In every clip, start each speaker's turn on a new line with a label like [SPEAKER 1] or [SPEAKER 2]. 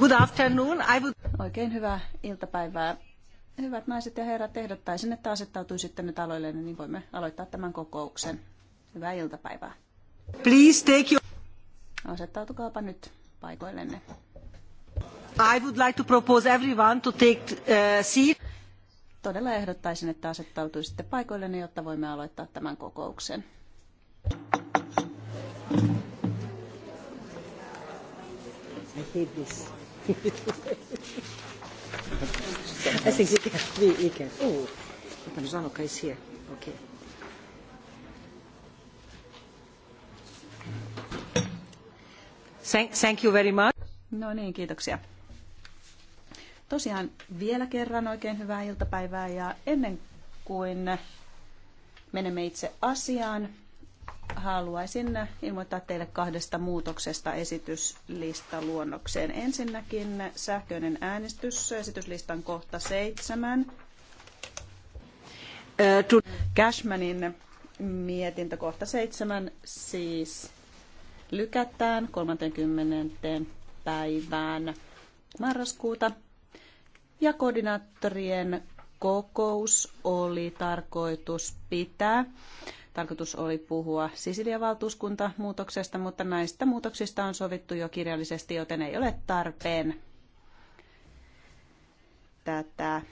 [SPEAKER 1] Good afternoon. I would... Oikein hyvää iltapäivää. Hyvät naiset ja herrat, ehdottaisin, että asettautuisitte nyt aloille, niin voimme aloittaa tämän kokouksen. Hyvää iltapäivää. Please take your... Asettautukaapa nyt paikoillenne. I would like to propose everyone to take uh, seat. Todella ehdottaisin, että asettautuisitte paikoillenne, jotta voimme aloittaa tämän kokouksen. I hate this. I think you We, can. Oh, Panzanoka is here. Okay. Thank, thank you very much. No niin, kiitoksia. Tosiaan vielä kerran oikein hyvää iltapäivää ja ennen kuin menemme itse asiaan, haluaisin ilmoittaa teille kahdesta muutoksesta esityslistaluonnokseen. Ensinnäkin sähköinen äänestys, esityslistan kohta seitsemän. Cashmanin mietintö kohta seitsemän siis lykätään 30. päivään marraskuuta. Ja koordinaattorien kokous oli tarkoitus pitää Tarkoitus oli puhua Sisilian valtuuskunta muutoksesta, mutta näistä muutoksista on sovittu jo kirjallisesti, joten ei ole tarpeen tätä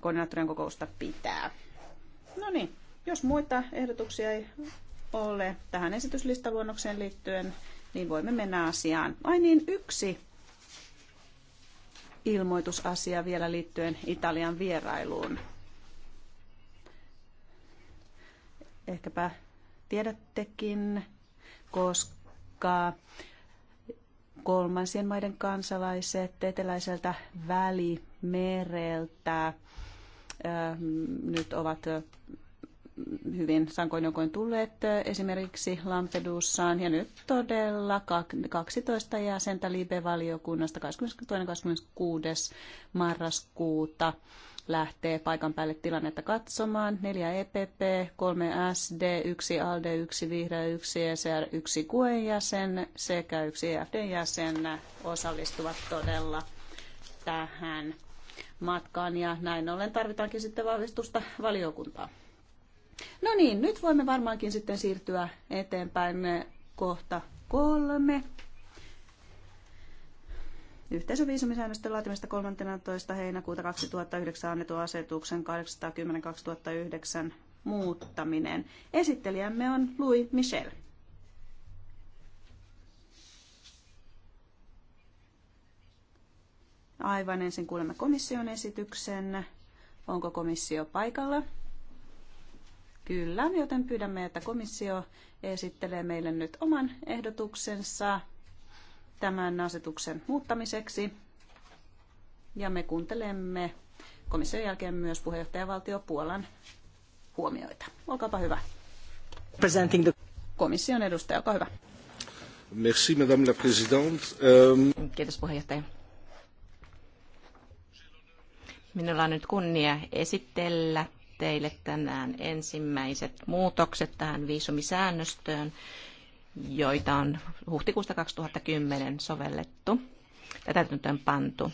[SPEAKER 1] koordinaattorien kokousta pitää. No niin, jos muita ehdotuksia ei ole tähän esityslistaluonnokseen liittyen, niin voimme mennä asiaan. Ai niin, yksi ilmoitusasia vielä liittyen Italian vierailuun. ehkäpä tiedättekin, koska kolmansien maiden kansalaiset eteläiseltä välimereltä ähm, nyt ovat äh, hyvin sankoin jokoin tulleet äh, esimerkiksi Lampedussaan. ja nyt todella 12 jäsentä Libe-valiokunnasta 22.–26. marraskuuta lähtee paikan päälle tilannetta katsomaan. 4 EPP, 3 SD, 1 ALDE, 1 Vihreä, 1 ECR, 1 QE jäsen sekä 1 EFD jäsen osallistuvat todella tähän matkaan ja näin ollen tarvitaankin sitten vahvistusta valiokuntaa. No niin, nyt voimme varmaankin sitten siirtyä eteenpäin kohta kolme yhteisöviisumisäännösten laatimista 13. heinäkuuta 2009 annetun asetuksen 810-2009 muuttaminen. Esittelijämme on Louis Michel. Aivan ensin kuulemme komission esityksen. Onko komissio paikalla? Kyllä, joten pyydämme, että komissio esittelee meille nyt oman ehdotuksensa tämän asetuksen muuttamiseksi. Ja me kuuntelemme komission jälkeen myös puheenjohtajavaltio Puolan huomioita. Olkaapa hyvä. Presenting the... Komission edustaja, olkaa hyvä. Merci, madame la présidente.
[SPEAKER 2] Um... Kiitos puheenjohtaja. Minulla on nyt kunnia esitellä teille tänään ensimmäiset muutokset tähän viisumisäännöstöön, joita on huhtikuusta 2010 sovellettu tai täytäntöön pantu.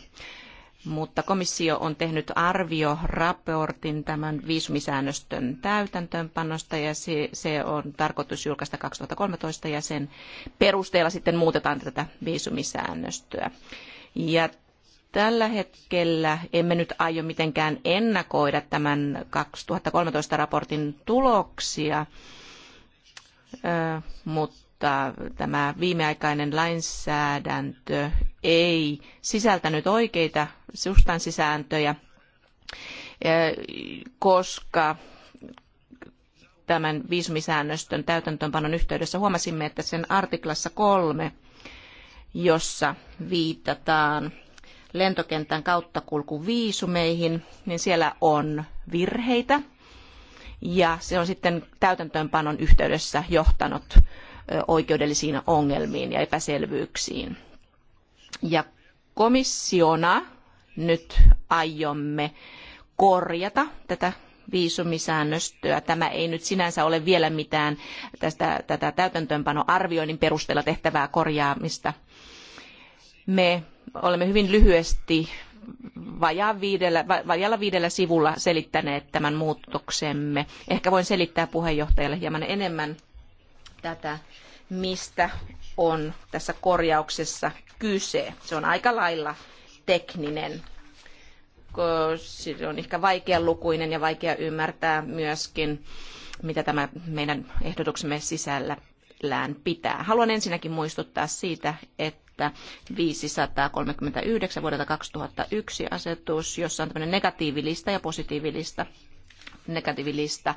[SPEAKER 2] Mutta komissio on tehnyt arvioraportin tämän viisumisäännöstön täytäntöönpanosta ja se, se on tarkoitus julkaista 2013 ja sen perusteella sitten muutetaan tätä viisumisäännöstöä. Ja tällä hetkellä emme nyt aio mitenkään ennakoida tämän 2013 raportin tuloksia, mutta mutta tämä viimeaikainen lainsäädäntö ei sisältänyt oikeita substanssisääntöjä, e, koska tämän viisumisäännöstön täytäntöönpanon yhteydessä huomasimme, että sen artiklassa kolme, jossa viitataan lentokentän kauttakulkuviisumeihin, niin siellä on virheitä ja se on sitten täytäntöönpanon yhteydessä johtanut oikeudellisiin ongelmiin ja epäselvyyksiin. Ja komissiona nyt aiomme korjata tätä viisumisäännöstöä. Tämä ei nyt sinänsä ole vielä mitään tästä, tätä täytäntöönpanoarvioinnin perusteella tehtävää korjaamista. Me olemme hyvin lyhyesti vajaa viidellä, vajalla viidellä sivulla selittäneet tämän muutoksemme. Ehkä voin selittää puheenjohtajalle hieman enemmän tätä, mistä on tässä korjauksessa kyse. Se on aika lailla tekninen. Se on ehkä vaikealukuinen ja vaikea ymmärtää myöskin, mitä tämä meidän ehdotuksemme sisällä meneillään pitää. Haluan ensinnäkin muistuttaa siitä, että 539 vuodelta 2001 asetus, jossa on tämmöinen negatiivilista ja positiivilista negatiivilista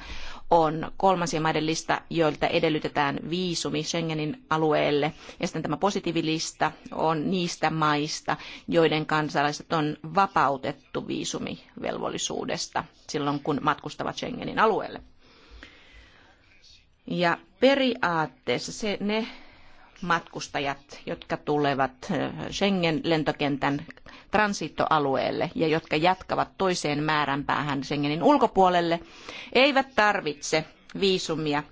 [SPEAKER 2] on kolmansien maiden lista, joilta edellytetään viisumi Schengenin alueelle. Ja sitten tämä positiivilista on niistä maista, joiden kansalaiset on vapautettu viisumivelvollisuudesta silloin, kun matkustavat Schengenin alueelle. Ja periaatteessa se, ne matkustajat, jotka tulevat Schengen-lentokentän transittoalueelle ja jotka jatkavat toiseen määränpäähän Schengenin ulkopuolelle, eivät tarvitse viisumia,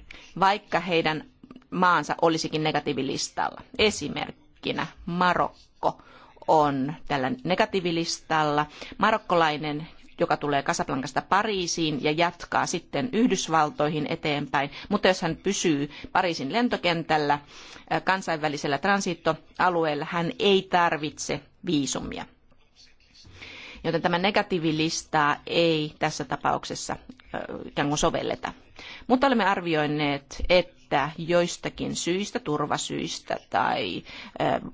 [SPEAKER 2] vaikka heidän maansa olisikin negatiivilistalla. Esimerkkinä Marokko on tällä negatiivilistalla. Marokkolainen, joka tulee Casablancasta Pariisiin ja jatkaa sitten Yhdysvaltoihin eteenpäin. Mutta jos hän pysyy Pariisin lentokentällä kansainvälisellä transitoalueella, hän ei tarvitse viisumia joten tämä negatiivilistaa ei tässä tapauksessa ikään kuin sovelleta. Mutta olemme arvioineet, että joistakin syistä, turvasyistä tai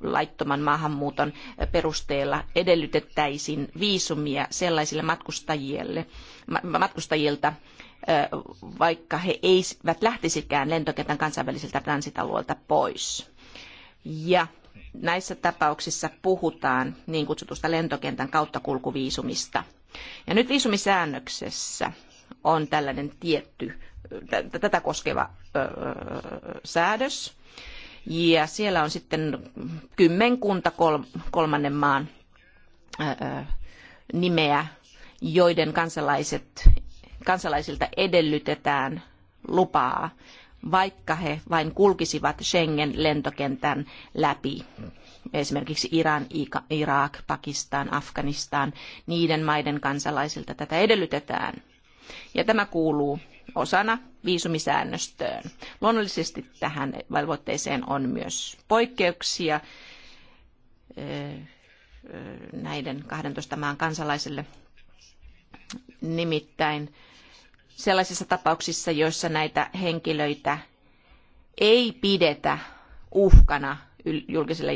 [SPEAKER 2] laittoman maahanmuuton perusteella edellytettäisiin viisumia sellaisille matkustajille, matkustajilta, vaikka he eivät lähtisikään lentokentän kansainväliseltä transitalueilta pois. Ja näissä tapauksissa puhutaan niin kutsutusta lentokentän kauttakulkuviisumista. Ja nyt viisumisäännöksessä on tällainen tietty, tätä koskeva öö, säädös. Ja siellä on sitten kymmenkunta kolmannen maan öö, nimeä, joiden kansalaiset, kansalaisilta edellytetään lupaa vaikka he vain kulkisivat Schengen-lentokentän läpi. Esimerkiksi Iran, Irak, Pakistan, Afganistan, niiden maiden kansalaisilta tätä edellytetään. Ja tämä kuuluu osana viisumisäännöstöön. Luonnollisesti tähän velvoitteeseen on myös poikkeuksia näiden 12 maan kansalaisille. Nimittäin sellaisissa tapauksissa, joissa näitä henkilöitä ei pidetä uhkana julkiselle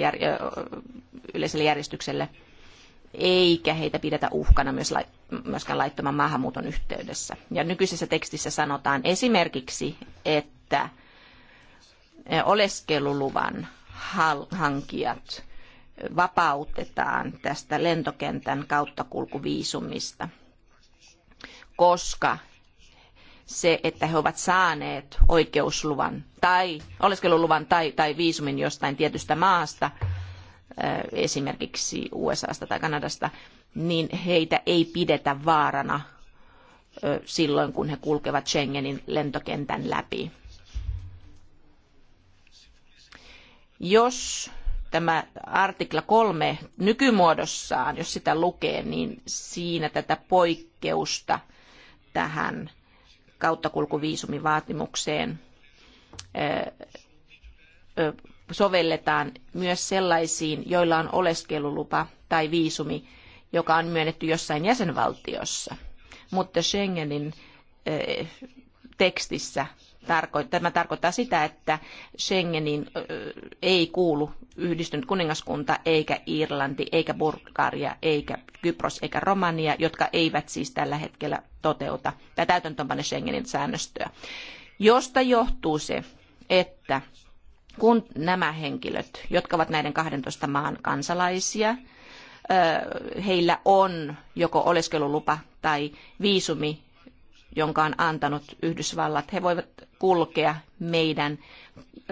[SPEAKER 2] yleiselle järjestykselle, eikä heitä pidetä uhkana myös myöskään laittoman maahanmuuton yhteydessä. Ja nykyisessä tekstissä sanotaan esimerkiksi, että oleskeluluvan hankijat vapautetaan tästä lentokentän kauttakulkuviisumista, koska se, että he ovat saaneet oikeusluvan tai oleskeluluvan tai, tai viisumin jostain tietystä maasta, esimerkiksi USAsta tai Kanadasta, niin heitä ei pidetä vaarana silloin, kun he kulkevat Schengenin lentokentän läpi. Jos tämä artikla kolme nykymuodossaan, jos sitä lukee, niin siinä tätä poikkeusta tähän kauttakulkuviisumivaatimukseen sovelletaan myös sellaisiin, joilla on oleskelulupa tai viisumi, joka on myönnetty jossain jäsenvaltiossa. Mutta Schengenin tekstissä Tämä tarkoittaa sitä, että Schengenin ei kuulu yhdistynyt kuningaskunta, eikä Irlanti, eikä Bulgaria, eikä Kypros, eikä Romania, jotka eivät siis tällä hetkellä toteuta tai täytäntöönpane Schengenin säännöstöä, josta johtuu se, että kun nämä henkilöt, jotka ovat näiden 12 maan kansalaisia, heillä on joko oleskelulupa tai viisumi, jonka on antanut Yhdysvallat, he voivat kulkea meidän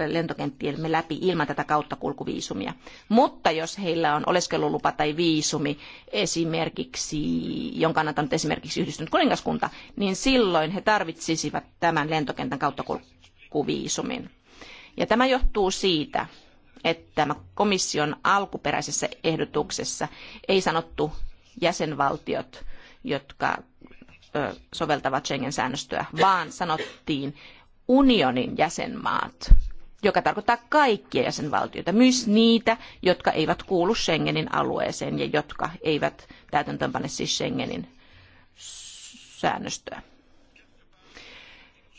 [SPEAKER 2] lentokenttiemme läpi ilman tätä kauttakulkuviisumia. Mutta jos heillä on oleskelulupa tai viisumi, esimerkiksi, jonka on antanut esimerkiksi yhdistynyt kuningaskunta, niin silloin he tarvitsisivat tämän lentokentän kauttakulkuviisumin. Ja tämä johtuu siitä, että komission alkuperäisessä ehdotuksessa ei sanottu jäsenvaltiot, jotka soveltavat Schengen-säännöstöä, vaan sanottiin unionin jäsenmaat, joka tarkoittaa kaikkia jäsenvaltioita, myös niitä, jotka eivät kuulu Schengenin alueeseen ja jotka eivät täytäntöönpane siis Schengenin säännöstöä.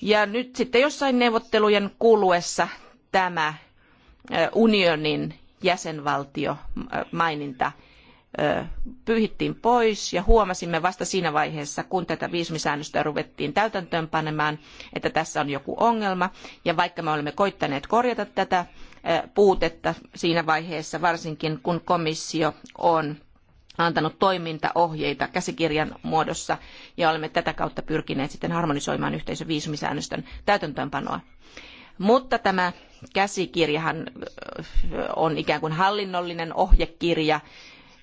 [SPEAKER 2] Ja nyt sitten jossain neuvottelujen kuluessa tämä unionin jäsenvaltio maininta pyyhittiin pois ja huomasimme vasta siinä vaiheessa, kun tätä viisumisäännöstä ruvettiin täytäntöönpanemaan, että tässä on joku ongelma. Ja vaikka me olemme koittaneet korjata tätä puutetta siinä vaiheessa, varsinkin kun komissio on antanut toimintaohjeita käsikirjan muodossa ja olemme tätä kautta pyrkineet sitten harmonisoimaan yhteisön viisumisäännöstön täytäntöönpanoa. Mutta tämä käsikirjahan on ikään kuin hallinnollinen ohjekirja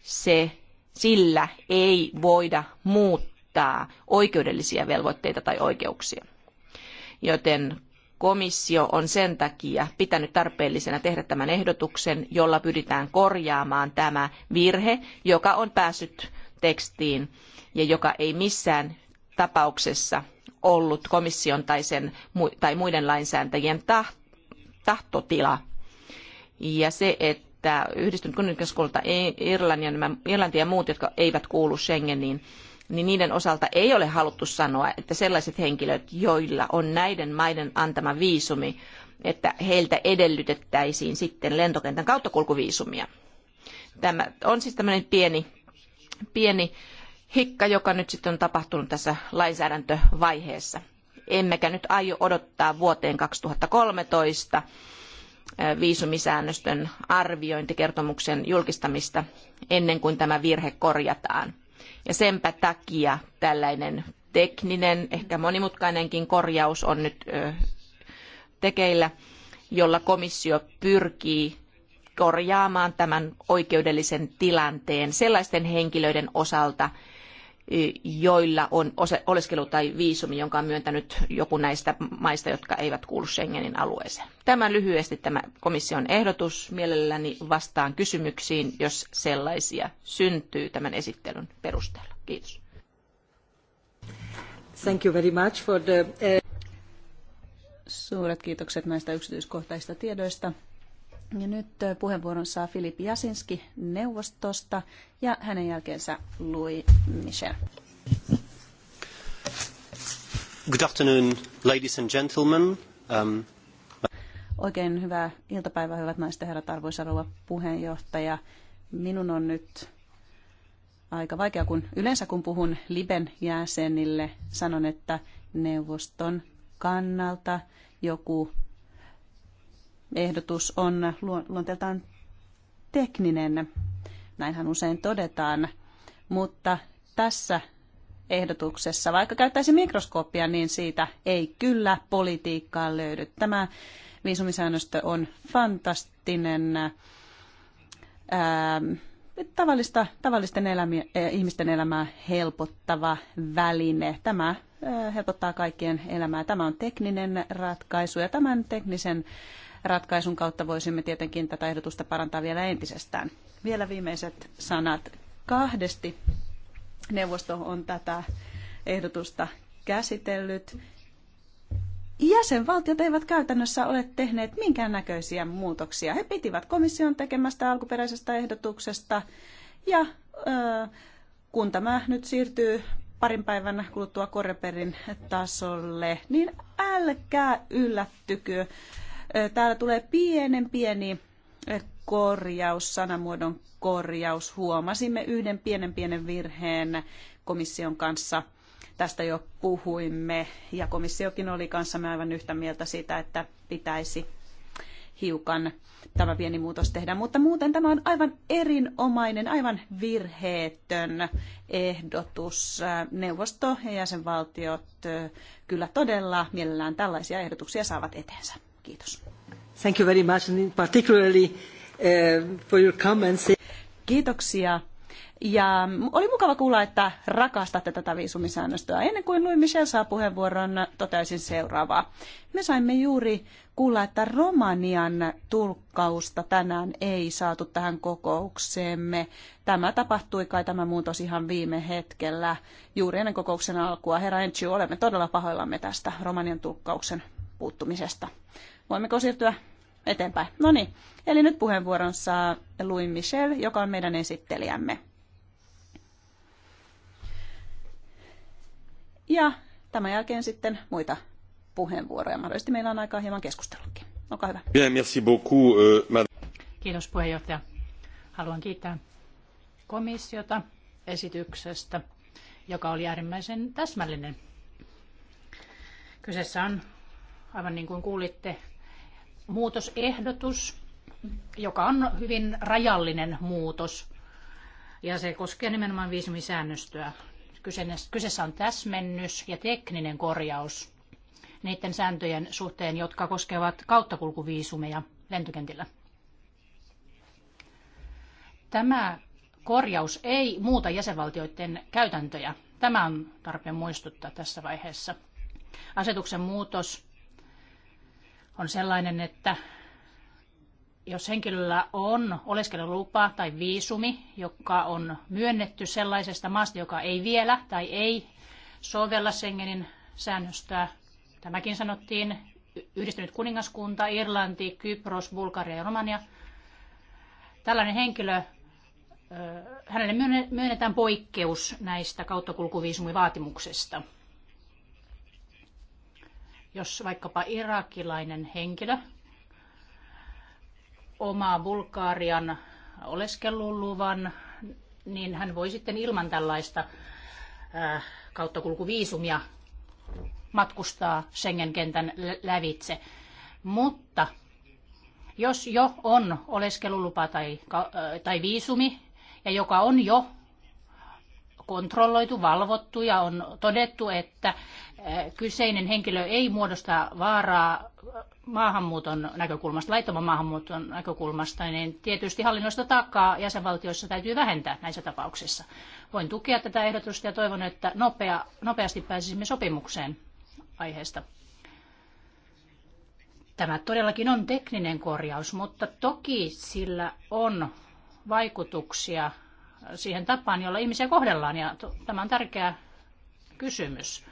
[SPEAKER 2] se, sillä ei voida muuttaa oikeudellisia velvoitteita tai oikeuksia. Joten komissio on sen takia pitänyt tarpeellisena tehdä tämän ehdotuksen, jolla pyritään korjaamaan tämä virhe, joka on päässyt tekstiin ja joka ei missään tapauksessa ollut komission tai, sen, tai muiden lainsääntäjien tahtotila. Ja se, että että yhdistynyt kuningaskunta, e- Irlanti ja, nämä, Irlanti ja muut, jotka eivät kuulu Schengeniin, niin niiden osalta ei ole haluttu sanoa, että sellaiset henkilöt, joilla on näiden maiden antama viisumi, että heiltä edellytettäisiin sitten lentokentän kauttakulkuviisumia. Tämä on siis tämmöinen pieni, pieni hikka, joka nyt sitten on tapahtunut tässä lainsäädäntövaiheessa. Emmekä nyt aio odottaa vuoteen 2013, viisumisäännöstön arviointikertomuksen julkistamista ennen kuin tämä virhe korjataan. Ja senpä takia tällainen tekninen, ehkä monimutkainenkin korjaus on nyt tekeillä, jolla komissio pyrkii korjaamaan tämän oikeudellisen tilanteen sellaisten henkilöiden osalta, joilla on oleskelu tai viisumi, jonka on myöntänyt joku näistä maista, jotka eivät kuulu Schengenin alueeseen. Tämä lyhyesti tämä komission ehdotus. Mielelläni vastaan kysymyksiin, jos sellaisia syntyy tämän esittelyn perusteella. Kiitos.
[SPEAKER 1] Thank you very much for the, eh, Suuret kiitokset näistä yksityiskohtaisista tiedoista. Ja nyt puheenvuoron saa Filip Jasinski neuvostosta ja hänen jälkeensä Louis Michel. Good afternoon, ladies and gentlemen. Um... Oikein hyvää iltapäivää, hyvät naiset ja herrat, arvoisa rouva puheenjohtaja. Minun on nyt aika vaikea, kun yleensä kun puhun Liben jäsenille, sanon, että neuvoston kannalta joku ehdotus on luonteeltaan tekninen, näinhän usein todetaan, mutta tässä ehdotuksessa, vaikka käyttäisi mikroskooppia, niin siitä ei kyllä politiikkaa löydy. Tämä viisumisäännöstö on fantastinen ää, tavallista, tavallisten elämiä, ää, ihmisten elämää helpottava väline. Tämä ää, helpottaa kaikkien elämää. Tämä on tekninen ratkaisu ja tämän teknisen ratkaisun kautta voisimme tietenkin tätä ehdotusta parantaa vielä entisestään. Vielä viimeiset sanat kahdesti. Neuvosto on tätä ehdotusta käsitellyt. Jäsenvaltiot eivät käytännössä ole tehneet minkään näköisiä muutoksia. He pitivät komission tekemästä alkuperäisestä ehdotuksesta ja öö, kun tämä nyt siirtyy parin päivän kuluttua Koreperin tasolle, niin älkää yllättykö Täällä tulee pienen pieni korjaus, sanamuodon korjaus. Huomasimme yhden pienen pienen virheen komission kanssa. Tästä jo puhuimme ja komissiokin oli kanssamme aivan yhtä mieltä siitä, että pitäisi hiukan tämä pieni muutos tehdä. Mutta muuten tämä on aivan erinomainen, aivan virheetön ehdotus. Neuvosto ja jäsenvaltiot kyllä todella mielellään tällaisia ehdotuksia saavat eteensä. Kiitos. Thank you very much, and particularly uh, for your comments. Kiitoksia. Ja oli mukava kuulla, että rakastatte tätä viisumisäännöstöä. Ennen kuin Louis Michel saa puheenvuoron, toteaisin seuraavaa. Me saimme juuri kuulla, että Romanian tulkkausta tänään ei saatu tähän kokoukseemme. Tämä tapahtui kai tämä muutos ihan viime hetkellä, juuri ennen kokouksen alkua. Herra Enchiu, olemme todella pahoillamme tästä Romanian tulkkauksen puuttumisesta. Voimmeko siirtyä eteenpäin? No niin, eli nyt puheenvuoron saa Louis Michel, joka on meidän esittelijämme. Ja tämän jälkeen sitten muita puheenvuoroja. Mahdollisesti meillä on aikaa hieman keskustelukin.
[SPEAKER 3] Olkaa hyvä. Bien, merci beaucoup, euh, Kiitos puheenjohtaja. Haluan kiittää komissiota esityksestä, joka oli äärimmäisen täsmällinen. Kyseessä on, aivan niin kuin kuulitte, muutosehdotus, joka on hyvin rajallinen muutos. Ja se koskee nimenomaan viisumisäännöstöä. Kyseessä on täsmennys ja tekninen korjaus niiden sääntöjen suhteen, jotka koskevat kauttakulkuviisumeja lentokentillä. Tämä korjaus ei muuta jäsenvaltioiden käytäntöjä. Tämä on tarpeen muistuttaa tässä vaiheessa. Asetuksen muutos on sellainen, että jos henkilöllä on oleskelulupa tai viisumi, joka on myönnetty sellaisesta maasta, joka ei vielä tai ei sovella Schengenin säännöstöä, tämäkin sanottiin, yhdistynyt kuningaskunta, Irlanti, Kypros, Bulgaria ja Romania, tällainen henkilö, hänelle myönnetään poikkeus näistä vaatimuksesta. Jos vaikkapa irakilainen henkilö omaa Bulgarian oleskeluluvan, niin hän voi sitten ilman tällaista äh, kauttakulkuviisumia matkustaa Schengen-kentän lävitse. Mutta jos jo on oleskelulupa tai, äh, tai viisumi ja joka on jo kontrolloitu, valvottu ja on todettu, että kyseinen henkilö ei muodosta vaaraa maahanmuuton näkökulmasta, laittoman maahanmuuton näkökulmasta, niin tietysti hallinnosta takaa jäsenvaltioissa täytyy vähentää näissä tapauksissa. Voin tukea tätä ehdotusta ja toivon, että nopea, nopeasti pääsisimme sopimukseen aiheesta. Tämä todellakin on tekninen korjaus, mutta toki sillä on vaikutuksia siihen tapaan, jolla ihmisiä kohdellaan. Ja tämä on tärkeä kysymys.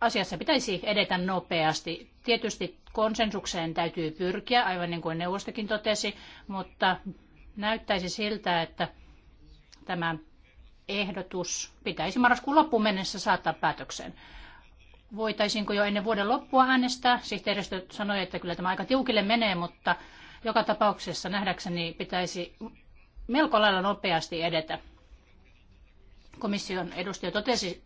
[SPEAKER 3] Asiassa pitäisi edetä nopeasti. Tietysti konsensukseen täytyy pyrkiä, aivan niin kuin neuvostokin totesi, mutta näyttäisi siltä, että tämä ehdotus pitäisi marraskuun loppuun mennessä saattaa päätökseen. Voitaisiinko jo ennen vuoden loppua äänestää? Sihteeristö sanoi, että kyllä tämä aika tiukille menee, mutta joka tapauksessa nähdäkseni pitäisi melko lailla nopeasti edetä. Komission edustaja totesi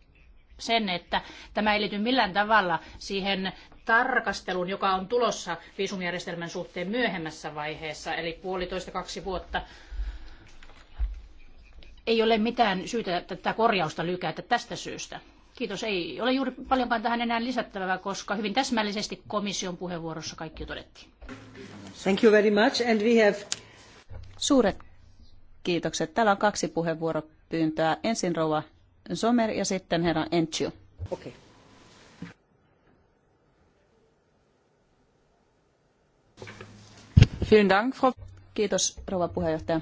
[SPEAKER 3] sen, että tämä ei liity millään tavalla siihen tarkasteluun, joka on tulossa viisumijärjestelmän suhteen myöhemmässä vaiheessa, eli puolitoista kaksi vuotta. Ei ole mitään syytä tätä korjausta lykätä tästä syystä. Kiitos. Ei ole juuri paljonkaan tähän enää lisättävää, koska hyvin täsmällisesti komission puheenvuorossa kaikki todettiin. Thank you very much and we have...
[SPEAKER 1] Suuret Kiitokset. Täällä on kaksi puheenvuoropyyntöä. Ensin rouva Sommer ja sitten herra Enciu. Okay. Kiitos rouva puheenjohtaja.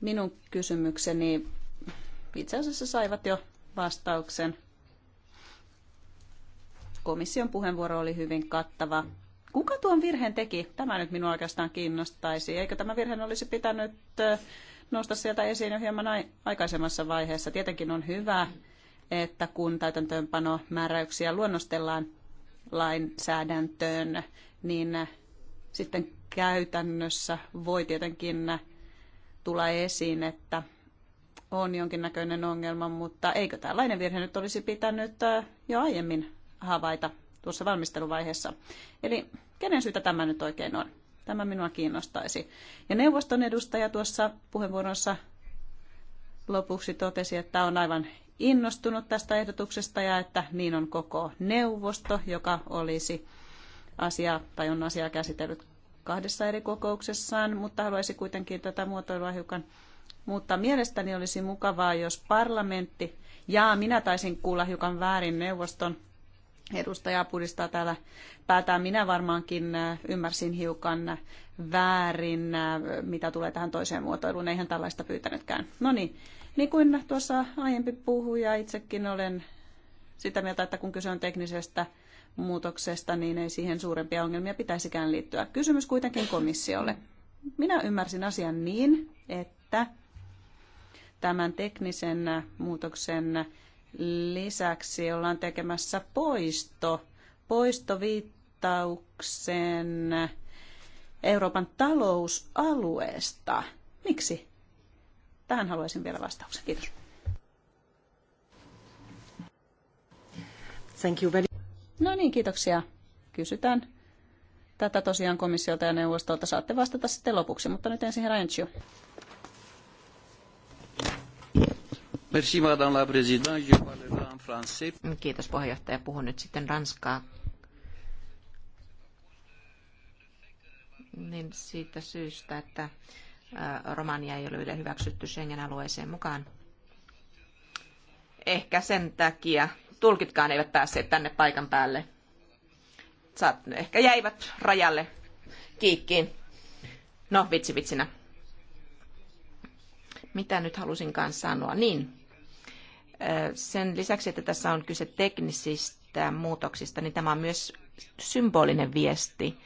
[SPEAKER 1] Minun kysymykseni itse asiassa saivat jo vastauksen. Komission puheenvuoro oli hyvin kattava Kuka tuon virheen teki? Tämä nyt minua oikeastaan kiinnostaisi. Eikö tämä virhe olisi pitänyt nousta sieltä esiin jo hieman aikaisemmassa vaiheessa? Tietenkin on hyvä, että kun täytäntöönpanomääräyksiä luonnostellaan lainsäädäntöön, niin sitten käytännössä voi tietenkin tulla esiin, että on jonkinnäköinen ongelma, mutta eikö tällainen virhe nyt olisi pitänyt jo aiemmin havaita tuossa valmisteluvaiheessa. Eli kenen syytä tämä nyt oikein on? Tämä minua kiinnostaisi. Ja neuvoston edustaja tuossa puheenvuoronsa lopuksi totesi, että on aivan innostunut tästä ehdotuksesta ja että niin on koko neuvosto, joka olisi asia tai on asiaa käsitellyt kahdessa eri kokouksessaan, mutta haluaisi kuitenkin tätä muotoilua hiukan mutta Mielestäni olisi mukavaa, jos parlamentti, ja minä taisin kuulla hiukan väärin neuvoston edustaja pudistaa täällä päätään. Minä varmaankin äh, ymmärsin hiukan äh, väärin, äh, mitä tulee tähän toiseen muotoiluun. Eihän tällaista pyytänytkään. No niin, niin kuin tuossa aiempi puhuja itsekin olen sitä mieltä, että kun kyse on teknisestä muutoksesta, niin ei siihen suurempia ongelmia pitäisikään liittyä. Kysymys kuitenkin komissiolle. Minä ymmärsin asian niin, että tämän teknisen muutoksen lisäksi ollaan tekemässä poisto, poistoviittauksen Euroopan talousalueesta. Miksi? Tähän haluaisin vielä vastauksen. Kiitos. Thank you very... No niin, kiitoksia. Kysytään tätä tosiaan komissiolta ja neuvostolta. Saatte vastata sitten lopuksi, mutta nyt ensin herra Enchio. Merci, madame la présidente. Je parlerai en français. Kiitos puheenjohtaja.
[SPEAKER 2] Puhun nyt sitten ranskaa. Niin siitä syystä, että Romania ei ole vielä hyväksytty Schengen-alueeseen mukaan. Ehkä sen takia tulkitkaan eivät päässeet tänne paikan päälle. Saat, ehkä jäivät rajalle kiikkiin. No, vitsi vitsinä. Mitä nyt halusinkaan sanoa? Niin, sen lisäksi, että tässä on kyse teknisistä muutoksista, niin tämä on myös symbolinen viesti,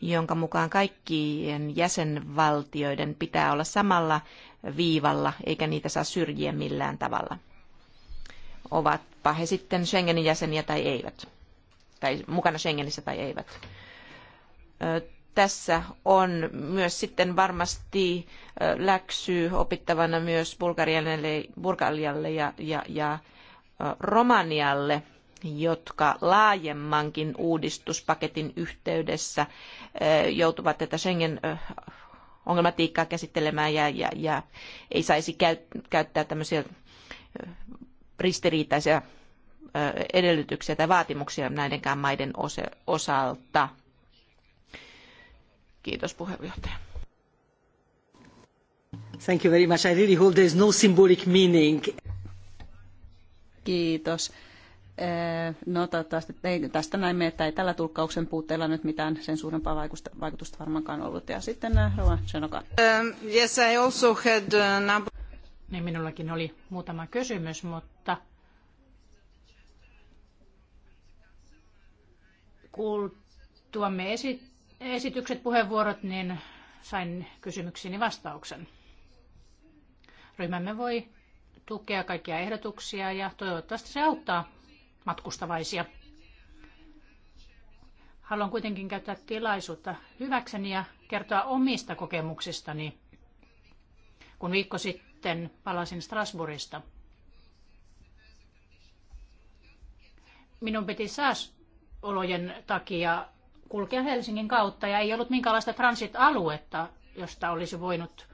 [SPEAKER 2] jonka mukaan kaikkien jäsenvaltioiden pitää olla samalla viivalla, eikä niitä saa syrjiä millään tavalla. Ovatpa he sitten Schengenin jäseniä tai eivät, tai mukana Schengenissä tai eivät tässä on myös sitten varmasti läksy opittavana myös Bulgarialle, Bulgarialle ja, ja Romanialle, jotka laajemmankin uudistuspaketin yhteydessä joutuvat tätä Schengen ongelmatiikkaa käsittelemään ja, ja, ja ei saisi käyttää tämmöisiä ristiriitaisia edellytyksiä tai vaatimuksia näidenkään maiden osalta. Kiitos
[SPEAKER 1] puheenjohtaja.
[SPEAKER 3] Thank you very much. I really hope there's no symbolic meaning.
[SPEAKER 1] Kiitos. Eh, no toivottavasti ei, tästä näimme, että ei tällä tulkkauksen puutteella nyt mitään sen suurempaa vaikutusta, vaikutusta varmaankaan ollut. Ja sitten eh, Rova Chenoka.
[SPEAKER 3] Um, yes, I also had a number... Niin minullakin oli muutama kysymys, mutta kuultuamme esittää esitykset, puheenvuorot, niin sain kysymyksiini vastauksen. Ryhmämme voi tukea kaikkia ehdotuksia ja toivottavasti se auttaa matkustavaisia. Haluan kuitenkin käyttää tilaisuutta hyväkseni ja kertoa omista kokemuksistani, kun viikko sitten palasin Strasbourgista. Minun piti sääolojen takia kulkea Helsingin kautta ja ei ollut minkäänlaista transit-aluetta, josta olisi voinut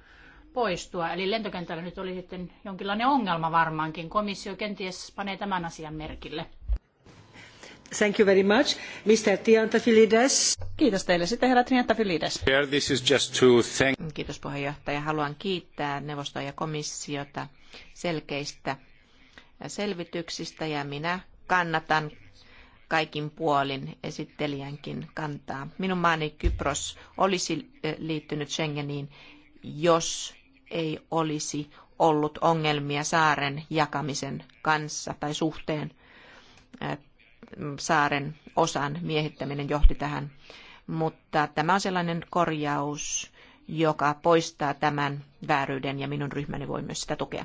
[SPEAKER 3] poistua. Eli lentokentällä nyt oli sitten jonkinlainen ongelma varmaankin. Komissio kenties panee tämän asian merkille.
[SPEAKER 1] Thank you very much. Mr. Tiantafilides. Kiitos teille. Sitten herra Tiantafilides. This is just to thank...
[SPEAKER 2] Kiitos puheenjohtaja. Haluan kiittää neuvostoa ja komissiota selkeistä selvityksistä ja minä kannatan kaikin puolin esittelijänkin kantaa. Minun maani Kypros olisi eh, liittynyt Schengeniin, jos ei olisi ollut ongelmia saaren jakamisen kanssa tai suhteen. Eh, saaren osan miehittäminen johti tähän. Mutta tämä on sellainen korjaus, joka poistaa tämän vääryyden ja minun ryhmäni voi myös sitä tukea.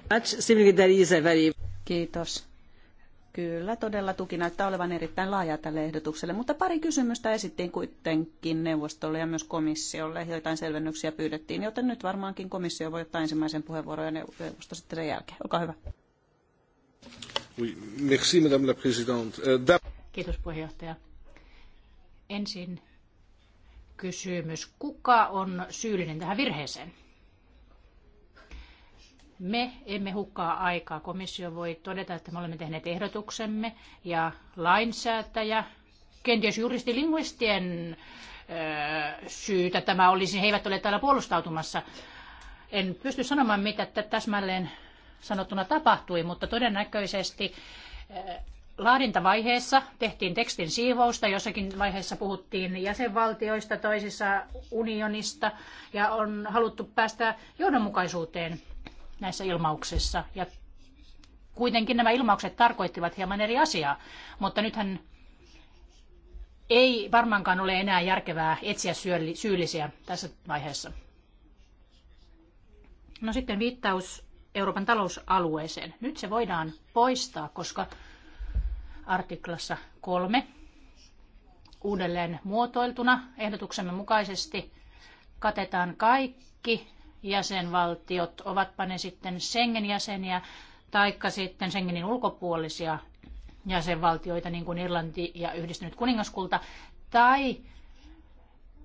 [SPEAKER 1] Kiitos. Kyllä, todella tuki näyttää olevan erittäin laaja tälle ehdotukselle, mutta pari kysymystä esittiin kuitenkin neuvostolle ja myös komissiolle. Joitain selvennyksiä pyydettiin, joten nyt varmaankin komissio voi ottaa ensimmäisen puheenvuoron ja neuvosto sitten sen jälkeen. Olkaa hyvä. merci, madame la présidente. Euh,
[SPEAKER 3] Kiitos puheenjohtaja. Ensin kysymys. Kuka on syyllinen tähän virheeseen? Me emme hukkaa aikaa. Komissio voi todeta, että me olemme tehneet ehdotuksemme ja lainsäätäjä, kenties juristilinguistien syytä tämä olisi, he eivät ole täällä puolustautumassa. En pysty sanomaan, mitä täsmälleen sanottuna tapahtui, mutta todennäköisesti laadintavaiheessa tehtiin tekstin siivousta, jossakin vaiheessa puhuttiin jäsenvaltioista, toisissa unionista ja on haluttu päästä johdonmukaisuuteen näissä ilmauksissa. Ja kuitenkin nämä ilmaukset tarkoittivat hieman eri asiaa, mutta nythän ei varmaankaan ole enää järkevää etsiä syyllisiä tässä vaiheessa. No sitten viittaus Euroopan talousalueeseen. Nyt se voidaan poistaa, koska artiklassa kolme uudelleen muotoiltuna ehdotuksemme mukaisesti katetaan kaikki jäsenvaltiot, ovatpa ne sitten Schengen-jäseniä taikka sitten Schengenin ulkopuolisia jäsenvaltioita, niin kuin Irlanti ja yhdistynyt kuningaskulta, tai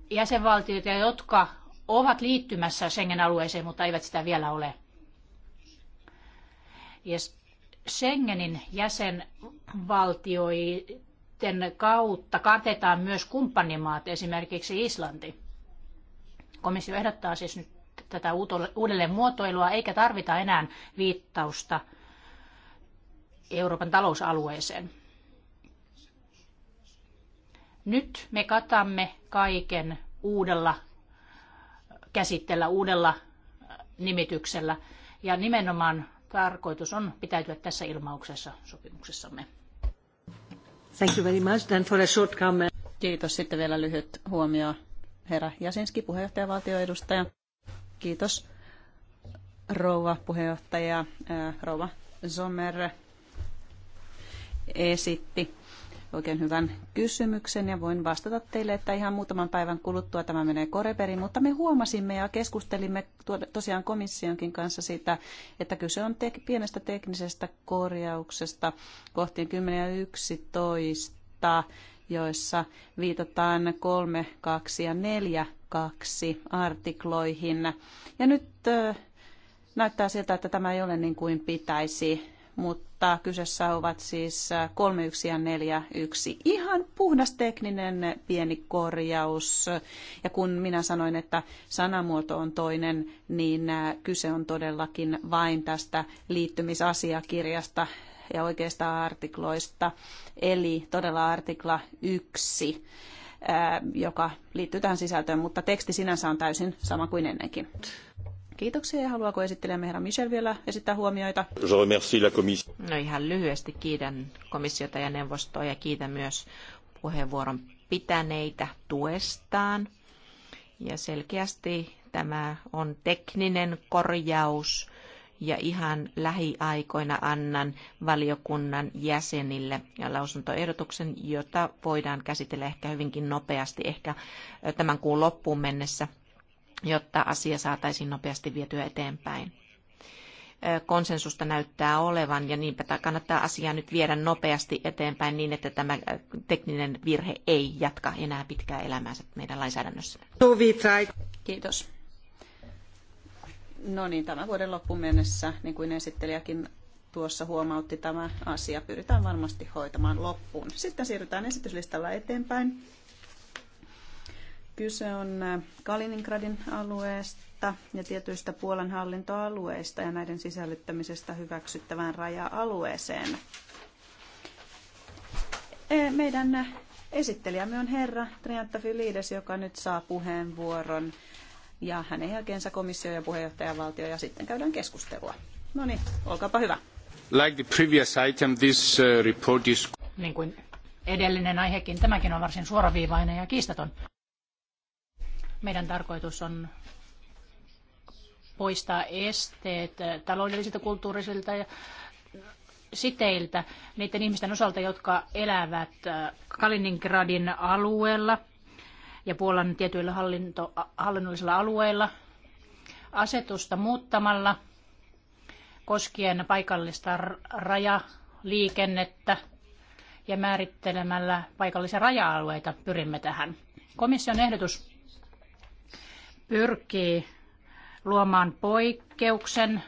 [SPEAKER 3] jäsenvaltioita, jotka ovat liittymässä Schengen-alueeseen, mutta eivät sitä vielä ole. Ja Schengenin jäsenvaltioiden kautta katetaan myös kumppanimaat, esimerkiksi Islanti. Komissio ehdottaa siis nyt tätä uudelleen muotoilua, eikä tarvita enää viittausta Euroopan talousalueeseen. Nyt me katamme kaiken uudella käsitteellä, uudella äh, nimityksellä. Ja nimenomaan tarkoitus on pitäytyä tässä ilmauksessa sopimuksessamme. Thank you very
[SPEAKER 1] much. Then for a short comment. Kiitos. Sitten vielä lyhyt huomio. Herra Jasinski, puheenjohtajavaltioedustaja. Kiitos rouva puheenjohtaja, rouva Sommer esitti oikein hyvän kysymyksen ja voin vastata teille, että ihan muutaman päivän kuluttua tämä menee Koreperiin, mutta me huomasimme ja keskustelimme tosiaan komissionkin kanssa siitä, että kyse on te- pienestä teknisestä korjauksesta kohtiin 10 ja 11 joissa viitataan 3, 2 ja 4, 2 artikloihin. Ja nyt näyttää siltä, että tämä ei ole niin kuin pitäisi, mutta kyseessä ovat siis 3, 1 ja 4, 1. Ihan puhdas tekninen pieni korjaus. Ja kun minä sanoin, että sanamuoto on toinen, niin kyse on todellakin vain tästä liittymisasiakirjasta ja oikeastaan artikloista, eli todella artikla 1, joka liittyy tähän sisältöön, mutta teksti sinänsä on täysin sama kuin ennenkin. Kiitoksia ja haluaako esittelemme herra Michel vielä esittää huomioita? No ihan lyhyesti kiitän komissiota ja neuvostoa ja kiitän myös
[SPEAKER 2] puheenvuoron pitäneitä tuestaan. Ja selkeästi tämä on tekninen korjaus ja ihan lähiaikoina annan valiokunnan jäsenille lausuntoehdotuksen, jota voidaan käsitellä ehkä hyvinkin nopeasti, ehkä tämän kuun loppuun mennessä, jotta asia saataisiin nopeasti vietyä eteenpäin konsensusta näyttää olevan ja niinpä kannattaa asiaa nyt viedä nopeasti eteenpäin niin, että tämä tekninen virhe ei jatka enää pitkää elämäänsä meidän lainsäädännössä.
[SPEAKER 1] Kiitos. No niin, tämän vuoden loppuun mennessä, niin kuin esittelijäkin tuossa huomautti, tämä asia pyritään varmasti hoitamaan loppuun. Sitten siirrytään esityslistalla eteenpäin. Kyse on äh, Kaliningradin alueesta ja tietyistä Puolan hallintoalueista ja näiden sisällyttämisestä hyväksyttävään raja-alueeseen. Meidän äh, esittelijämme on herra Triantta Liides, joka nyt saa puheenvuoron ja hänen jälkeensä komissio ja puheenjohtajavaltio ja sitten käydään keskustelua. No niin, olkaapa hyvä. Like the previous item, this uh, report is...
[SPEAKER 3] Niin kuin edellinen aihekin, tämäkin on varsin suoraviivainen ja kiistaton. Meidän tarkoitus on poistaa esteet taloudellisilta, kulttuurisilta ja siteiltä niiden ihmisten osalta, jotka elävät äh, Kaliningradin alueella – ja Puolan tietyillä hallinto, hallinnollisilla alueilla asetusta muuttamalla koskien paikallista rajaliikennettä ja määrittelemällä paikallisia raja-alueita pyrimme tähän. Komission ehdotus pyrkii luomaan poikkeuksen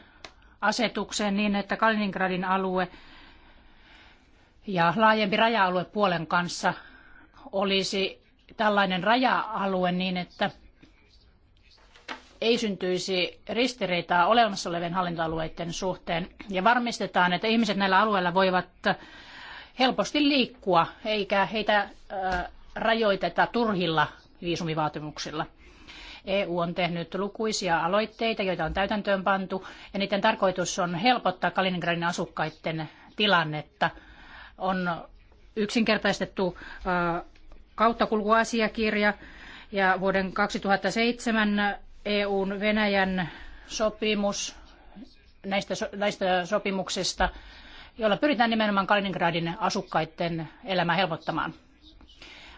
[SPEAKER 3] asetukseen niin, että Kaliningradin alue ja laajempi raja-alue Puolen kanssa olisi tällainen raja-alue niin, että ei syntyisi ristiriitaa olemassa olevien hallintoalueiden suhteen ja varmistetaan, että ihmiset näillä alueilla voivat helposti liikkua eikä heitä äh, rajoiteta turhilla viisumivaatimuksilla. EU on tehnyt lukuisia aloitteita, joita on täytäntöön pantu, ja niiden tarkoitus on helpottaa Kaliningradin asukkaiden tilannetta. On yksinkertaistettu äh, kauttakulkuasiakirja ja vuoden 2007 EUn Venäjän sopimus näistä, näistä sopimuksista, joilla pyritään nimenomaan Kaliningradin asukkaiden elämää helpottamaan.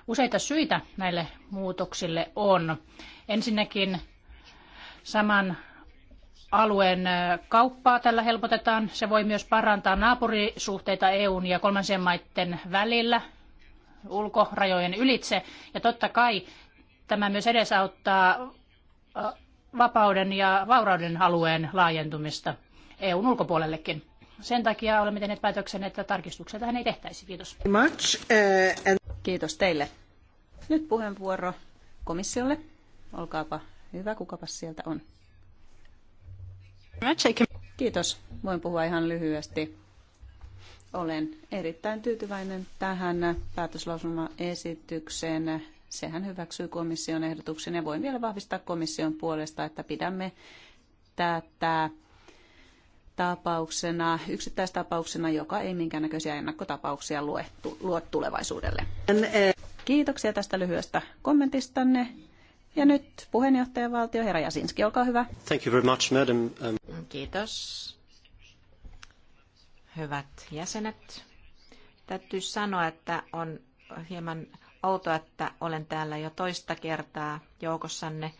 [SPEAKER 3] Useita syitä näille muutoksille on. Ensinnäkin saman alueen kauppaa tällä helpotetaan. Se voi myös parantaa naapurisuhteita EUn ja kolmansien maiden välillä ulkorajojen ylitse. Ja totta kai tämä myös edesauttaa vapauden ja vaurauden alueen laajentumista EUn ulkopuolellekin. Sen takia olemme tehneet päätöksen, että tarkistuksia tähän ei tehtäisi. Kiitos. Uh,
[SPEAKER 1] Kiitos teille. Nyt puheenvuoro komissiolle. Olkaapa hyvä, kukapa sieltä on. Kiitos. Voin puhua ihan lyhyesti. Olen erittäin tyytyväinen tähän päätöslausumaesitykseen. Sehän hyväksyy komission ehdotuksen ja voin vielä vahvistaa komission puolesta, että pidämme tätä tapauksena, yksittäistapauksena, joka ei minkäännäköisiä ennakkotapauksia lue, tu, luo tulevaisuudelle. Kiitoksia tästä lyhyestä kommentistanne. Ja nyt puheenjohtajavaltio herra Jasinski, olkaa hyvä.
[SPEAKER 2] Thank you very much, madam. Um, Kiitos hyvät jäsenet. Täytyy sanoa, että on hieman outoa, että olen täällä jo toista kertaa joukossanne.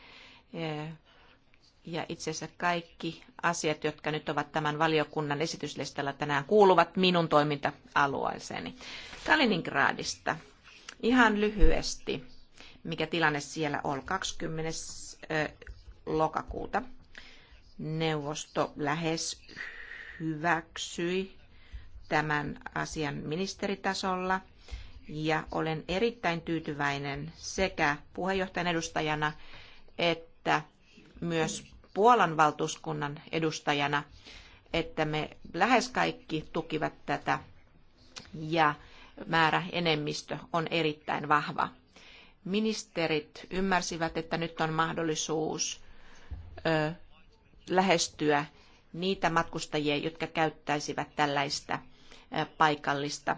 [SPEAKER 2] Ja itse asiassa kaikki asiat, jotka nyt ovat tämän valiokunnan esityslistalla tänään, kuuluvat minun toiminta-alueeseeni. Kaliningradista. Ihan lyhyesti, mikä tilanne siellä on. 20. lokakuuta neuvosto lähes hyväksyi tämän asian ministeritasolla ja olen erittäin tyytyväinen sekä puheenjohtajan edustajana että myös Puolan valtuuskunnan edustajana, että me lähes kaikki tukivat tätä ja määrä enemmistö on erittäin vahva. Ministerit ymmärsivät, että nyt on mahdollisuus lähestyä niitä matkustajia, jotka käyttäisivät tällaista paikallista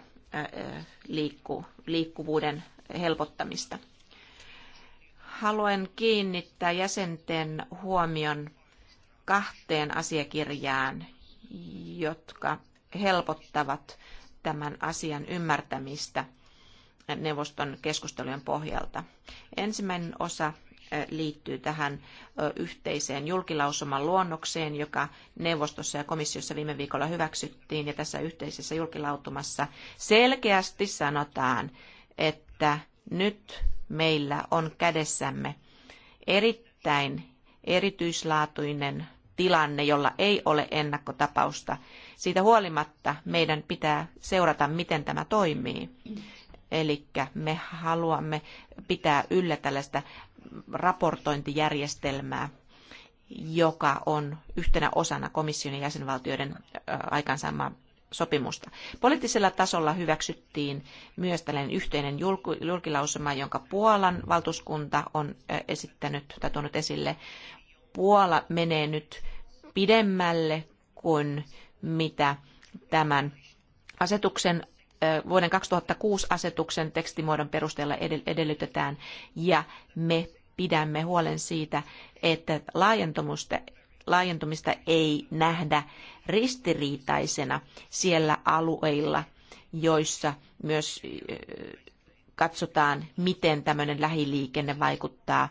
[SPEAKER 2] liikkuvuuden helpottamista. Haluan kiinnittää jäsenten huomion kahteen asiakirjaan, jotka helpottavat tämän asian ymmärtämistä neuvoston keskustelujen pohjalta. Ensimmäinen osa liittyy tähän yhteiseen julkilausuman luonnokseen, joka neuvostossa ja komissiossa viime viikolla hyväksyttiin. Ja tässä yhteisessä julkilautumassa selkeästi sanotaan, että nyt meillä on kädessämme erittäin erityislaatuinen tilanne, jolla ei ole ennakkotapausta. Siitä huolimatta meidän pitää seurata, miten tämä toimii. Eli me haluamme pitää yllä tällaista raportointijärjestelmää, joka on yhtenä osana komission ja jäsenvaltioiden aikaansaamaa sopimusta. Poliittisella tasolla hyväksyttiin myös tällainen yhteinen julkilausuma, jonka Puolan valtuuskunta on esittänyt tai tuonut esille. Puola menee nyt pidemmälle kuin mitä tämän asetuksen vuoden 2006 asetuksen tekstimuodon perusteella edellytetään ja me pidämme huolen siitä, että laajentumista, laajentumista ei nähdä ristiriitaisena siellä alueilla, joissa myös katsotaan, miten tämmöinen lähiliikenne vaikuttaa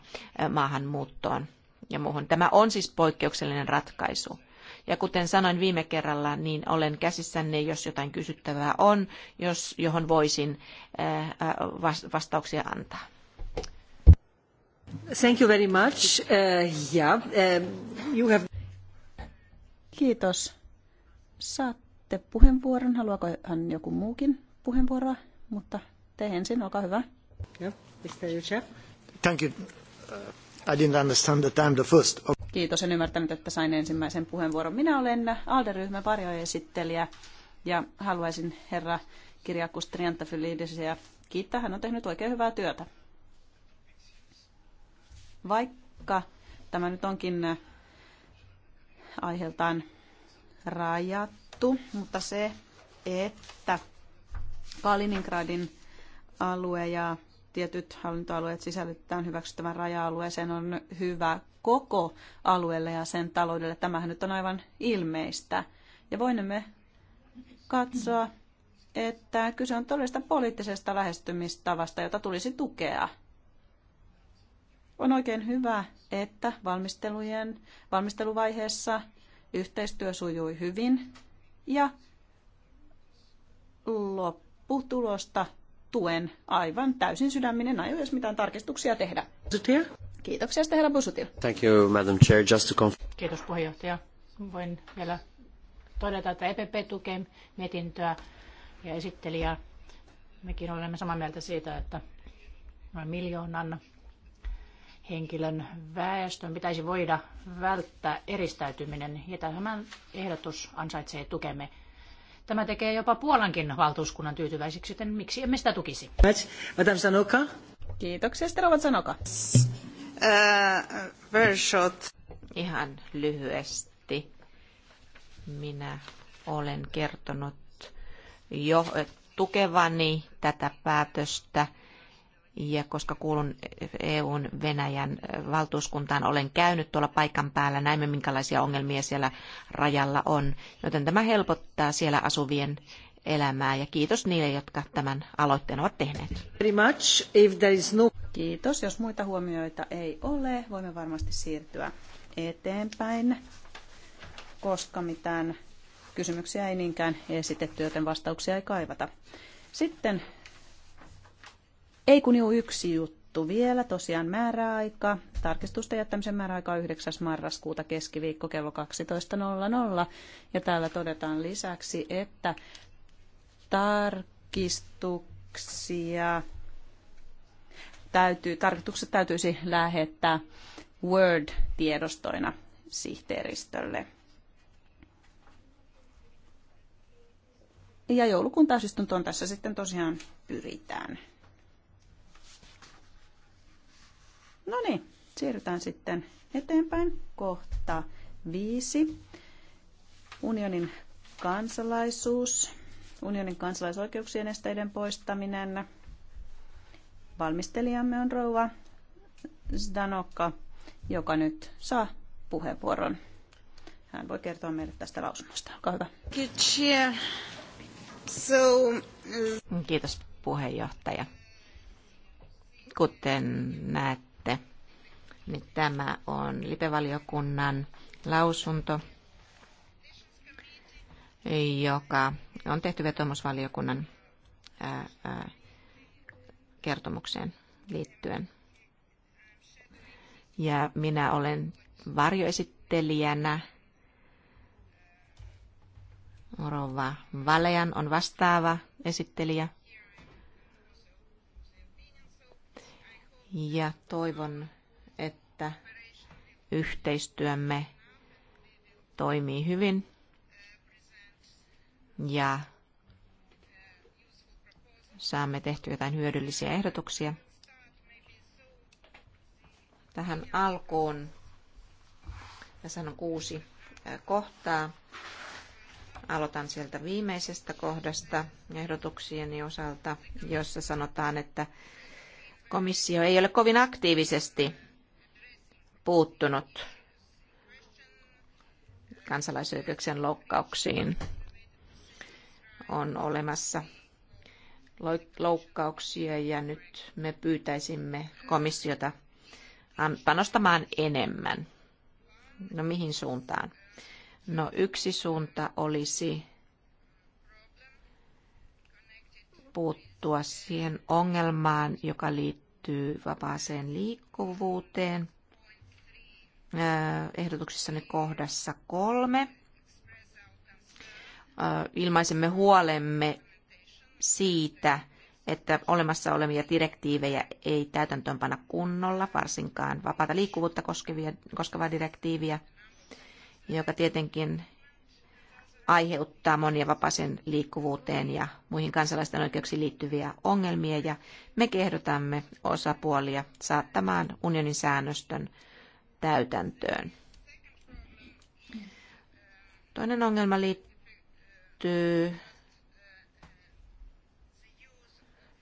[SPEAKER 2] maahanmuuttoon ja muuhun. Tämä on siis poikkeuksellinen ratkaisu. Ja kuten sanoin viime kerralla, niin olen käsissänne, jos jotain kysyttävää on, jos, johon voisin äh, äh, vastauksia antaa. Thank you very much. Uh,
[SPEAKER 1] yeah, um, you have... Kiitos. Saatte puheenvuoron. hän joku muukin puheenvuoroa? Mutta te ensin, olkaa hyvä. Yeah, Mr.
[SPEAKER 3] Thank you. Uh, I didn't understand the time the first.
[SPEAKER 1] Kiitos, en ymmärtänyt, että sain ensimmäisen puheenvuoron. Minä olen Alderyhmän varjoesittelijä ja haluaisin herra kirjakus Triantafylidisiä kiittää. Hän on tehnyt oikein hyvää työtä. Vaikka tämä nyt onkin äh, aiheeltaan rajattu, mutta se, että Kaliningradin alue ja tietyt hallintoalueet sisällytetään hyväksyttävän raja-alueeseen on hyvä koko alueelle ja sen taloudelle. Tämähän nyt on aivan ilmeistä. Ja voimme katsoa, että kyse on todellista poliittisesta lähestymistavasta, jota tulisi tukea. On oikein hyvä, että valmistelujen, valmisteluvaiheessa yhteistyö sujui hyvin ja lopputulosta tuen aivan täysin sydäminen. Aio jos mitään tarkistuksia tehdä. Kiitoksia sitten herra Busutil.
[SPEAKER 3] Thank you, Madam Chair. Just to conf- Kiitos puheenjohtaja. Voin vielä todeta, että EPP tukee mietintöä ja esittelijää. Mekin olemme samaa mieltä siitä, että noin miljoonan henkilön väestön pitäisi voida välttää eristäytyminen, ja tämä ehdotus ansaitsee tukemme. Tämä tekee jopa Puolankin valtuuskunnan tyytyväiseksi, joten miksi emme sitä tukisi? Madame Sanoka. Kiitoksia, Sterovat Sanoka. Uh,
[SPEAKER 2] Ihan lyhyesti. Minä olen kertonut jo tukevani tätä päätöstä ja koska kuulun EUn Venäjän äh, valtuuskuntaan, olen käynyt tuolla paikan päällä, näemme minkälaisia ongelmia siellä rajalla on, joten tämä helpottaa siellä asuvien elämää ja kiitos niille, jotka tämän aloitteen ovat tehneet.
[SPEAKER 1] No- kiitos. Jos muita huomioita ei ole, voimme varmasti siirtyä eteenpäin, koska mitään kysymyksiä ei niinkään esitetty, joten vastauksia ei kaivata. Sitten ei kun juu yksi juttu vielä, tosiaan määräaika. Tarkistusten jättämisen määräaika on 9. marraskuuta keskiviikko kello 12.00. Ja täällä todetaan lisäksi, että tarkistuksia täytyy, tarkistukset täytyisi lähettää Word-tiedostoina sihteeristölle. Ja joulukuun täysistuntoon tässä sitten tosiaan pyritään. No niin, siirrytään sitten eteenpäin. Kohta viisi. Unionin kansalaisuus unionin kansalaisoikeuksien esteiden poistaminen. Valmistelijamme on rouva Zdanokka, joka nyt saa puheenvuoron. Hän voi kertoa meille tästä lausunnosta. Olkaa hyvä.
[SPEAKER 3] Kiitos
[SPEAKER 2] puheenjohtaja. Kuten näette, niin tämä on lipevaliokunnan lausunto joka on tehty vetomusvaliokunnan kertomukseen liittyen. Ja minä olen varjoesittelijänä. Rova Valean on vastaava esittelijä. Ja toivon, että yhteistyömme toimii hyvin ja saamme tehty jotain hyödyllisiä ehdotuksia. Tähän alkuun, tässä on kuusi kohtaa. Aloitan sieltä viimeisestä kohdasta ehdotuksieni osalta, jossa sanotaan, että komissio ei ole kovin aktiivisesti puuttunut kansalaisoikeuksien loukkauksiin on olemassa loukkauksia ja nyt me pyytäisimme komissiota panostamaan enemmän. No mihin suuntaan? No yksi suunta olisi puuttua siihen ongelmaan, joka liittyy vapaaseen liikkuvuuteen. Ehdotuksessani kohdassa kolme ilmaisemme huolemme siitä, että olemassa olevia direktiivejä ei täytäntöönpana kunnolla, varsinkaan vapaata liikkuvuutta koskevia, koskevaa direktiiviä, joka tietenkin aiheuttaa monia vapaaseen liikkuvuuteen ja muihin kansalaisten oikeuksiin liittyviä ongelmia, ja me kehdotamme osapuolia saattamaan unionin säännöstön täytäntöön. Toinen ongelma liittyy liittyy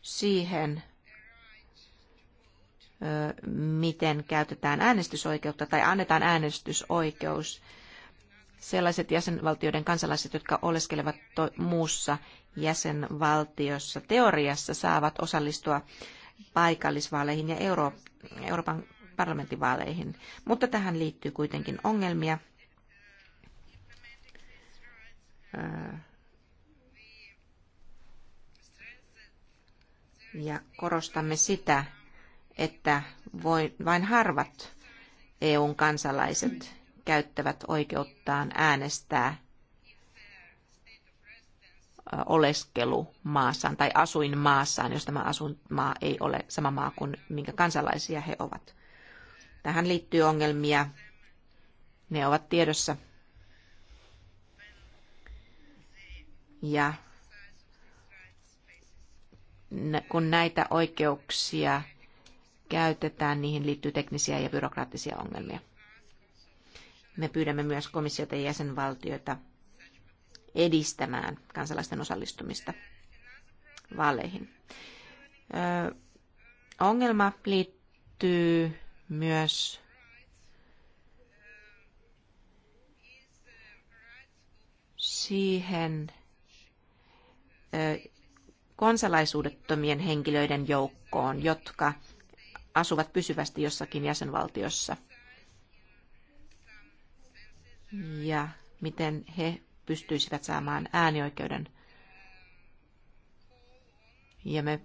[SPEAKER 2] siihen, miten käytetään äänestysoikeutta tai annetaan äänestysoikeus sellaiset jäsenvaltioiden kansalaiset, jotka oleskelevat muussa jäsenvaltiossa teoriassa saavat osallistua paikallisvaaleihin ja Euro- Euroopan parlamenttivaaleihin. Mutta tähän liittyy kuitenkin ongelmia. Ja korostamme sitä, että vain harvat EUn kansalaiset käyttävät oikeuttaan äänestää oleskelu maassaan tai asuinmaassaan, jos tämä asuinmaa ei ole sama maa kuin minkä kansalaisia he ovat. Tähän liittyy ongelmia. Ne ovat tiedossa. Ja kun näitä oikeuksia käytetään, niihin liittyy teknisiä ja byrokraattisia ongelmia. Me pyydämme myös komissiota ja jäsenvaltioita edistämään kansalaisten osallistumista vaaleihin. Ö, ongelma liittyy myös siihen, kansalaisuudettomien henkilöiden joukkoon, jotka asuvat pysyvästi jossakin jäsenvaltiossa. Ja miten he pystyisivät saamaan äänioikeuden. Ja me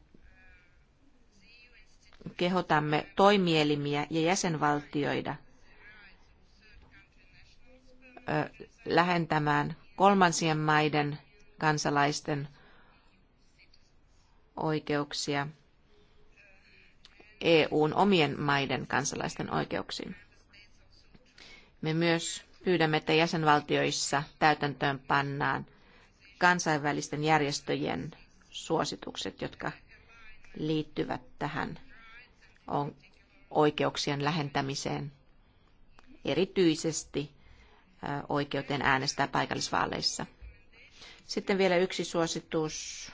[SPEAKER 2] kehotamme toimielimiä ja jäsenvaltioita lähentämään kolmansien maiden kansalaisten oikeuksia EUn omien maiden kansalaisten oikeuksiin. Me myös pyydämme, että jäsenvaltioissa täytäntöön pannaan kansainvälisten järjestöjen suositukset, jotka liittyvät tähän oikeuksien lähentämiseen, erityisesti oikeuteen äänestää paikallisvaaleissa. Sitten vielä yksi suositus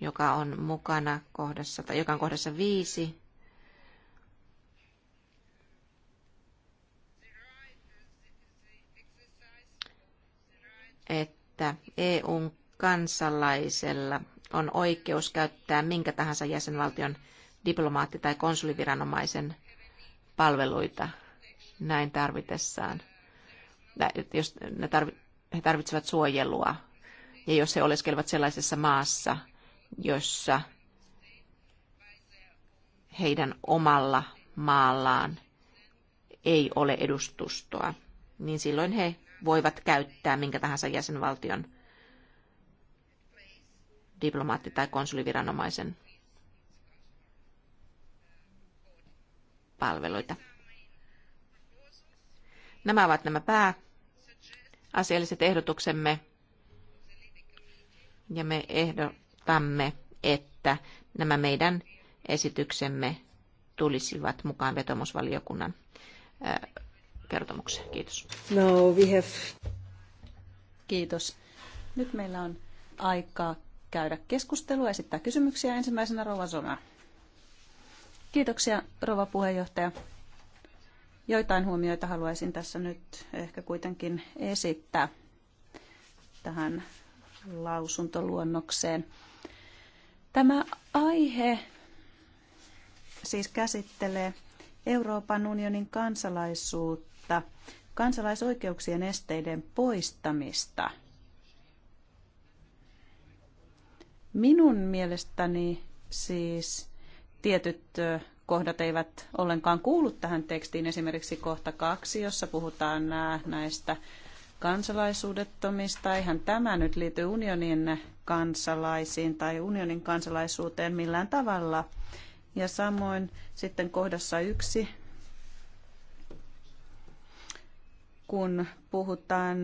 [SPEAKER 2] joka on mukana kohdassa, tai joka on kohdassa viisi. Että EUn kansalaisella on oikeus käyttää minkä tahansa jäsenvaltion diplomaatti- tai konsuliviranomaisen palveluita näin tarvitessaan. Jos ne tarvitsevat suojelua ja jos he oleskelevat sellaisessa maassa, jossa heidän omalla maallaan ei ole edustustoa, niin silloin he voivat käyttää minkä tahansa jäsenvaltion diplomaatti- tai konsuliviranomaisen palveluita. Nämä ovat nämä pääasialliset ehdotuksemme, ja me ehdo, ehdotamme, että nämä meidän esityksemme tulisivat mukaan vetomusvaliokunnan kertomukseen. Kiitos. No, we have...
[SPEAKER 1] Kiitos. Nyt meillä on aikaa käydä keskustelua, esittää kysymyksiä. Ensimmäisenä Rova Zona. Kiitoksia, Rova puheenjohtaja. Joitain huomioita haluaisin tässä nyt ehkä kuitenkin esittää tähän lausuntoluonnokseen. Tämä aihe siis käsittelee Euroopan unionin kansalaisuutta, kansalaisoikeuksien esteiden poistamista. Minun mielestäni siis tietyt kohdat eivät ollenkaan kuulu tähän tekstiin, esimerkiksi kohta kaksi, jossa puhutaan äh, näistä kansalaisuudettomista. Eihän tämä nyt liity unionin kansalaisiin tai unionin kansalaisuuteen millään tavalla. Ja samoin sitten kohdassa yksi, kun puhutaan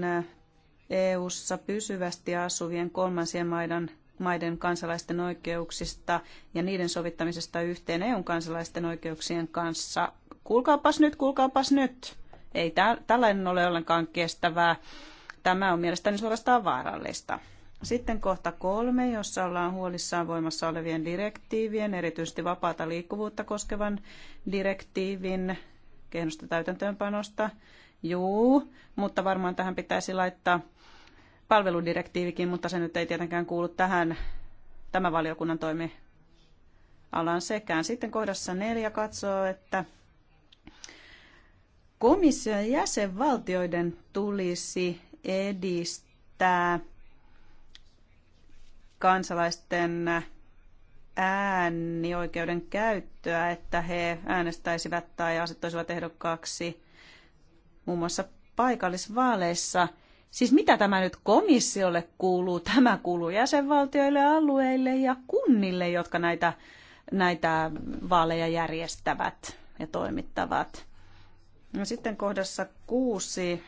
[SPEAKER 1] EU-ssa pysyvästi asuvien kolmansien maiden, maiden kansalaisten oikeuksista ja niiden sovittamisesta yhteen eu kansalaisten oikeuksien kanssa. Kuulkaapas nyt, kuulkaapas nyt. Ei tä- tällainen ole ollenkaan kestävää. Tämä on mielestäni suorastaan vaarallista. Sitten kohta kolme, jossa ollaan huolissaan voimassa olevien direktiivien, erityisesti vapaata liikkuvuutta koskevan direktiivin kehnosta täytäntöönpanosta. Juu, mutta varmaan tähän pitäisi laittaa palveludirektiivikin, mutta se nyt ei tietenkään kuulu tähän tämän valiokunnan toimi sekään. Sitten kohdassa neljä katsoo, että komission jäsenvaltioiden tulisi edistää kansalaisten äänioikeuden käyttöä, että he äänestäisivät tai asettuisivat ehdokkaaksi muun muassa paikallisvaaleissa. Siis mitä tämä nyt komissiolle kuuluu? Tämä kuuluu jäsenvaltioille, alueille ja kunnille, jotka näitä, näitä vaaleja järjestävät ja toimittavat. No sitten kohdassa kuusi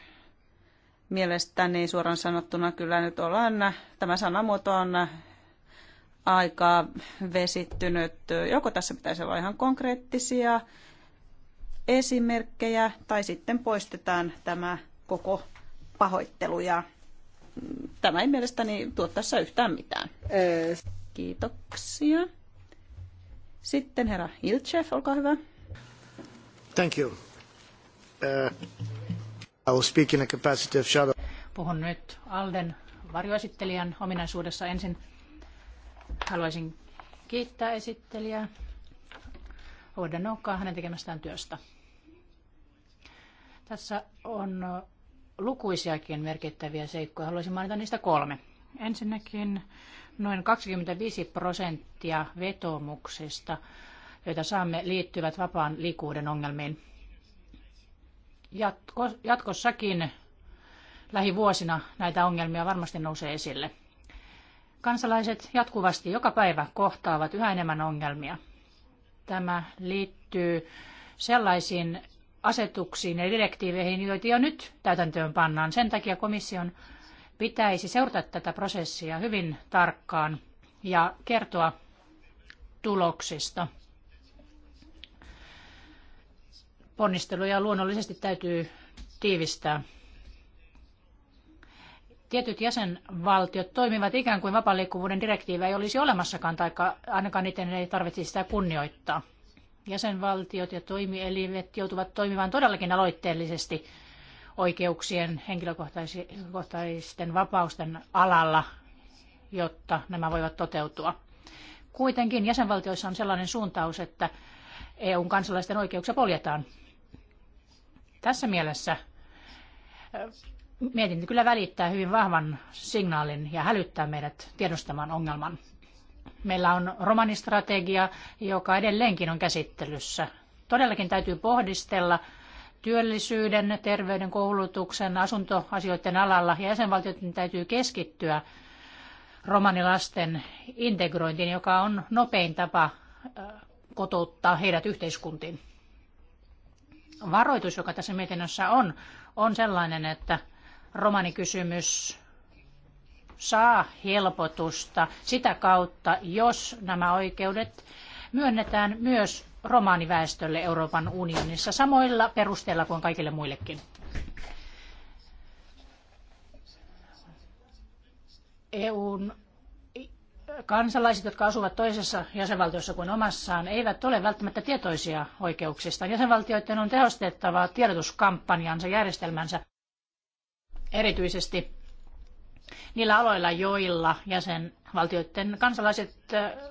[SPEAKER 1] mielestäni suoraan sanottuna kyllä nyt ollaan, tämä sanamuoto on aika vesittynyt. Joko tässä pitäisi olla ihan konkreettisia esimerkkejä tai sitten poistetaan tämä koko pahoittelu ja tämä ei mielestäni tuo tässä yhtään mitään. Kiitoksia.
[SPEAKER 3] Sitten herra Ilchev, olkaa hyvä. Thank you. Uh, I will speak in a capacity of shadow. Puhun nyt Alden varjoesittelijän ominaisuudessa ensin. Haluaisin kiittää esittelijää Ouda Nokkaa hänen tekemästään työstä. Tässä on lukuisiakin merkittäviä seikkoja. Haluaisin mainita niistä kolme. Ensinnäkin noin 25 prosenttia vetomuksista, joita saamme, liittyvät vapaan liikkuuden ongelmiin jatko, jatkossakin lähivuosina näitä ongelmia varmasti nousee esille. Kansalaiset jatkuvasti joka päivä kohtaavat yhä enemmän ongelmia. Tämä liittyy sellaisiin asetuksiin ja direktiiveihin, joita jo nyt täytäntöön pannaan. Sen takia komission pitäisi seurata tätä prosessia hyvin tarkkaan ja kertoa tuloksista ponnisteluja luonnollisesti täytyy tiivistää. Tietyt jäsenvaltiot toimivat ikään kuin vapaaliikkuvuuden direktiivä ei olisi olemassakaan, tai ainakaan niiden ei tarvitsisi sitä kunnioittaa. Jäsenvaltiot ja toimielimet joutuvat toimimaan todellakin aloitteellisesti oikeuksien henkilökohtaisten vapausten alalla, jotta nämä voivat toteutua. Kuitenkin jäsenvaltioissa on sellainen suuntaus, että EUn kansalaisten oikeuksia poljetaan tässä mielessä äh, mietintö kyllä välittää hyvin vahvan signaalin ja hälyttää meidät tiedostamaan ongelman. Meillä on romanistrategia, joka edelleenkin on käsittelyssä. Todellakin täytyy pohdistella työllisyyden, terveyden, koulutuksen, asuntoasioiden alalla ja jäsenvaltioiden täytyy keskittyä romanilasten integrointiin, joka on nopein tapa äh, kotouttaa heidät yhteiskuntiin varoitus, joka tässä mietinnössä on, on sellainen, että romanikysymys saa helpotusta sitä kautta, jos nämä oikeudet myönnetään myös romaaniväestölle Euroopan unionissa samoilla perusteilla kuin kaikille muillekin. EUn kansalaiset, jotka asuvat toisessa jäsenvaltiossa kuin omassaan, eivät ole välttämättä tietoisia oikeuksistaan. Jäsenvaltioiden on tehostettava tiedotuskampanjansa, järjestelmänsä erityisesti niillä aloilla, joilla jäsenvaltioiden kansalaiset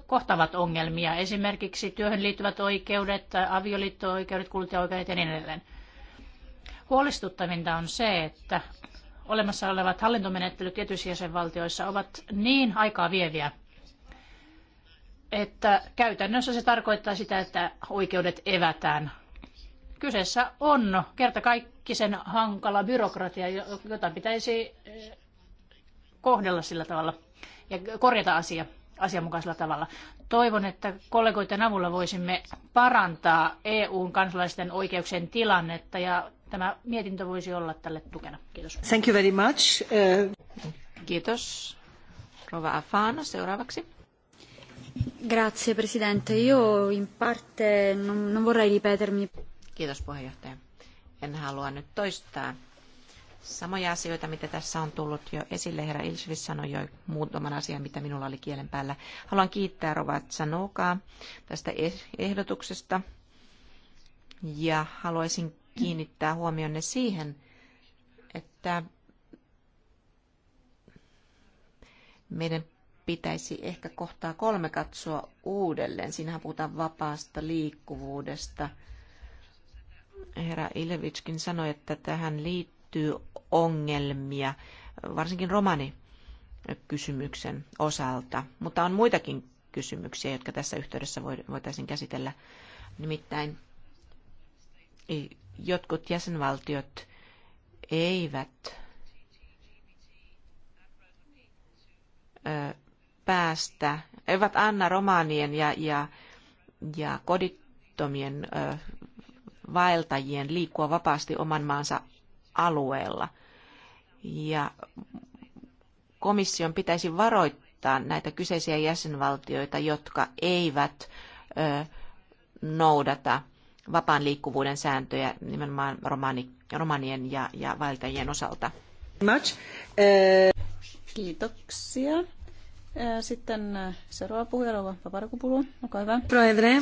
[SPEAKER 3] kohtavat ongelmia, esimerkiksi työhön liittyvät oikeudet, avioliitto-oikeudet, kuluttajaoikeudet ja niin edelleen. Huolestuttavinta on se, että olemassa olevat hallintomenettelyt tietyissä jäsenvaltioissa ovat niin aikaa vieviä, että käytännössä se tarkoittaa sitä, että oikeudet evätään. Kyseessä on kertakaikkisen hankala byrokratia, jota pitäisi eh, kohdella sillä tavalla ja korjata asia asianmukaisella tavalla. Toivon, että kollegoiden avulla voisimme parantaa EUn kansalaisten oikeuksien tilannetta ja tämä mietintö voisi olla tälle tukena. Kiitos. Thank you very much. Uh...
[SPEAKER 2] Kiitos. Rova Afano, seuraavaksi. Grazie Presidente. Io in parte non, non vorrei ripetermi. Kiitos puheenjohtaja. En halua nyt toistaa samoja asioita, mitä tässä on tullut jo esille. Herra Ilsvis sanoi jo muutaman asian, mitä minulla oli kielen päällä. Haluan kiittää Rovat Sanokaa tästä eh- ehdotuksesta ja haluaisin kiinnittää huomionne siihen, että meidän pitäisi ehkä kohtaa kolme katsoa uudelleen. Siinähän puhutaan vapaasta liikkuvuudesta. Herra Ilevitskin sanoi, että tähän liittyy ongelmia, varsinkin romani kysymyksen osalta, mutta on muitakin kysymyksiä, jotka tässä yhteydessä voitaisiin käsitellä. Nimittäin jotkut jäsenvaltiot eivät päästä, eivät anna romaanien ja, ja, ja kodittomien ö, vaeltajien liikkua vapaasti oman maansa alueella. Ja komission pitäisi varoittaa näitä kyseisiä jäsenvaltioita, jotka eivät ö, noudata vapaan liikkuvuuden sääntöjä nimenomaan romani, romanien ja, ja vaeltajien osalta.
[SPEAKER 1] Kiitoksia. Sitten seuraava puhuja, Rova Paparakupulu, olkaa hyvä. Proedre,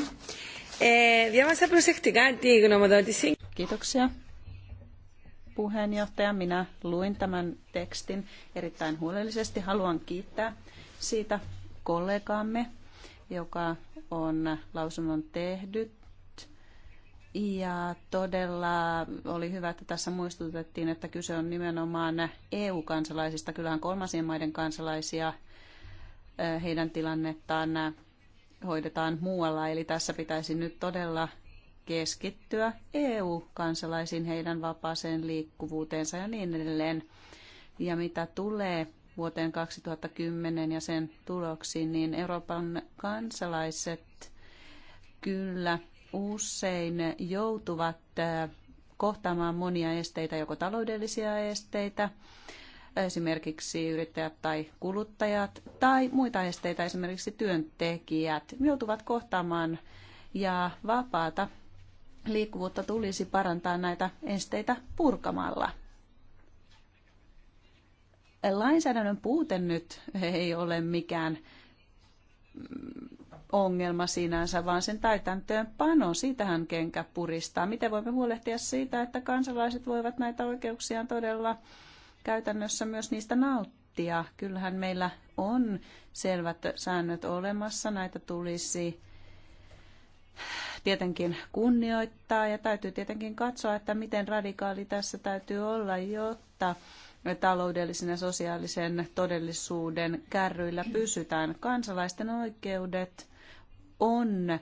[SPEAKER 1] διάβασα προσεκτικά τη γνωμοδότηση. Kiitoksia. Puheenjohtaja, minä luin tämän tekstin erittäin huolellisesti. Haluan kiittää siitä kollegaamme, joka on lausunnon tehnyt. Ja todella oli hyvä, että tässä muistutettiin, että kyse on nimenomaan EU-kansalaisista. Kyllähän kolmansien maiden kansalaisia heidän tilannettaan hoidetaan muualla. Eli tässä pitäisi nyt todella keskittyä EU-kansalaisiin, heidän vapaaseen liikkuvuuteensa ja niin edelleen. Ja mitä tulee vuoteen 2010 ja sen tuloksiin, niin Euroopan kansalaiset kyllä usein joutuvat kohtaamaan monia esteitä, joko taloudellisia esteitä esimerkiksi yrittäjät tai kuluttajat tai muita esteitä, esimerkiksi työntekijät, joutuvat kohtaamaan ja vapaata liikkuvuutta tulisi parantaa näitä esteitä purkamalla. Lainsäädännön puute nyt ei ole mikään ongelma sinänsä, vaan sen täytäntöönpano, siitähän kenkä puristaa. Miten voimme huolehtia siitä, että kansalaiset voivat näitä oikeuksiaan todella käytännössä myös niistä nauttia. Kyllähän meillä on selvät säännöt olemassa, näitä tulisi tietenkin kunnioittaa ja täytyy tietenkin katsoa, että miten radikaali tässä täytyy olla, jotta taloudellisen ja sosiaalisen todellisuuden kärryillä pysytään. Kansalaisten oikeudet on, äh,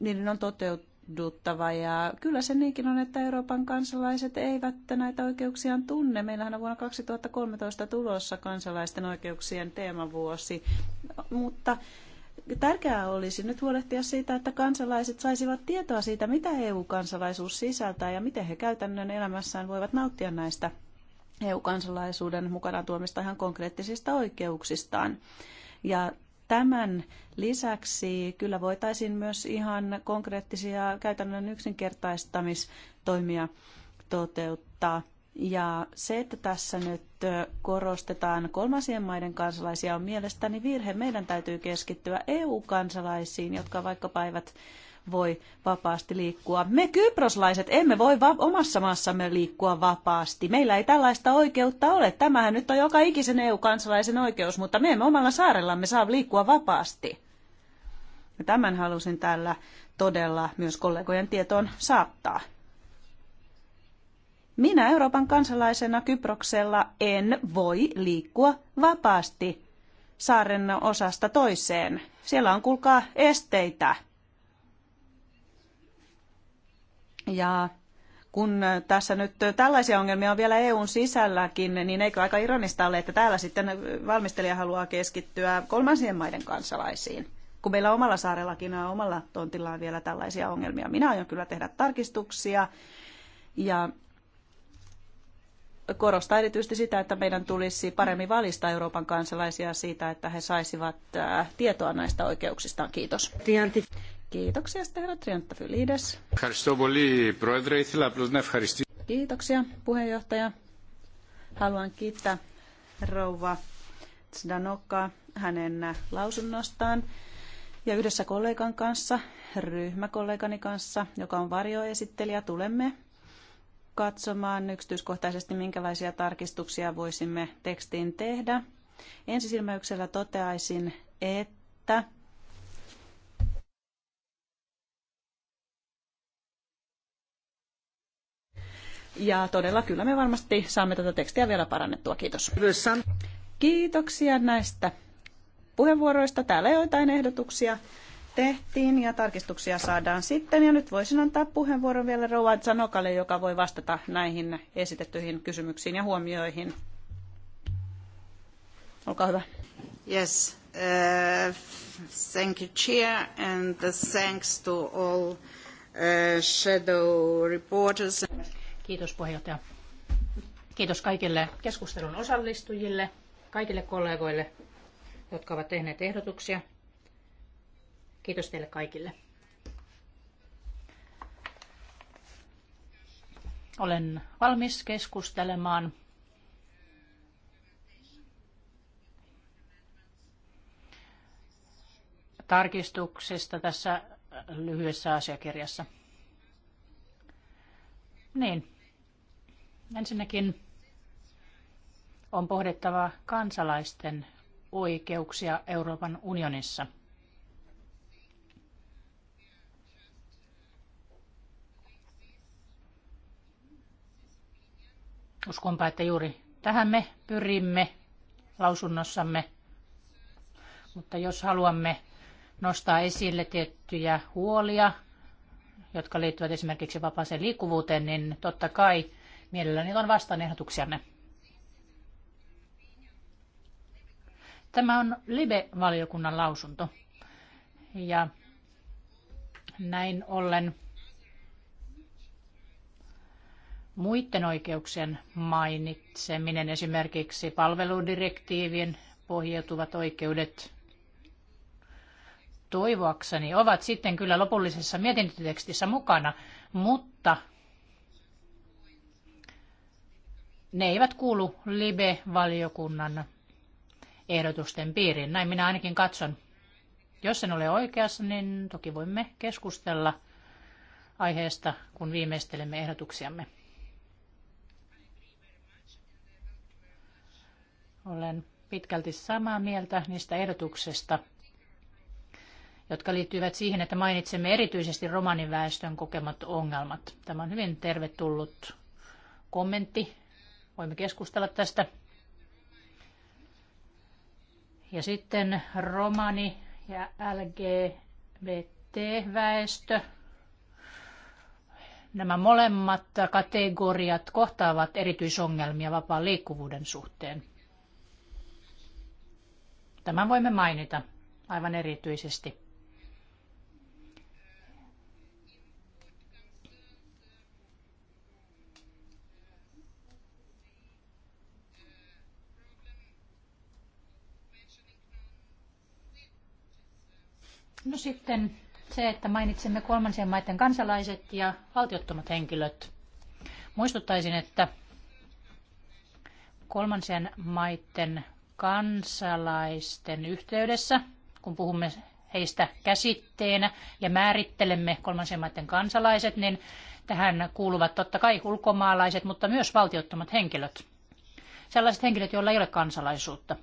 [SPEAKER 1] niiden on toteutettu ilahduttava ja kyllä se niinkin on, että Euroopan kansalaiset eivät näitä oikeuksiaan tunne. Meillähän on vuonna 2013 tulossa kansalaisten oikeuksien teemavuosi, mutta tärkeää olisi nyt huolehtia siitä, että kansalaiset saisivat tietoa siitä, mitä EU-kansalaisuus sisältää ja miten he käytännön elämässään voivat nauttia näistä EU-kansalaisuuden mukana tuomista ihan konkreettisista oikeuksistaan. Ja Tämän lisäksi kyllä voitaisiin myös ihan konkreettisia käytännön yksinkertaistamistoimia toteuttaa. Ja se, että tässä nyt korostetaan kolmansien maiden kansalaisia, on mielestäni virhe. Meidän täytyy keskittyä EU-kansalaisiin, jotka vaikkapa eivät voi vapaasti liikkua. Me kyproslaiset emme voi va- omassa maassamme liikkua vapaasti. Meillä ei tällaista oikeutta ole. Tämähän nyt on joka ikisen EU-kansalaisen oikeus, mutta me emme omalla saarellamme saa liikkua vapaasti. Ja tämän halusin tällä todella myös kollegojen tietoon saattaa. Minä Euroopan kansalaisena Kyproksella en voi liikkua vapaasti saaren osasta toiseen. Siellä on kuulkaa esteitä. Ja kun tässä nyt tällaisia ongelmia on vielä EUn sisälläkin, niin eikö aika ironista ole, että täällä sitten valmistelija haluaa keskittyä kolmansien maiden kansalaisiin? Kun meillä omalla saarellakin ja omalla tontillaan on vielä tällaisia ongelmia. Minä aion kyllä tehdä tarkistuksia ja korostaa erityisesti sitä, että meidän tulisi paremmin valistaa Euroopan kansalaisia siitä, että he saisivat äh, tietoa näistä oikeuksistaan. Kiitos. Kiitoksia, sitten herra Trianttafylides. Kiitoksia, puheenjohtaja. Haluan kiittää rouva Zdanokka hänen lausunnostaan. Ja yhdessä kollegan kanssa, ryhmäkollegani kanssa, joka on varjoesittelijä, tulemme katsomaan yksityiskohtaisesti, minkälaisia tarkistuksia voisimme tekstiin tehdä. Ensisilmäyksellä toteaisin, että Ja todella kyllä me varmasti saamme tätä tekstiä vielä parannettua. Kiitos. Kiitoksia näistä puheenvuoroista. Täällä joitain ehdotuksia tehtiin ja tarkistuksia saadaan sitten. Ja nyt voisin antaa puheenvuoron vielä Rouva Sanokalle, joka voi vastata näihin esitettyihin kysymyksiin ja huomioihin. Olkaa hyvä. Yes, uh, thank you, Chair, and thanks to all uh, shadow
[SPEAKER 3] reporters. Kiitos puheenjohtaja. Kiitos kaikille keskustelun osallistujille, kaikille kollegoille, jotka ovat tehneet ehdotuksia. Kiitos teille kaikille. Olen valmis keskustelemaan tarkistuksesta tässä lyhyessä asiakirjassa. Niin, Ensinnäkin on pohdittava kansalaisten oikeuksia Euroopan unionissa. Uskonpa, että juuri tähän me pyrimme lausunnossamme, mutta jos haluamme nostaa esille tiettyjä huolia, jotka liittyvät esimerkiksi vapaaseen liikkuvuuteen, niin totta kai Mielelläni on vastaan ehdotuksianne. Tämä on Libe-valiokunnan lausunto. Ja näin ollen muiden oikeuksien mainitseminen, esimerkiksi palveludirektiivin pohjautuvat oikeudet, toivoakseni ovat sitten kyllä lopullisessa mietintötekstissä mukana, mutta ne eivät kuulu LIBE-valiokunnan ehdotusten piiriin. Näin minä ainakin katson. Jos en ole oikeassa, niin toki voimme keskustella aiheesta, kun viimeistelemme ehdotuksiamme. Olen pitkälti samaa mieltä niistä ehdotuksista, jotka liittyvät siihen, että mainitsemme erityisesti romaniväestön kokemat ongelmat. Tämä on hyvin tervetullut kommentti Voimme keskustella tästä. Ja sitten romani ja LGBT-väestö. Nämä molemmat kategoriat kohtaavat erityisongelmia vapaan liikkuvuuden suhteen. Tämän voimme mainita aivan erityisesti. No sitten se, että mainitsemme kolmansien maiden kansalaiset ja valtiottomat henkilöt. Muistuttaisin, että kolmansien maiden kansalaisten yhteydessä, kun puhumme heistä käsitteenä ja määrittelemme kolmansien maiden kansalaiset, niin tähän kuuluvat totta kai ulkomaalaiset, mutta myös valtiottomat henkilöt. Sellaiset henkilöt, joilla ei ole kansalaisuutta.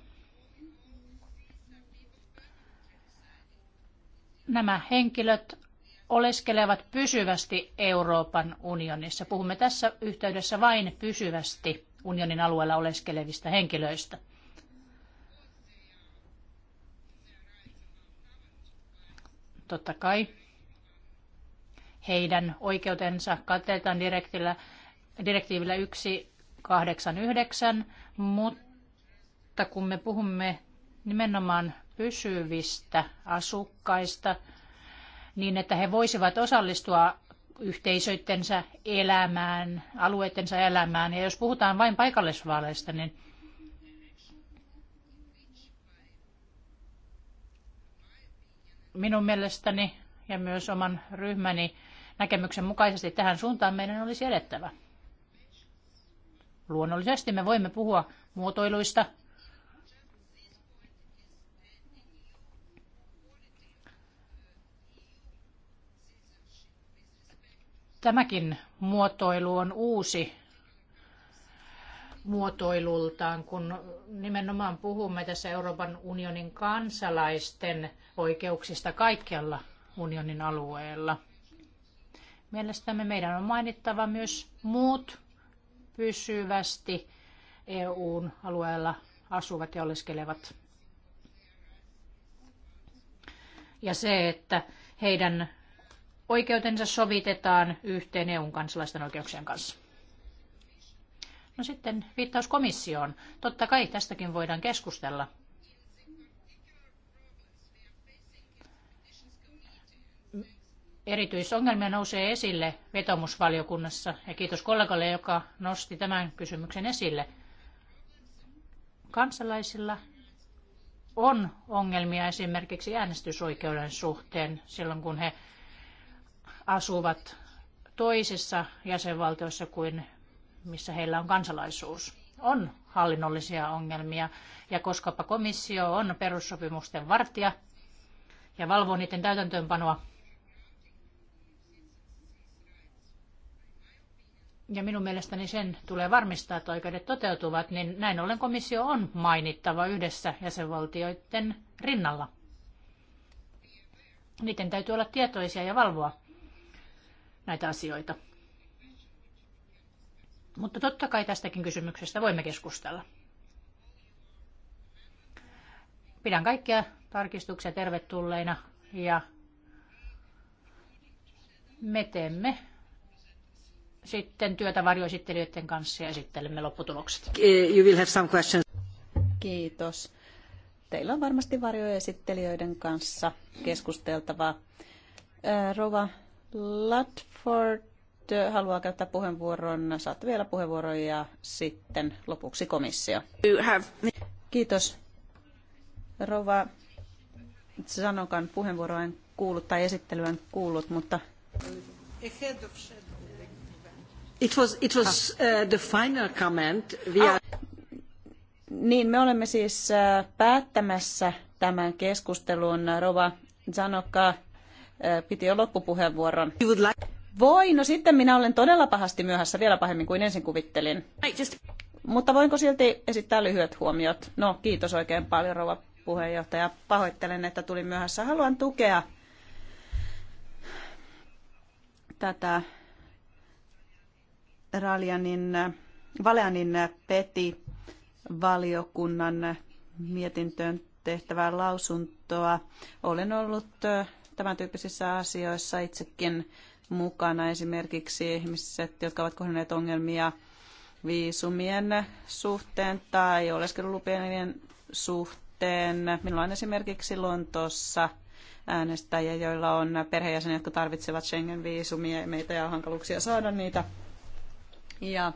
[SPEAKER 3] nämä henkilöt oleskelevat pysyvästi Euroopan unionissa. Puhumme tässä yhteydessä vain pysyvästi unionin alueella oleskelevista henkilöistä. Totta kai heidän oikeutensa katetaan direktiivillä, direktiivillä 189, mutta kun me puhumme nimenomaan pysyvistä asukkaista niin, että he voisivat osallistua yhteisöittensä elämään, alueittensa elämään. Ja jos puhutaan vain paikallisvaaleista, niin minun mielestäni ja myös oman ryhmäni näkemyksen mukaisesti tähän suuntaan meidän olisi edettävä. Luonnollisesti me voimme puhua muotoiluista, Tämäkin muotoilu on uusi muotoilultaan, kun nimenomaan puhumme tässä Euroopan unionin kansalaisten oikeuksista kaikkialla unionin alueella. Mielestämme meidän on mainittava myös muut pysyvästi EUn alueella asuvat ja oleskelevat. Ja se, että heidän oikeutensa sovitetaan yhteen eu kansalaisten oikeuksien kanssa. No sitten viittaus komissioon. Totta kai tästäkin voidaan keskustella. Erityisongelmia nousee esille vetomusvaliokunnassa ja kiitos kollegalle, joka nosti tämän kysymyksen esille. Kansalaisilla on ongelmia esimerkiksi äänestysoikeuden suhteen silloin, kun he asuvat toisissa jäsenvaltioissa kuin missä heillä on kansalaisuus. On hallinnollisia ongelmia ja koskapa komissio on perussopimusten vartija ja valvoo niiden täytäntöönpanoa, ja minun mielestäni sen tulee varmistaa, että oikeudet toteutuvat, niin näin ollen komissio on mainittava yhdessä jäsenvaltioiden rinnalla. Niiden täytyy olla tietoisia ja valvoa näitä asioita. Mutta totta kai tästäkin kysymyksestä voimme keskustella. Pidän kaikkia tarkistuksia tervetulleina ja me teemme sitten työtä varjoesittelijöiden kanssa ja esittelemme lopputulokset. You will have some questions.
[SPEAKER 1] Kiitos. Teillä on varmasti varjoesittelijöiden kanssa keskusteltavaa. Rova Latford eh, haluaa käyttää puheenvuoron. Saatte vielä puheenvuoron ja sitten lopuksi komissio. Kiitos. Rova Sanokan puheenvuoroa en kuullut tai esittelyä en kuullut, mutta... It was, it was ah. uh, the final comment. We ah. are... Niin, me olemme siis äh, päättämässä tämän keskustelun. Rova Zanokka piti jo loppupuheenvuoron. Voi, no sitten minä olen todella pahasti myöhässä, vielä pahemmin kuin ensin kuvittelin. Mutta voinko silti esittää lyhyet huomiot? No, kiitos oikein paljon, rouva puheenjohtaja. Pahoittelen, että tulin myöhässä. Haluan tukea tätä Ralianin, Valeanin peti valiokunnan mietintöön tehtävää lausuntoa. Olen ollut tämän tyyppisissä asioissa itsekin mukana. Esimerkiksi ihmiset, jotka ovat kohdanneet ongelmia viisumien suhteen tai oleskelulupien suhteen. Minulla on esimerkiksi Lontoossa äänestäjiä, joilla on perheenjäseniä, jotka tarvitsevat Schengen-viisumia ja meitä ja hankaluuksia saada niitä. Ja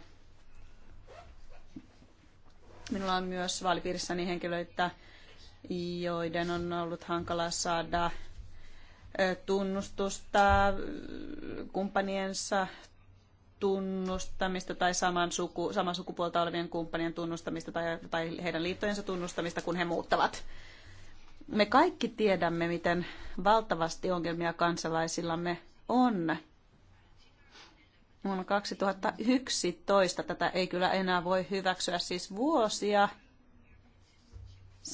[SPEAKER 1] minulla on myös vaalipiirissäni henkilöitä, joiden on ollut hankala saada tunnustusta, kumppaniensa tunnustamista tai saman, suku, saman sukupuolta olevien kumppanien tunnustamista tai, tai heidän liittojensa tunnustamista, kun he muuttavat. Me kaikki tiedämme, miten valtavasti ongelmia kansalaisillamme on. Vuonna 2011 tätä ei kyllä enää voi hyväksyä, siis vuosia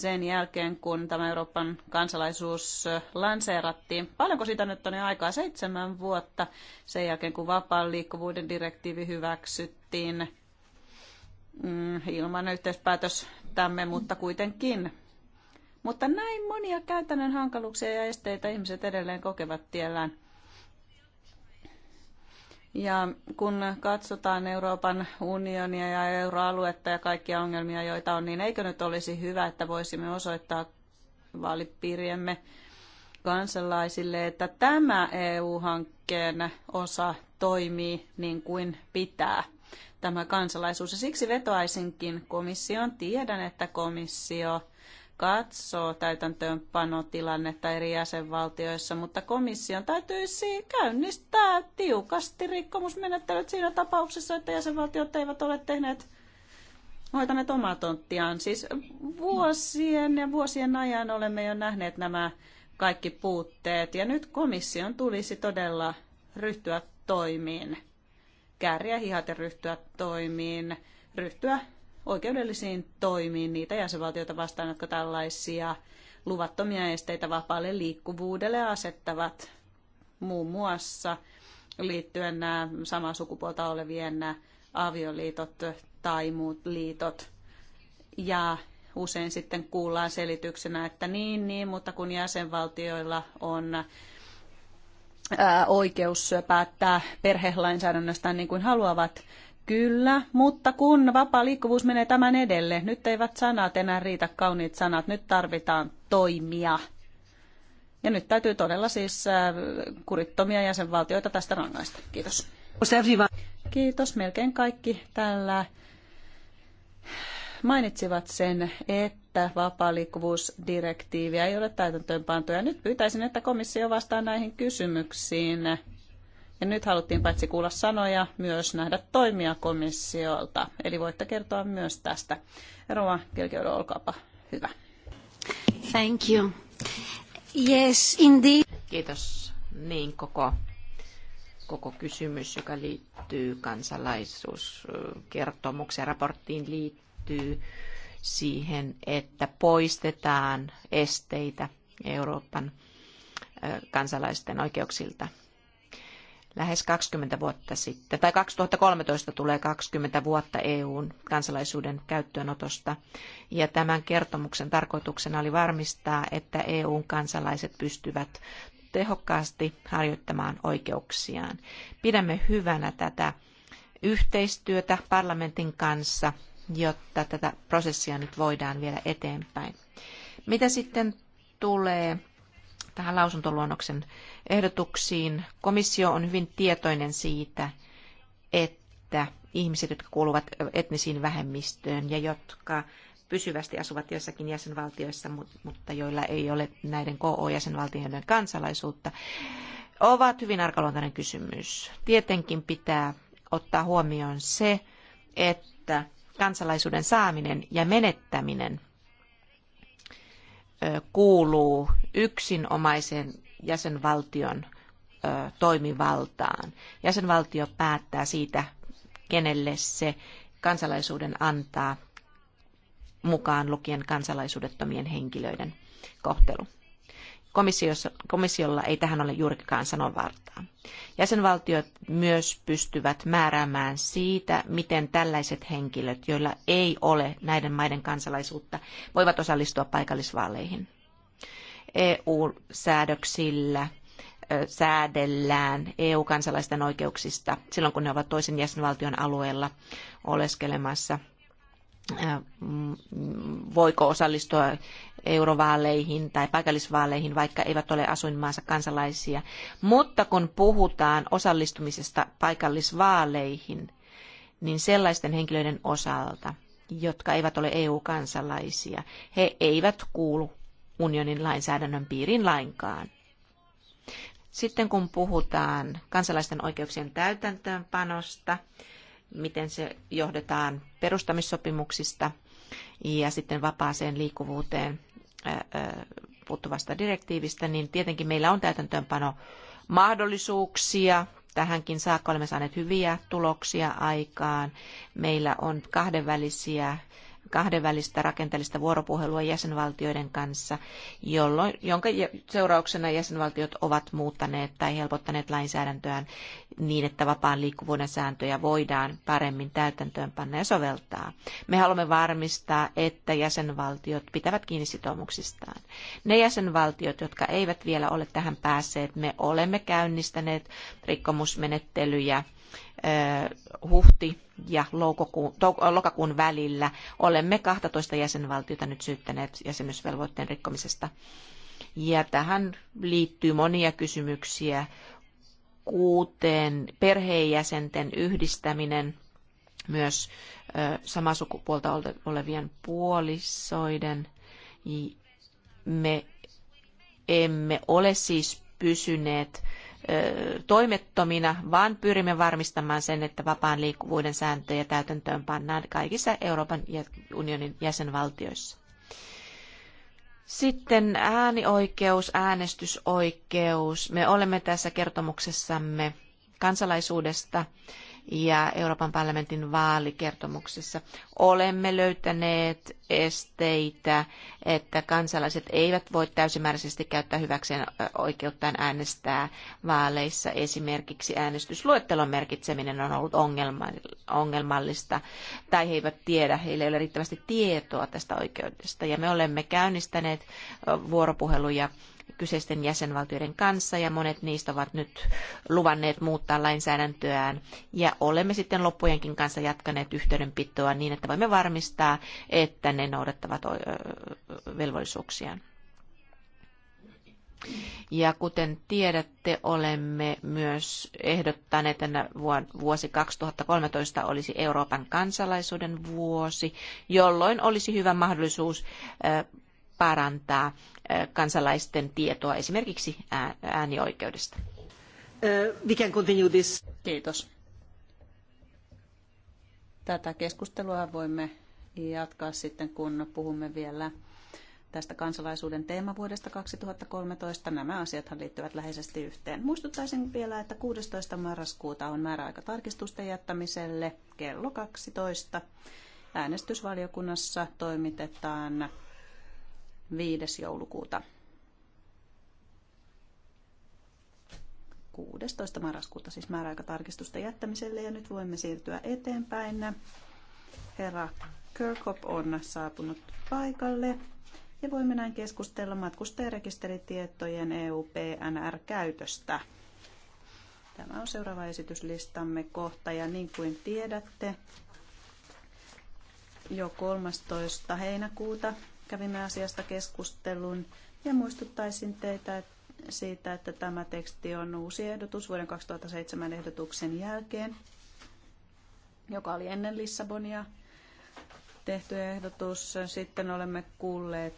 [SPEAKER 1] sen jälkeen, kun tämä Euroopan kansalaisuus lanseerattiin. Paljonko siitä nyt on aikaa? Seitsemän vuotta sen jälkeen, kun vapaan liikkuvuuden direktiivi hyväksyttiin mm, ilman tämme, mutta kuitenkin. Mutta näin monia käytännön hankaluuksia ja esteitä ihmiset edelleen kokevat tiellään. Ja kun katsotaan Euroopan unionia ja euroaluetta ja kaikkia ongelmia, joita on, niin eikö nyt olisi hyvä, että voisimme osoittaa vaalipiiriemme kansalaisille, että tämä EU-hankkeen osa toimii niin kuin pitää tämä kansalaisuus. Ja siksi vetoaisinkin komission. Tiedän, että komissio katsoo täytäntöönpanotilannetta eri jäsenvaltioissa, mutta komission täytyisi käynnistää tiukasti rikkomusmenettelyt siinä tapauksessa, että jäsenvaltiot eivät ole tehneet hoitaneet omaa tonttiaan. Siis vuosien ja vuosien ajan olemme jo nähneet nämä kaikki puutteet ja nyt komission tulisi todella ryhtyä toimiin. Kääriä hihat ja ryhtyä toimiin, ryhtyä oikeudellisiin toimiin niitä jäsenvaltioita vastaan, jotka tällaisia luvattomia esteitä vapaalle liikkuvuudelle asettavat muun muassa liittyen nämä samaa sukupuolta olevien nämä avioliitot tai muut liitot. Ja usein sitten kuullaan selityksenä, että niin, niin, mutta kun jäsenvaltioilla on oikeus päättää perhelainsäädännöstä niin kuin haluavat, Kyllä, mutta kun vapaa liikkuvuus menee tämän edelle, nyt eivät sanat enää riitä kauniit sanat, nyt tarvitaan toimia. Ja nyt täytyy todella siis äh, kurittomia jäsenvaltioita tästä rangaista. Kiitos. Kiitos. Melkein kaikki tällä mainitsivat sen, että liikkuvuusdirektiiviä ei ole täytäntöönpantu. Ja nyt pyytäisin, että komissio vastaa näihin kysymyksiin. Ja nyt haluttiin paitsi kuulla sanoja, myös nähdä toimia komissiolta. Eli voitte kertoa myös tästä. Rova Kelkiöllä, olkaapa hyvä.
[SPEAKER 3] Thank you. Yes, indeed.
[SPEAKER 2] Kiitos. Niin koko, koko kysymys, joka liittyy kansalaisuuskertomukseen, raporttiin liittyy siihen, että poistetaan esteitä Euroopan kansalaisten oikeuksilta – lähes 20 vuotta sitten, tai 2013 tulee 20 vuotta EUn kansalaisuuden käyttöönotosta. Ja tämän kertomuksen tarkoituksena oli varmistaa, että EUn kansalaiset pystyvät tehokkaasti harjoittamaan oikeuksiaan. Pidämme hyvänä tätä yhteistyötä parlamentin kanssa, jotta tätä prosessia nyt voidaan viedä eteenpäin. Mitä sitten tulee tähän lausuntoluonnoksen ehdotuksiin. Komissio on hyvin tietoinen siitä, että ihmiset, jotka kuuluvat etnisiin vähemmistöön ja jotka pysyvästi asuvat joissakin jäsenvaltioissa, mutta joilla ei ole näiden KO-jäsenvaltioiden kansalaisuutta, ovat hyvin arkaluontainen kysymys. Tietenkin pitää ottaa huomioon se, että kansalaisuuden saaminen ja menettäminen – kuuluu yksinomaisen jäsenvaltion toimivaltaan. Jäsenvaltio päättää siitä, kenelle se kansalaisuuden antaa, mukaan lukien kansalaisuudettomien henkilöiden kohtelu komissiolla ei tähän ole juurikaan sanovartaa. Jäsenvaltiot myös pystyvät määräämään siitä, miten tällaiset henkilöt, joilla ei ole näiden maiden kansalaisuutta, voivat osallistua paikallisvaaleihin. EU-säädöksillä säädellään EU-kansalaisten oikeuksista silloin, kun ne ovat toisen jäsenvaltion alueella oleskelemassa voiko osallistua eurovaaleihin tai paikallisvaaleihin, vaikka eivät ole asuinmaansa kansalaisia. Mutta kun puhutaan osallistumisesta paikallisvaaleihin, niin sellaisten henkilöiden osalta, jotka eivät ole EU-kansalaisia, he eivät kuulu unionin lainsäädännön piiriin lainkaan. Sitten kun puhutaan kansalaisten oikeuksien täytäntöönpanosta, miten se johdetaan perustamissopimuksista ja sitten vapaaseen liikkuvuuteen puuttuvasta direktiivistä, niin tietenkin meillä on täytäntöönpano mahdollisuuksia. Tähänkin saakka olemme saaneet hyviä tuloksia aikaan. Meillä on kahdenvälisiä kahdenvälistä rakenteellista vuoropuhelua jäsenvaltioiden kanssa, jolloin, jonka seurauksena jäsenvaltiot ovat muuttaneet tai helpottaneet lainsäädäntöään niin, että vapaan liikkuvuuden sääntöjä voidaan paremmin täytäntöönpanna ja soveltaa. Me haluamme varmistaa, että jäsenvaltiot pitävät kiinni sitoumuksistaan. Ne jäsenvaltiot, jotka eivät vielä ole tähän päässeet, me olemme käynnistäneet rikkomusmenettelyjä huhti- ja lokakuun välillä. Olemme 12 jäsenvaltiota nyt syyttäneet jäsenyysvelvoitteen rikkomisesta. Ja tähän liittyy monia kysymyksiä, kuten perheenjäsenten yhdistäminen, myös samaa sukupuolta olevien puolisoiden. Me emme ole siis pysyneet toimettomina, vaan pyrimme varmistamaan sen, että vapaan liikkuvuuden sääntöjä täytäntöön pannaan kaikissa Euroopan unionin jäsenvaltioissa. Sitten äänioikeus, äänestysoikeus. Me olemme tässä kertomuksessamme kansalaisuudesta ja Euroopan parlamentin vaalikertomuksessa. Olemme löytäneet esteitä, että kansalaiset eivät voi täysimääräisesti käyttää hyväkseen oikeuttaan äänestää vaaleissa. Esimerkiksi äänestysluettelon merkitseminen on ollut ongelmallista, tai he eivät tiedä, heillä ei ole riittävästi tietoa tästä oikeudesta. Ja me olemme käynnistäneet vuoropuheluja kyseisten jäsenvaltioiden kanssa ja monet niistä ovat nyt luvanneet muuttaa lainsäädäntöään ja olemme sitten loppujenkin kanssa jatkaneet yhteydenpitoa niin, että voimme varmistaa, että ne noudattavat velvollisuuksiaan. Ja kuten tiedätte, olemme myös ehdottaneet, että vuosi 2013 olisi Euroopan kansalaisuuden vuosi, jolloin olisi hyvä mahdollisuus parantaa kansalaisten tietoa esimerkiksi
[SPEAKER 1] äänioikeudesta. Uh, we can continue this. Kiitos. Tätä keskustelua voimme jatkaa sitten, kun puhumme vielä tästä kansalaisuuden teemavuodesta 2013. Nämä asiathan liittyvät läheisesti yhteen. Muistuttaisin vielä, että 16. marraskuuta on määräaika tarkistusten jättämiselle kello 12. Äänestysvaliokunnassa toimitetaan 5. joulukuuta. 16. marraskuuta siis määräaikatarkistusta jättämiselle ja nyt voimme siirtyä eteenpäin. Herra Kirkop on saapunut paikalle ja voimme näin keskustella matkustajarekisteritietojen eu käytöstä Tämä on seuraava esityslistamme kohta ja niin kuin tiedätte, jo 13. heinäkuuta kävimme asiasta keskustelun ja muistuttaisin teitä siitä, että tämä teksti on uusi ehdotus vuoden 2007 ehdotuksen jälkeen, joka oli ennen Lissabonia tehty ehdotus. Sitten olemme kuulleet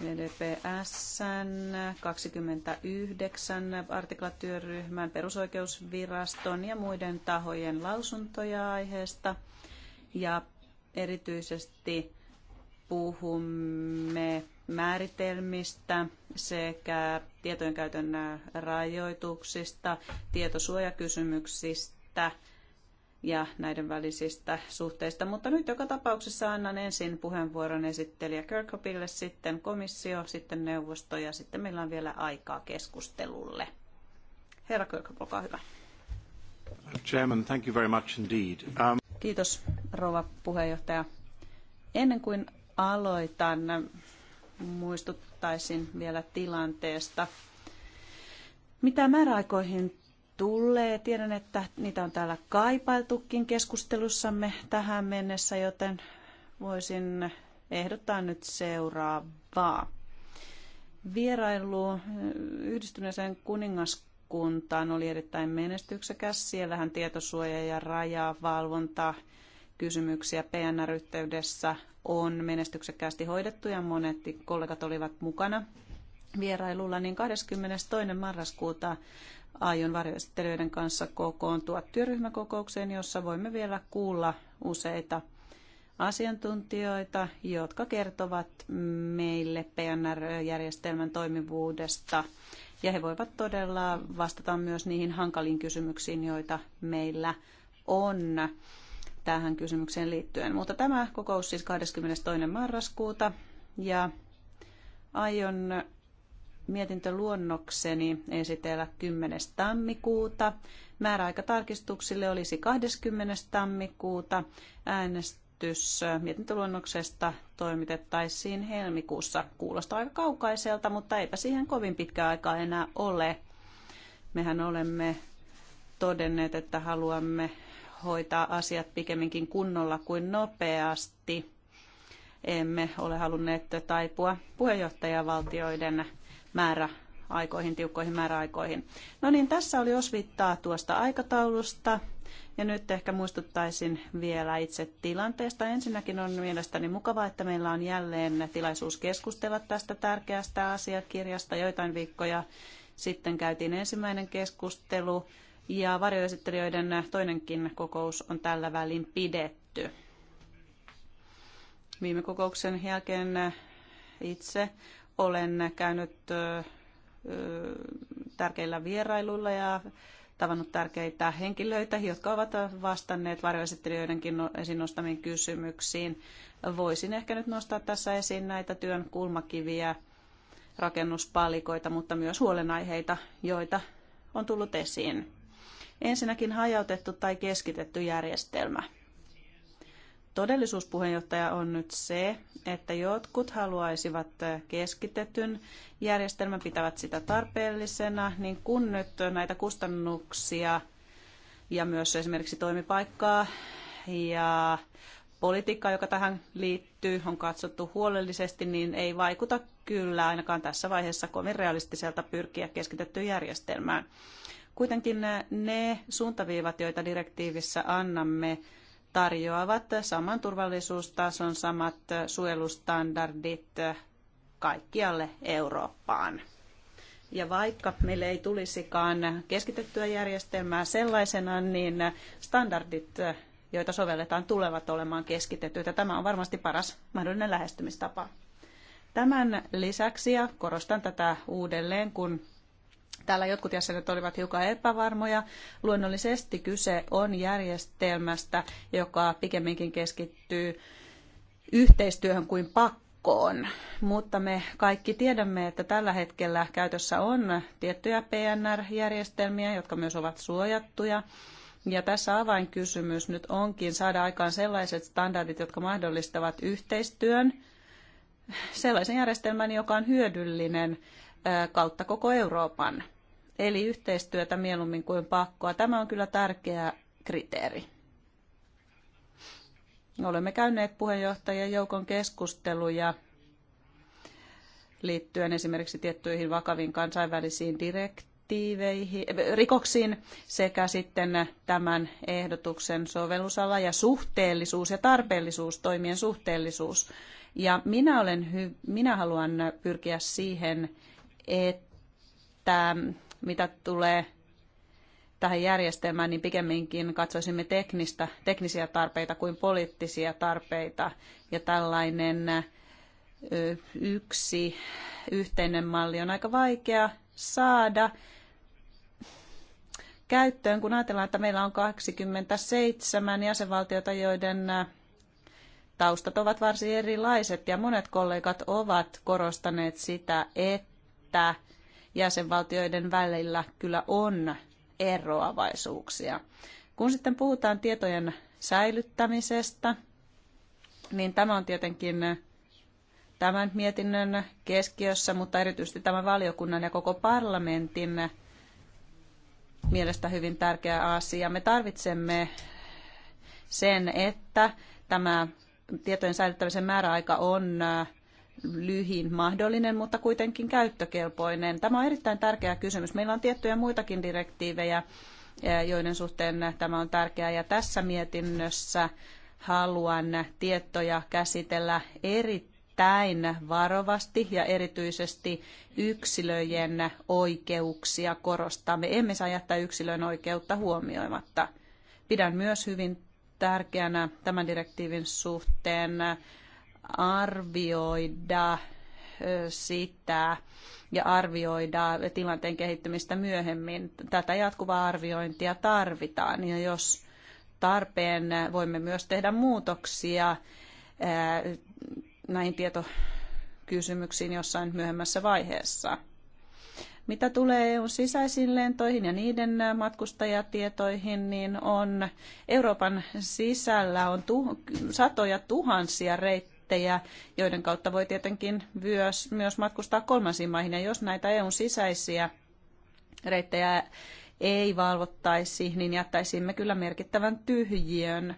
[SPEAKER 1] EDPSn 29 artiklatyöryhmän, perusoikeusviraston ja muiden tahojen lausuntoja aiheesta. Ja erityisesti puhumme määritelmistä sekä tietojen käytön rajoituksista, tietosuojakysymyksistä ja näiden välisistä suhteista. Mutta nyt joka tapauksessa annan ensin puheenvuoron esittelijä Kirkhopille, sitten komissio, sitten neuvosto ja sitten meillä on vielä aikaa keskustelulle. Herra Kirkhop, olkaa hyvä.
[SPEAKER 2] Chairman, thank you very much
[SPEAKER 3] indeed. Um...
[SPEAKER 1] Kiitos, rouva puheenjohtaja. Ennen kuin aloitan, muistuttaisin vielä tilanteesta. Mitä määräaikoihin tulee? Tiedän, että niitä on täällä kaipailtukin keskustelussamme tähän mennessä, joten voisin ehdottaa nyt seuraavaa. Vierailu yhdistyneeseen kuningaskuntaan oli erittäin menestyksekäs. Siellähän tietosuoja ja rajavalvonta kysymyksiä PNR-yhteydessä on menestyksekkäästi hoidettu ja monet kollegat olivat mukana vierailulla, niin 22. marraskuuta aion varjoesittelijöiden kanssa kokoontua työryhmäkokoukseen, jossa voimme vielä kuulla useita asiantuntijoita, jotka kertovat meille PNR-järjestelmän toimivuudesta. Ja he voivat todella vastata myös niihin hankaliin kysymyksiin, joita meillä on tähän kysymykseen liittyen. Mutta tämä kokous siis 22. marraskuuta ja aion mietintöluonnokseni esitellä 10. tammikuuta. Määräaikatarkistuksille olisi 20. tammikuuta. Äänestys mietintöluonnoksesta toimitettaisiin helmikuussa. Kuulostaa aika kaukaiselta, mutta eipä siihen kovin pitkä aikaa enää ole. Mehän olemme todenneet, että haluamme hoitaa asiat pikemminkin kunnolla kuin nopeasti. Emme ole halunneet taipua puheenjohtajavaltioiden määrä aikoihin, tiukkoihin määräaikoihin. No niin, tässä oli osvittaa tuosta aikataulusta. Ja nyt ehkä muistuttaisin vielä itse tilanteesta. Ensinnäkin on mielestäni mukavaa, että meillä on jälleen tilaisuus keskustella tästä tärkeästä asiakirjasta. Joitain viikkoja sitten käytiin ensimmäinen keskustelu ja varjoesittelijöiden toinenkin kokous on tällä välin pidetty. Viime kokouksen jälkeen itse olen käynyt tärkeillä vierailuilla ja tavannut tärkeitä henkilöitä, jotka ovat vastanneet varjoesittelijöidenkin no-, esiin nostamiin kysymyksiin. Voisin ehkä nyt nostaa tässä esiin näitä työn kulmakiviä, rakennuspalikoita, mutta myös huolenaiheita, joita on tullut esiin. Ensinnäkin hajautettu tai keskitetty järjestelmä. Todellisuuspuheenjohtaja on nyt se, että jotkut haluaisivat keskitetyn järjestelmän, pitävät sitä tarpeellisena, niin kun nyt näitä kustannuksia ja myös esimerkiksi toimipaikkaa ja politiikkaa, joka tähän liittyy, on katsottu huolellisesti, niin ei vaikuta kyllä ainakaan tässä vaiheessa kovin realistiselta pyrkiä keskitettyyn järjestelmään. Kuitenkin ne suuntaviivat, joita direktiivissä annamme, tarjoavat saman turvallisuustason, samat suojelustandardit kaikkialle Eurooppaan. Ja vaikka meille ei tulisikaan keskitettyä järjestelmää sellaisena, niin standardit, joita sovelletaan, tulevat olemaan keskitettyitä. Tämä on varmasti paras mahdollinen lähestymistapa. Tämän lisäksi, ja korostan tätä uudelleen, kun Täällä jotkut jäsenet olivat hiukan epävarmoja. Luonnollisesti kyse on järjestelmästä, joka pikemminkin keskittyy yhteistyöhön kuin pakkoon. Mutta me kaikki tiedämme, että tällä hetkellä käytössä on tiettyjä PNR-järjestelmiä, jotka myös ovat suojattuja. Ja tässä avainkysymys nyt onkin saada aikaan sellaiset standardit, jotka mahdollistavat yhteistyön, sellaisen järjestelmän, joka on hyödyllinen kautta koko Euroopan. Eli yhteistyötä mieluummin kuin pakkoa. Tämä on kyllä tärkeä kriteeri. Olemme käyneet puheenjohtajien joukon keskusteluja liittyen esimerkiksi tiettyihin vakaviin kansainvälisiin direktiiveihin, eh, rikoksiin sekä sitten tämän ehdotuksen sovellusala ja suhteellisuus ja tarpeellisuus, toimien suhteellisuus. Ja minä, olen minä haluan pyrkiä siihen, että mitä tulee tähän järjestelmään, niin pikemminkin katsoisimme teknistä, teknisiä tarpeita kuin poliittisia tarpeita. Ja tällainen yksi yhteinen malli on aika vaikea saada käyttöön, kun ajatellaan, että meillä on 27 jäsenvaltiota, joiden taustat ovat varsin erilaiset ja monet kollegat ovat korostaneet sitä, että että jäsenvaltioiden välillä kyllä on eroavaisuuksia. Kun sitten puhutaan tietojen säilyttämisestä, niin tämä on tietenkin tämän mietinnön keskiössä, mutta erityisesti tämän valiokunnan ja koko parlamentin mielestä hyvin tärkeä asia. Me tarvitsemme sen, että tämä tietojen säilyttämisen määräaika on lyhin mahdollinen, mutta kuitenkin käyttökelpoinen. Tämä on erittäin tärkeä kysymys. Meillä on tiettyjä muitakin direktiivejä, eh, joiden suhteen tämä on tärkeää. Ja tässä mietinnössä haluan tietoja käsitellä erittäin varovasti ja erityisesti yksilöjen oikeuksia korostaa. Me emme saa jättää yksilön oikeutta huomioimatta. Pidän myös hyvin tärkeänä tämän direktiivin suhteen arvioida sitä ja arvioida tilanteen kehittymistä myöhemmin. Tätä jatkuvaa arviointia tarvitaan ja jos tarpeen voimme myös tehdä muutoksia näihin tietokysymyksiin jossain myöhemmässä vaiheessa. Mitä tulee EUn sisäisiin lentoihin ja niiden matkustajatietoihin, niin on Euroopan sisällä on tu- satoja tuhansia reittejä reittejä, joiden kautta voi tietenkin myös, myös matkustaa kolmansiin maihin. Ja jos näitä EUn sisäisiä reittejä ei valvottaisi, niin jättäisimme kyllä merkittävän tyhjiön.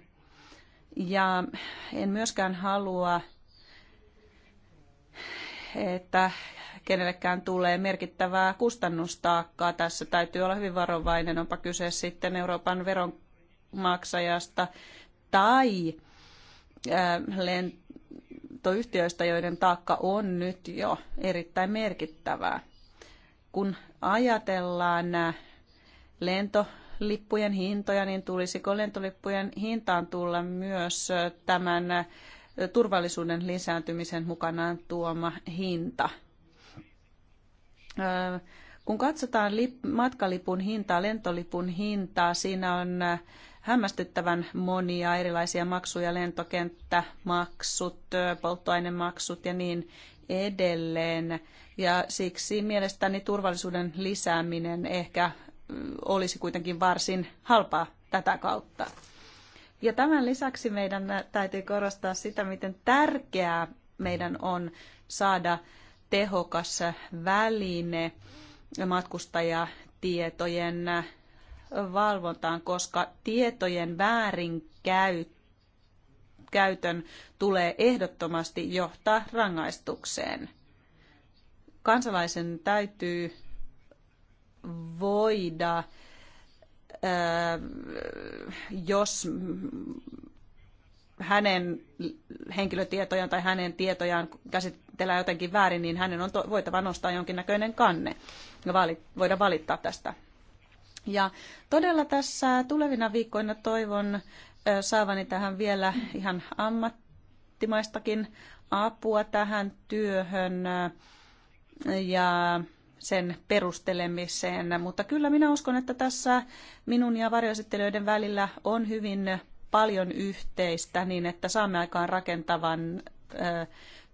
[SPEAKER 1] Ja en myöskään halua, että kenellekään tulee merkittävää kustannustaakkaa. Tässä täytyy olla hyvin varovainen, onpa kyse sitten Euroopan veronmaksajasta tai lent lentoyhtiöistä, joiden taakka on nyt jo erittäin merkittävää. Kun ajatellaan lentolippujen hintoja, niin tulisiko lentolippujen hintaan tulla myös tämän turvallisuuden lisääntymisen mukanaan tuoma hinta? Kun katsotaan matkalippun hintaa, lentolipun hintaa, siinä on hämmästyttävän monia erilaisia maksuja, lentokenttämaksut, polttoainemaksut ja niin edelleen. Ja siksi mielestäni turvallisuuden lisääminen ehkä olisi kuitenkin varsin halpaa tätä kautta. Ja tämän lisäksi meidän täytyy korostaa sitä, miten tärkeää meidän on saada tehokas väline matkustajatietojen valvontaan, koska tietojen väärinkäytön tulee ehdottomasti johtaa rangaistukseen. Kansalaisen täytyy voida, äh, jos hänen henkilötietojaan tai hänen tietojaan käsitellään jotenkin väärin, niin hänen on voitava nostaa jonkinnäköinen kanne ja voida valittaa tästä ja todella tässä tulevina viikkoina toivon saavani tähän vielä ihan ammattimaistakin apua tähän työhön ja sen perustelemiseen. Mutta kyllä minä uskon, että tässä minun ja varjoesittelijöiden välillä on hyvin paljon yhteistä niin, että saamme aikaan rakentavan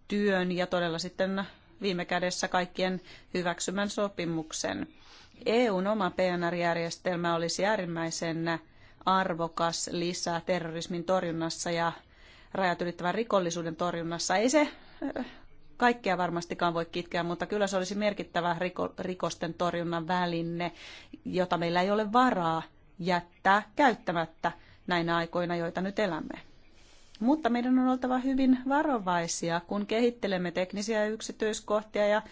[SPEAKER 1] työn ja todella sitten viime kädessä kaikkien hyväksymän sopimuksen. EUn oma PNR-järjestelmä olisi äärimmäisen arvokas lisä terrorismin torjunnassa ja rajat ylittävän rikollisuuden torjunnassa. Ei se äh, kaikkea varmastikaan voi kitkeä, mutta kyllä se olisi merkittävä riko, rikosten torjunnan väline, jota meillä ei ole varaa jättää käyttämättä näinä aikoina, joita nyt elämme. Mutta meidän on oltava hyvin varovaisia, kun kehittelemme teknisiä yksityiskohtia ja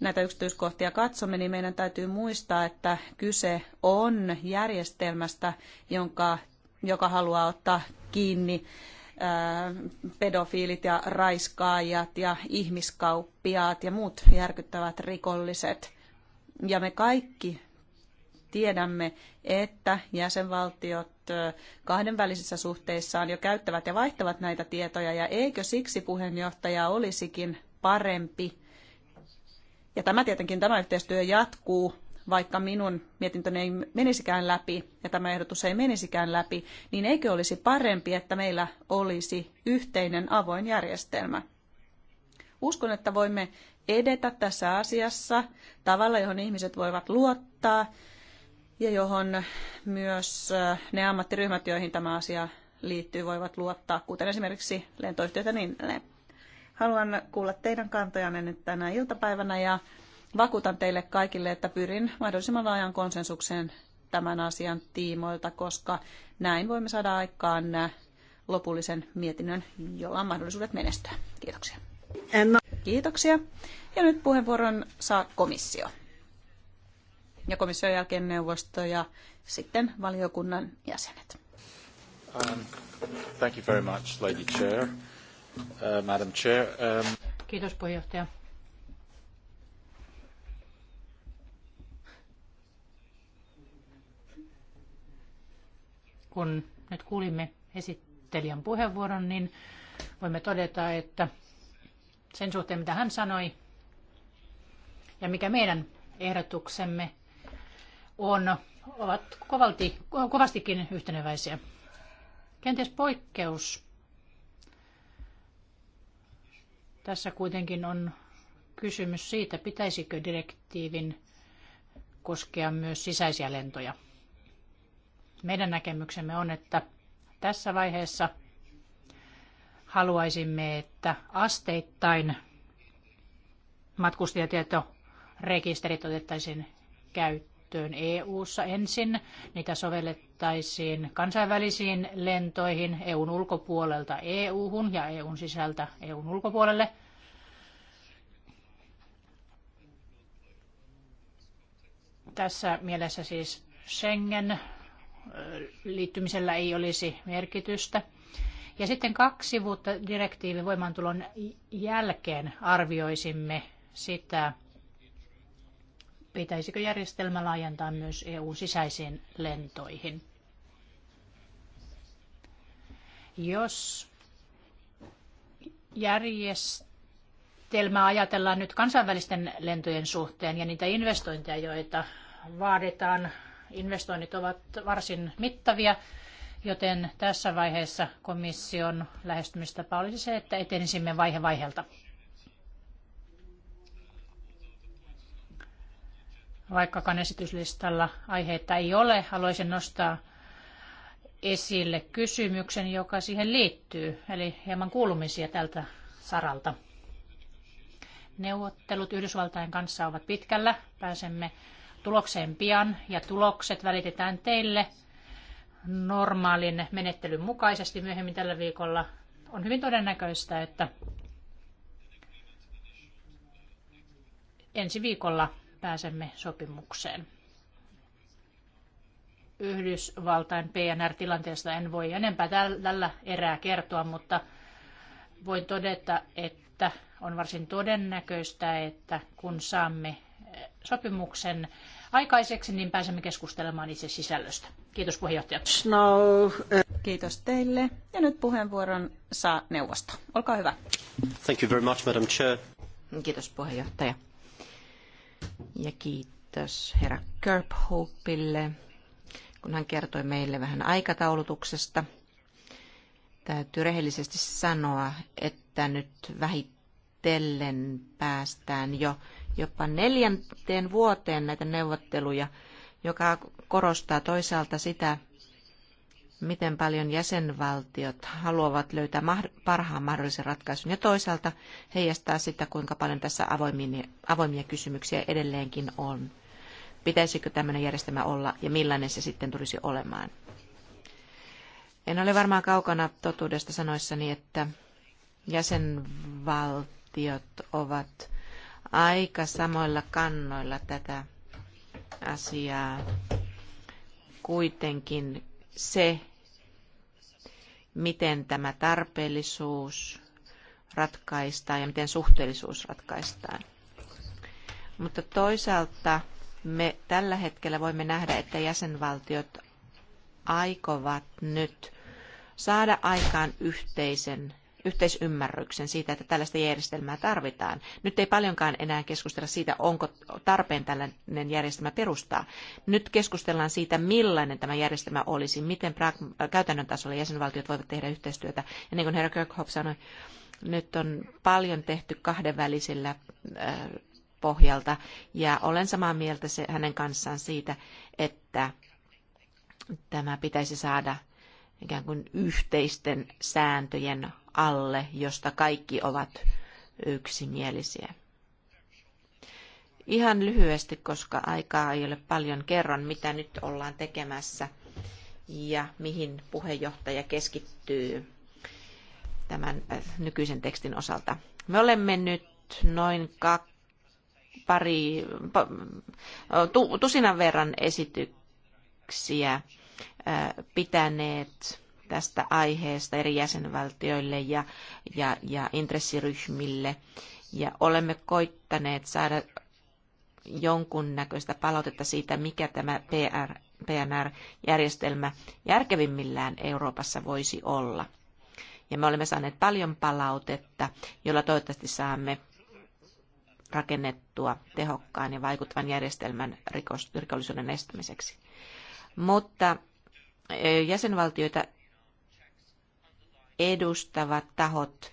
[SPEAKER 1] näitä yksityiskohtia katsomme, niin meidän täytyy muistaa, että kyse on järjestelmästä, jonka, joka haluaa ottaa kiinni pedofiilit ja raiskaajat ja ihmiskauppiaat ja muut järkyttävät rikolliset. Ja me kaikki tiedämme, että jäsenvaltiot kahdenvälisissä suhteissaan jo käyttävät ja vaihtavat näitä tietoja, ja eikö siksi puheenjohtaja olisikin parempi ja tämä tietenkin, tämä yhteistyö jatkuu, vaikka minun mietintöni ei menisikään läpi ja tämä ehdotus ei menisikään läpi, niin eikö olisi parempi, että meillä olisi yhteinen avoin järjestelmä? Uskon, että voimme edetä tässä asiassa tavalla, johon ihmiset voivat luottaa ja johon myös äh, ne ammattiryhmät, joihin tämä asia liittyy, voivat luottaa, kuten esimerkiksi lentoyhtiöt ja niin edelleen. Haluan kuulla teidän kantojanne nyt tänä iltapäivänä ja vakuutan teille kaikille, että pyrin mahdollisimman laajan konsensukseen tämän asian tiimoilta, koska näin voimme saada aikaan lopullisen mietinnön, jolla on mahdollisuudet menestyä. Kiitoksia. Kiitoksia. Ja nyt puheenvuoron saa komissio. Ja komission jälkeen neuvosto ja sitten valiokunnan jäsenet.
[SPEAKER 3] Um, thank you very much, Lady Chair. Uh, Madam Chair. Um, Kiitos puheenjohtaja. Kun nyt kuulimme esittelijän puheenvuoron, niin voimme todeta, että sen suhteen mitä hän sanoi ja mikä meidän ehdotuksemme on, ovat kovalti, kovastikin yhteneväisiä. Kenties poikkeus Tässä kuitenkin on kysymys siitä, pitäisikö direktiivin koskea myös sisäisiä lentoja. Meidän näkemyksemme on, että tässä vaiheessa haluaisimme, että asteittain matkustajatietorekisterit otettaisiin käyttöön EU-ssa ensin. Niitä sovellettaisiin sovellettaisiin kansainvälisiin lentoihin EUn ulkopuolelta EUhun ja EUn sisältä EUn ulkopuolelle. Tässä mielessä siis Schengen liittymisellä ei olisi merkitystä. Ja sitten kaksi vuotta direktiivin voimaantulon jälkeen arvioisimme sitä, pitäisikö järjestelmä laajentaa myös EU-sisäisiin lentoihin. Jos järjestelmää ajatellaan nyt kansainvälisten lentojen suhteen ja niitä investointeja, joita vaaditaan, investoinnit ovat varsin mittavia, joten tässä vaiheessa komission lähestymistapa olisi se, että etenisimme vaihe vaiheelta. Vaikkakaan esityslistalla aiheita ei ole, haluaisin nostaa esille kysymyksen, joka siihen liittyy, eli hieman kuulumisia tältä saralta. Neuvottelut Yhdysvaltain kanssa ovat pitkällä. Pääsemme tulokseen pian ja tulokset välitetään teille normaalin menettelyn mukaisesti myöhemmin tällä viikolla. On hyvin todennäköistä, että ensi viikolla pääsemme sopimukseen. Yhdysvaltain PNR-tilanteesta en voi enempää tällä erää kertoa, mutta voin todeta, että on varsin todennäköistä, että kun saamme eh, sopimuksen aikaiseksi, niin pääsemme keskustelemaan itse sisällöstä. Kiitos puheenjohtaja. No, kiitos teille. Ja nyt puheenvuoron saa neuvosto. Olkaa hyvä. Thank you very much, Madam Chair.
[SPEAKER 1] Kiitos puheenjohtaja. Ja kiitos herra
[SPEAKER 2] Kerphoopille kun hän kertoi meille vähän aikataulutuksesta. Täytyy rehellisesti sanoa, että nyt vähitellen päästään jo jopa neljänteen vuoteen näitä neuvotteluja, joka korostaa toisaalta sitä, miten paljon jäsenvaltiot haluavat löytää parhaan mahdollisen ratkaisun ja toisaalta heijastaa sitä, kuinka paljon tässä avoimia, avoimia kysymyksiä edelleenkin on pitäisikö tämmöinen järjestelmä olla ja millainen se sitten tulisi olemaan. En ole varmaan kaukana totuudesta sanoissani, että jäsenvaltiot ovat aika samoilla kannoilla tätä asiaa. Kuitenkin se, miten tämä tarpeellisuus ratkaistaan ja miten suhteellisuus ratkaistaan. Mutta toisaalta me tällä hetkellä voimme nähdä, että jäsenvaltiot aikovat nyt saada aikaan yhteisen yhteisymmärryksen siitä, että tällaista järjestelmää tarvitaan. Nyt ei paljonkaan enää keskustella siitä, onko tarpeen tällainen järjestelmä perustaa. Nyt keskustellaan siitä, millainen tämä järjestelmä olisi, miten käytännön tasolla jäsenvaltiot voivat tehdä yhteistyötä. Ja niin kuin herra Kirkhoff sanoi, nyt on paljon tehty kahdenvälisillä äh, pohjalta. Ja olen samaa mieltä se, hänen kanssaan siitä, että tämä pitäisi saada ikään kuin yhteisten sääntöjen alle, josta kaikki ovat yksimielisiä. Ihan lyhyesti, koska aikaa ei ole paljon, kerron, mitä nyt ollaan tekemässä ja mihin puheenjohtaja keskittyy tämän äh, nykyisen tekstin osalta. Me olemme nyt noin kaksi pari, tu, tusinan verran esityksiä pitäneet tästä aiheesta eri jäsenvaltioille ja, ja, ja intressiryhmille. Ja olemme koittaneet saada jonkunnäköistä palautetta siitä, mikä tämä PR, PNR-järjestelmä järkevimmillään Euroopassa voisi olla. Ja me olemme saaneet paljon palautetta, jolla toivottavasti saamme rakennettua tehokkaan ja vaikuttavan järjestelmän rikos, rikollisuuden estämiseksi. Mutta e, jäsenvaltioita edustavat tahot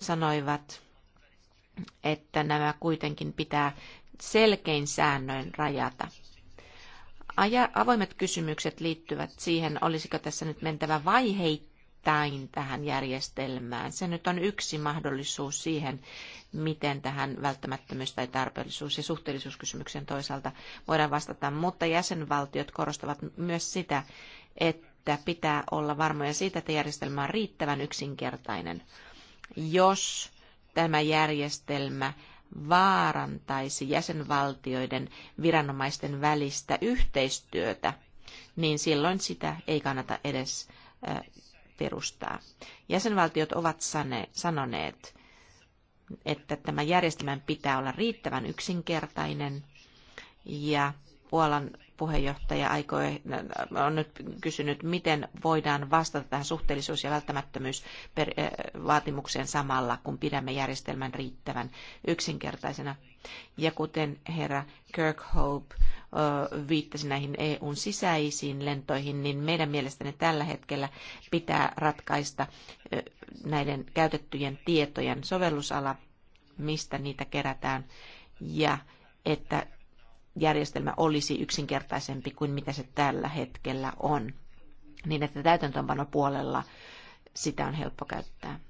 [SPEAKER 2] sanoivat, että nämä kuitenkin pitää selkein säännöin rajata. Aja, avoimet kysymykset liittyvät siihen, olisiko tässä nyt mentävä vaiheit osittain tähän järjestelmään. Se nyt on yksi mahdollisuus siihen, miten tähän välttämättömyys- tai tarpeellisuus- ja suhteellisuuskysymykseen toisaalta voidaan vastata. Mutta jäsenvaltiot korostavat myös sitä, että pitää olla varmoja siitä, että järjestelmä on riittävän yksinkertainen. Jos tämä järjestelmä vaarantaisi jäsenvaltioiden viranomaisten välistä yhteistyötä, niin silloin sitä ei kannata edes perustaa. Jäsenvaltiot ovat sane, sanoneet, että tämä järjestelmän pitää olla riittävän yksinkertainen ja Puolan puheenjohtaja aikoo, on nyt kysynyt, miten voidaan vastata tähän suhteellisuus- ja välttämättömyysvaatimukseen samalla, kun pidämme järjestelmän riittävän yksinkertaisena. Ja kuten herra Kirkhope viittasi näihin EUn sisäisiin lentoihin, niin meidän mielestäni tällä hetkellä pitää ratkaista näiden käytettyjen tietojen sovellusala, mistä niitä kerätään, ja että järjestelmä olisi yksinkertaisempi kuin mitä se tällä hetkellä on, niin että täytäntöönpanopuolella sitä on helppo käyttää.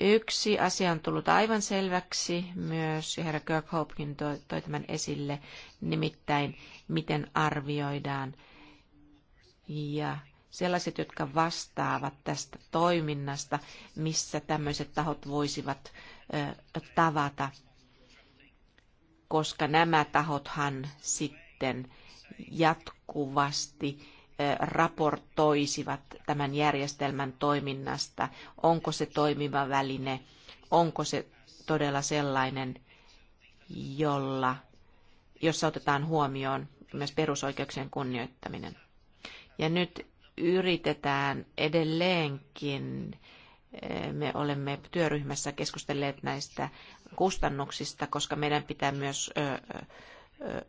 [SPEAKER 2] Yksi asia on tullut aivan selväksi myös, ja herra Kirkhopekin toi, toi tämän esille, nimittäin miten arvioidaan. Ja sellaiset, jotka vastaavat tästä toiminnasta, missä tämmöiset tahot voisivat ö, tavata koska nämä tahothan sitten jatkuvasti raportoisivat tämän järjestelmän toiminnasta, onko se toimiva väline, onko se todella sellainen, jolla, jossa otetaan huomioon myös perusoikeuksien kunnioittaminen. Ja nyt yritetään edelleenkin me olemme työryhmässä keskustelleet näistä kustannuksista, koska meidän pitää myös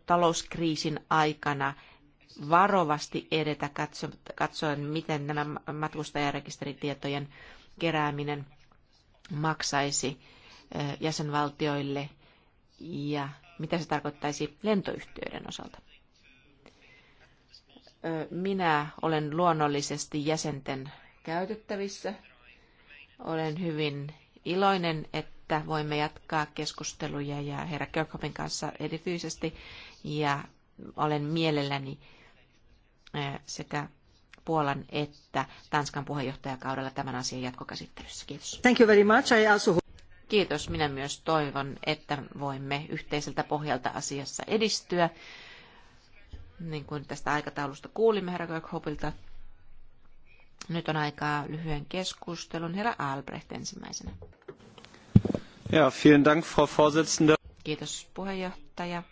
[SPEAKER 2] talouskriisin aikana varovasti edetä katsoen, miten nämä matkustajarekisteritietojen kerääminen maksaisi jäsenvaltioille ja mitä se tarkoittaisi lentoyhtiöiden osalta. Minä olen luonnollisesti jäsenten käytettävissä olen hyvin iloinen, että voimme jatkaa keskusteluja ja herra Kirkhopin kanssa erityisesti. Ja olen mielelläni sekä Puolan että Tanskan puheenjohtajakaudella tämän asian jatkokäsittelyssä. Kiitos.
[SPEAKER 3] Thank you very much. I also...
[SPEAKER 2] Kiitos. Minä myös toivon, että voimme yhteiseltä pohjalta asiassa edistyä. Niin kuin tästä aikataulusta kuulimme herra Kirkhopilta, nyt on aikaa lyhyen keskustelun. Herra Albrecht ensimmäisenä. Ja, vielen Dank, Frau Vorsitzende. Kiitos puheenjohtaja.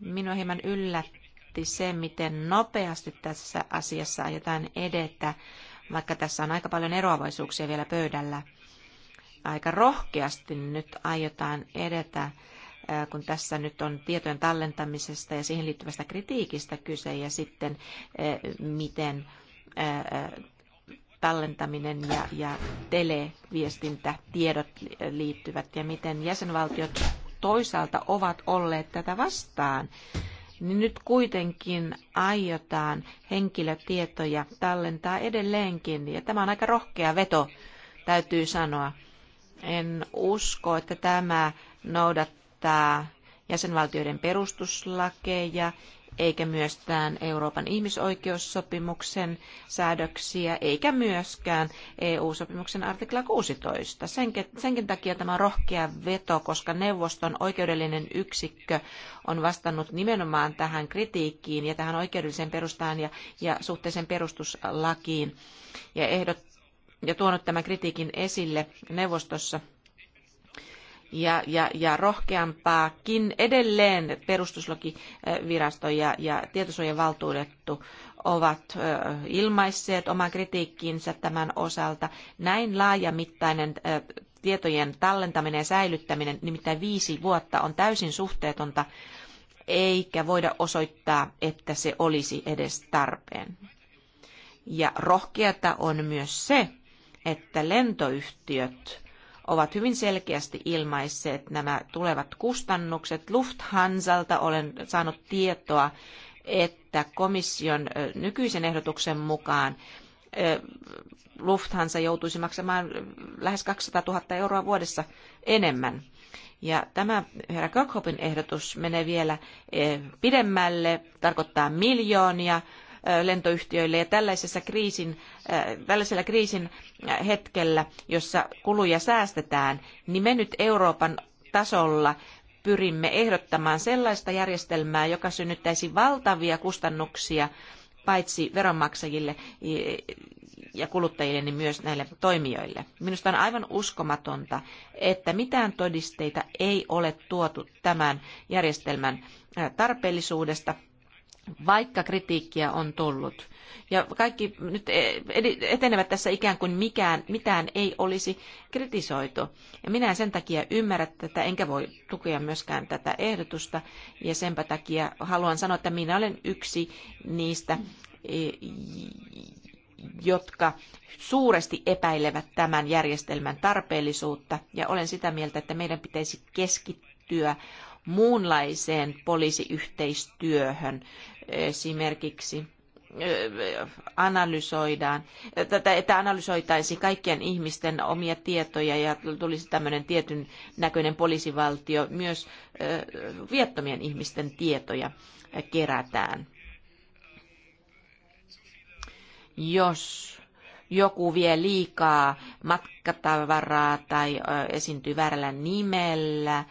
[SPEAKER 2] Minua hieman yllätti se, miten nopeasti tässä asiassa aiotaan edetä, vaikka tässä on aika paljon eroavaisuuksia vielä pöydällä. Aika rohkeasti nyt aiotaan edetä kun tässä nyt on tietojen tallentamisesta ja siihen liittyvästä kritiikistä kyse ja sitten miten tallentaminen ja, ja televiestintä, tiedot liittyvät ja miten jäsenvaltiot toisaalta ovat olleet tätä vastaan, niin nyt kuitenkin aiotaan henkilötietoja tallentaa edelleenkin. Ja tämä on aika rohkea veto, täytyy sanoa. En usko, että tämä noudattaa jäsenvaltioiden perustuslakeja eikä myöskään Euroopan ihmisoikeussopimuksen säädöksiä, eikä myöskään EU-sopimuksen artikla 16. Senkin, senkin takia tämä rohkea veto, koska neuvoston oikeudellinen yksikkö on vastannut nimenomaan tähän kritiikkiin ja tähän oikeudelliseen perustaan ja, ja suhteeseen perustuslakiin ja, ehdot, ja tuonut tämän kritiikin esille neuvostossa – ja, ja, ja rohkeampaakin. Edelleen perustuslakivirasto ja, ja tietosuojavaltuutettu ovat ilmaisseet oman kritiikkinsä tämän osalta. Näin laajamittainen tietojen tallentaminen ja säilyttäminen, nimittäin viisi vuotta, on täysin suhteetonta, eikä voida osoittaa, että se olisi edes tarpeen. Ja rohkeata on myös se, että lentoyhtiöt ovat hyvin selkeästi ilmaisseet nämä tulevat kustannukset. Lufthansalta olen saanut tietoa, että komission nykyisen ehdotuksen mukaan Lufthansa joutuisi maksamaan lähes 200 000 euroa vuodessa enemmän. Ja tämä herra Kirkhopin ehdotus menee vielä pidemmälle, tarkoittaa miljoonia lentoyhtiöille. Ja tällaisessa kriisin, äh, tällaisella kriisin hetkellä, jossa kuluja säästetään, niin me nyt Euroopan tasolla pyrimme ehdottamaan sellaista järjestelmää, joka synnyttäisi valtavia kustannuksia paitsi veronmaksajille ja kuluttajille, niin myös näille toimijoille. Minusta on aivan uskomatonta, että mitään todisteita ei ole tuotu tämän järjestelmän äh, tarpeellisuudesta vaikka kritiikkiä on tullut. Ja kaikki nyt e- etenevät tässä ikään kuin mikään, mitään ei olisi kritisoitu. Ja minä en sen takia ymmärrä tätä, enkä voi tukea myöskään tätä ehdotusta. Ja senpä takia haluan sanoa, että minä olen yksi niistä, e- jotka suuresti epäilevät tämän järjestelmän tarpeellisuutta. Ja olen sitä mieltä, että meidän pitäisi keskittyä muunlaiseen poliisiyhteistyöhön. Esimerkiksi analysoidaan, että analysoitaisiin kaikkien ihmisten omia tietoja ja tulisi tämmöinen tietyn näköinen poliisivaltio, myös viettomien ihmisten tietoja kerätään. Jos joku vie liikaa matkatavaraa tai esiintyy väärällä nimellä,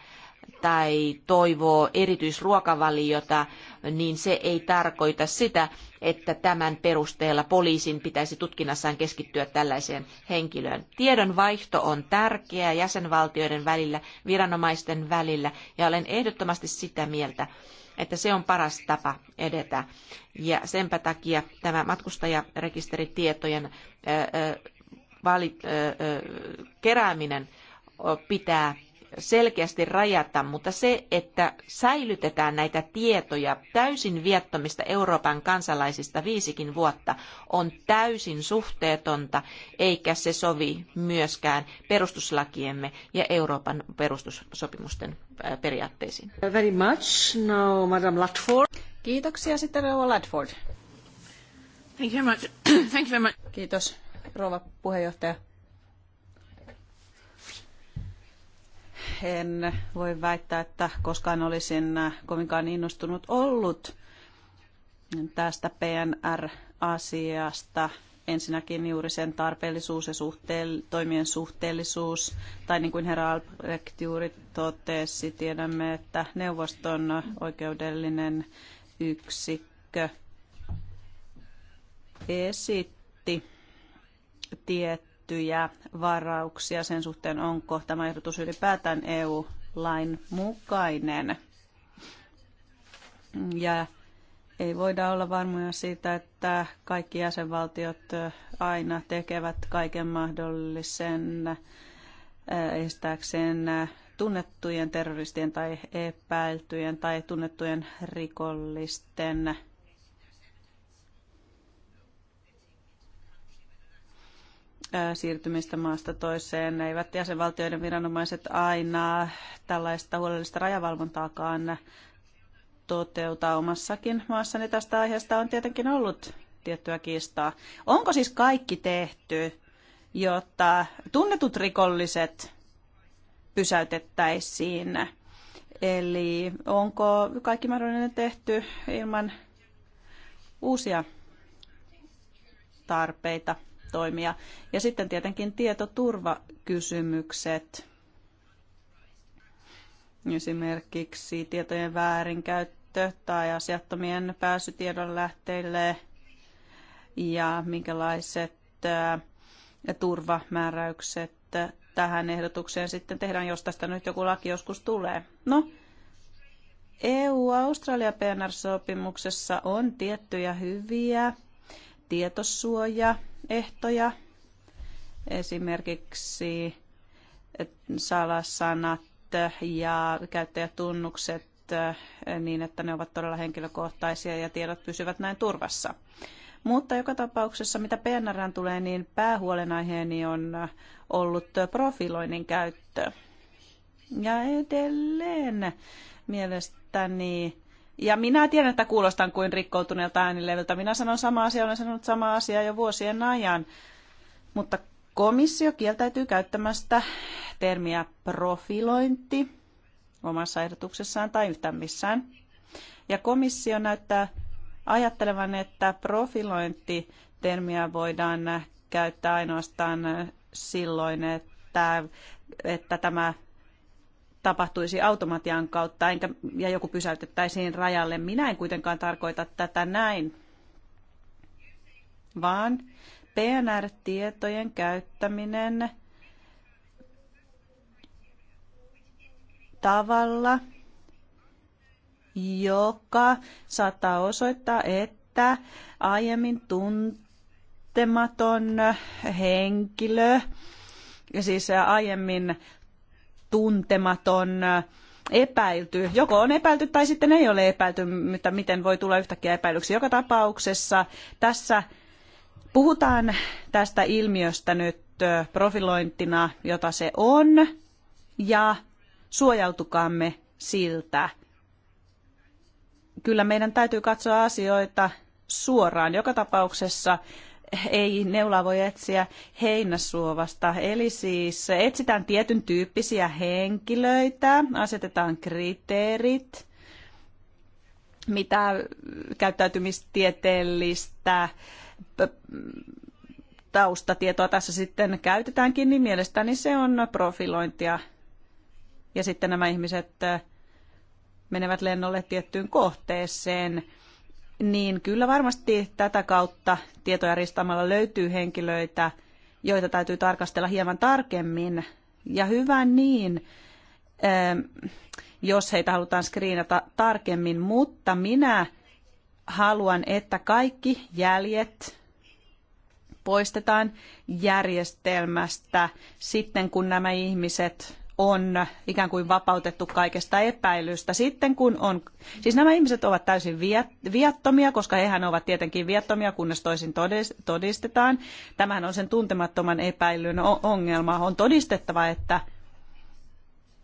[SPEAKER 2] tai toivoo erityisruokavaliota, niin se ei tarkoita sitä, että tämän perusteella poliisin pitäisi tutkinnassaan keskittyä tällaiseen henkilöön. Tiedonvaihto on tärkeää jäsenvaltioiden välillä, viranomaisten välillä, ja olen ehdottomasti sitä mieltä, että se on paras tapa edetä. Ja senpä takia tämä matkustajarekisteritietojen kerääminen pitää selkeästi rajata, mutta se, että säilytetään näitä tietoja täysin viattomista Euroopan kansalaisista viisikin vuotta, on täysin suhteetonta, eikä se sovi myöskään perustuslakiemme ja Euroopan perustussopimusten äh, periaatteisiin. Very
[SPEAKER 1] much. Now, Madam Latford. Kiitoksia sitten Rouva Ladford. Thank you very much. Thank you very much. Kiitos, rouva puheenjohtaja. en voi väittää, että koskaan olisin kovinkaan innostunut ollut tästä PNR-asiasta. Ensinnäkin juuri sen tarpeellisuus ja suhteell- toimien suhteellisuus, tai niin kuin herra Albrecht juuri totesi, tiedämme, että neuvoston oikeudellinen yksikkö esitti tietoa, tiettyjä varauksia sen suhteen, onko tämä ehdotus ylipäätään EU-lain mukainen. Ja ei voida olla varmoja siitä, että kaikki jäsenvaltiot aina tekevät kaiken mahdollisen eh, estääkseen tunnettujen terroristien tai epäiltyjen tai tunnettujen rikollisten siirtymistä maasta toiseen. Eivät jäsenvaltioiden viranomaiset aina tällaista huolellista rajavalvontaakaan toteuta omassakin maassani. Tästä aiheesta on tietenkin ollut tiettyä kiistaa. Onko siis kaikki tehty, jotta tunnetut rikolliset pysäytettäisiin? Eli onko kaikki mahdollinen tehty ilman uusia tarpeita? toimia. Ja sitten tietenkin tietoturvakysymykset. Esimerkiksi tietojen väärinkäyttö tai asiattomien pääsytiedon lähteille ja minkälaiset turvamääräykset tähän ehdotukseen sitten tehdään, jos tästä nyt joku laki joskus tulee. No, EU-Australia-PNR-sopimuksessa on tiettyjä hyviä tietosuojaehtoja, esimerkiksi salasanat ja käyttäjätunnukset niin, että ne ovat todella henkilökohtaisia ja tiedot pysyvät näin turvassa. Mutta joka tapauksessa, mitä PNR tulee, niin päähuolenaiheeni on ollut profiloinnin käyttö. Ja edelleen mielestäni ja minä tiedän, että kuulostan kuin rikkoutuneelta äänilevyltä. Minä sanon sama asia, olen sanonut sama asia jo vuosien ajan. Mutta komissio kieltäytyy käyttämästä termiä profilointi omassa ehdotuksessaan tai yhtään missään. Ja komissio näyttää ajattelevan, että profilointi-termiä voidaan käyttää ainoastaan silloin, että, että tämä tapahtuisi automatian kautta enkä, ja joku pysäytettäisiin rajalle. Minä en kuitenkaan tarkoita tätä näin, vaan PNR-tietojen käyttäminen tavalla, joka saattaa osoittaa, että aiemmin tuntematon henkilö, siis aiemmin tuntematon äh, epäilty. Joko on epäilty tai sitten ei ole epäilty, mutta miten voi tulla yhtäkkiä epäilyksi. Joka tapauksessa tässä puhutaan tästä ilmiöstä nyt äh, profilointina, jota se on, ja suojautukaamme siltä. Kyllä meidän täytyy katsoa asioita suoraan. Joka tapauksessa ei neulaa voi etsiä heinäsuovasta. Eli siis etsitään tietyn tyyppisiä henkilöitä, asetetaan kriteerit, mitä käyttäytymistieteellistä taustatietoa tässä sitten käytetäänkin, niin mielestäni se on profilointia. Ja sitten nämä ihmiset menevät lennolle tiettyyn kohteeseen niin kyllä varmasti tätä kautta tietojärjestelmällä löytyy henkilöitä, joita täytyy tarkastella hieman tarkemmin. Ja hyvä niin, ähm, jos heitä halutaan screenata tarkemmin, mutta minä haluan, että kaikki jäljet poistetaan järjestelmästä sitten, kun nämä ihmiset on ikään kuin vapautettu kaikesta epäilystä. Sitten kun on, siis nämä ihmiset ovat täysin viattomia, koska hehän ovat tietenkin viattomia, kunnes toisin todistetaan. Tämähän on sen tuntemattoman epäilyn ongelma. On todistettava, että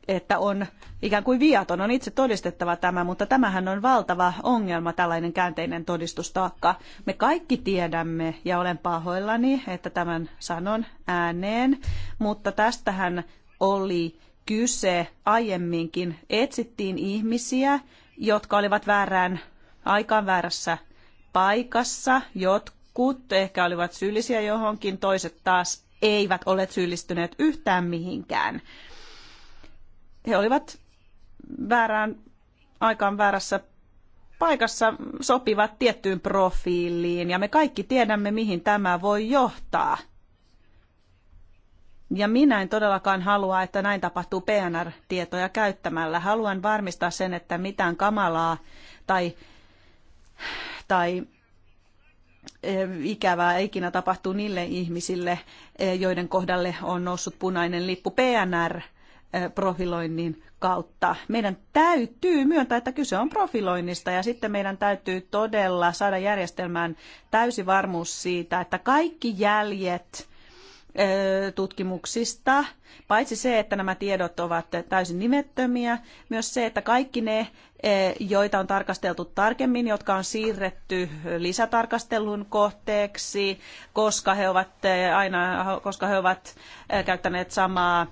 [SPEAKER 1] että on ikään kuin viaton, on itse todistettava tämä, mutta tämähän on valtava ongelma, tällainen käänteinen todistustaakka. Me kaikki tiedämme, ja olen pahoillani, että tämän sanon ääneen, mutta tästähän oli kyse aiemminkin. Etsittiin ihmisiä, jotka olivat väärään aikaan väärässä paikassa. Jotkut ehkä olivat syyllisiä johonkin, toiset taas eivät ole syyllistyneet yhtään mihinkään. He olivat väärään aikaan väärässä paikassa sopivat tiettyyn profiiliin ja me kaikki tiedämme, mihin tämä voi johtaa. Ja minä en todellakaan halua, että näin tapahtuu PNR-tietoja käyttämällä. Haluan varmistaa sen, että mitään kamalaa tai, tai e, ikävää ikinä tapahtuu niille ihmisille, e, joiden kohdalle on noussut punainen lippu PNR profiloinnin kautta. Meidän täytyy myöntää, että kyse on profiloinnista ja sitten meidän täytyy todella saada järjestelmään täysi varmuus siitä, että kaikki jäljet tutkimuksista, paitsi se, että nämä tiedot ovat täysin nimettömiä, myös se, että kaikki ne, joita on tarkasteltu tarkemmin, jotka on siirretty lisätarkastelun kohteeksi, koska he ovat aina, koska he ovat käyttäneet samaa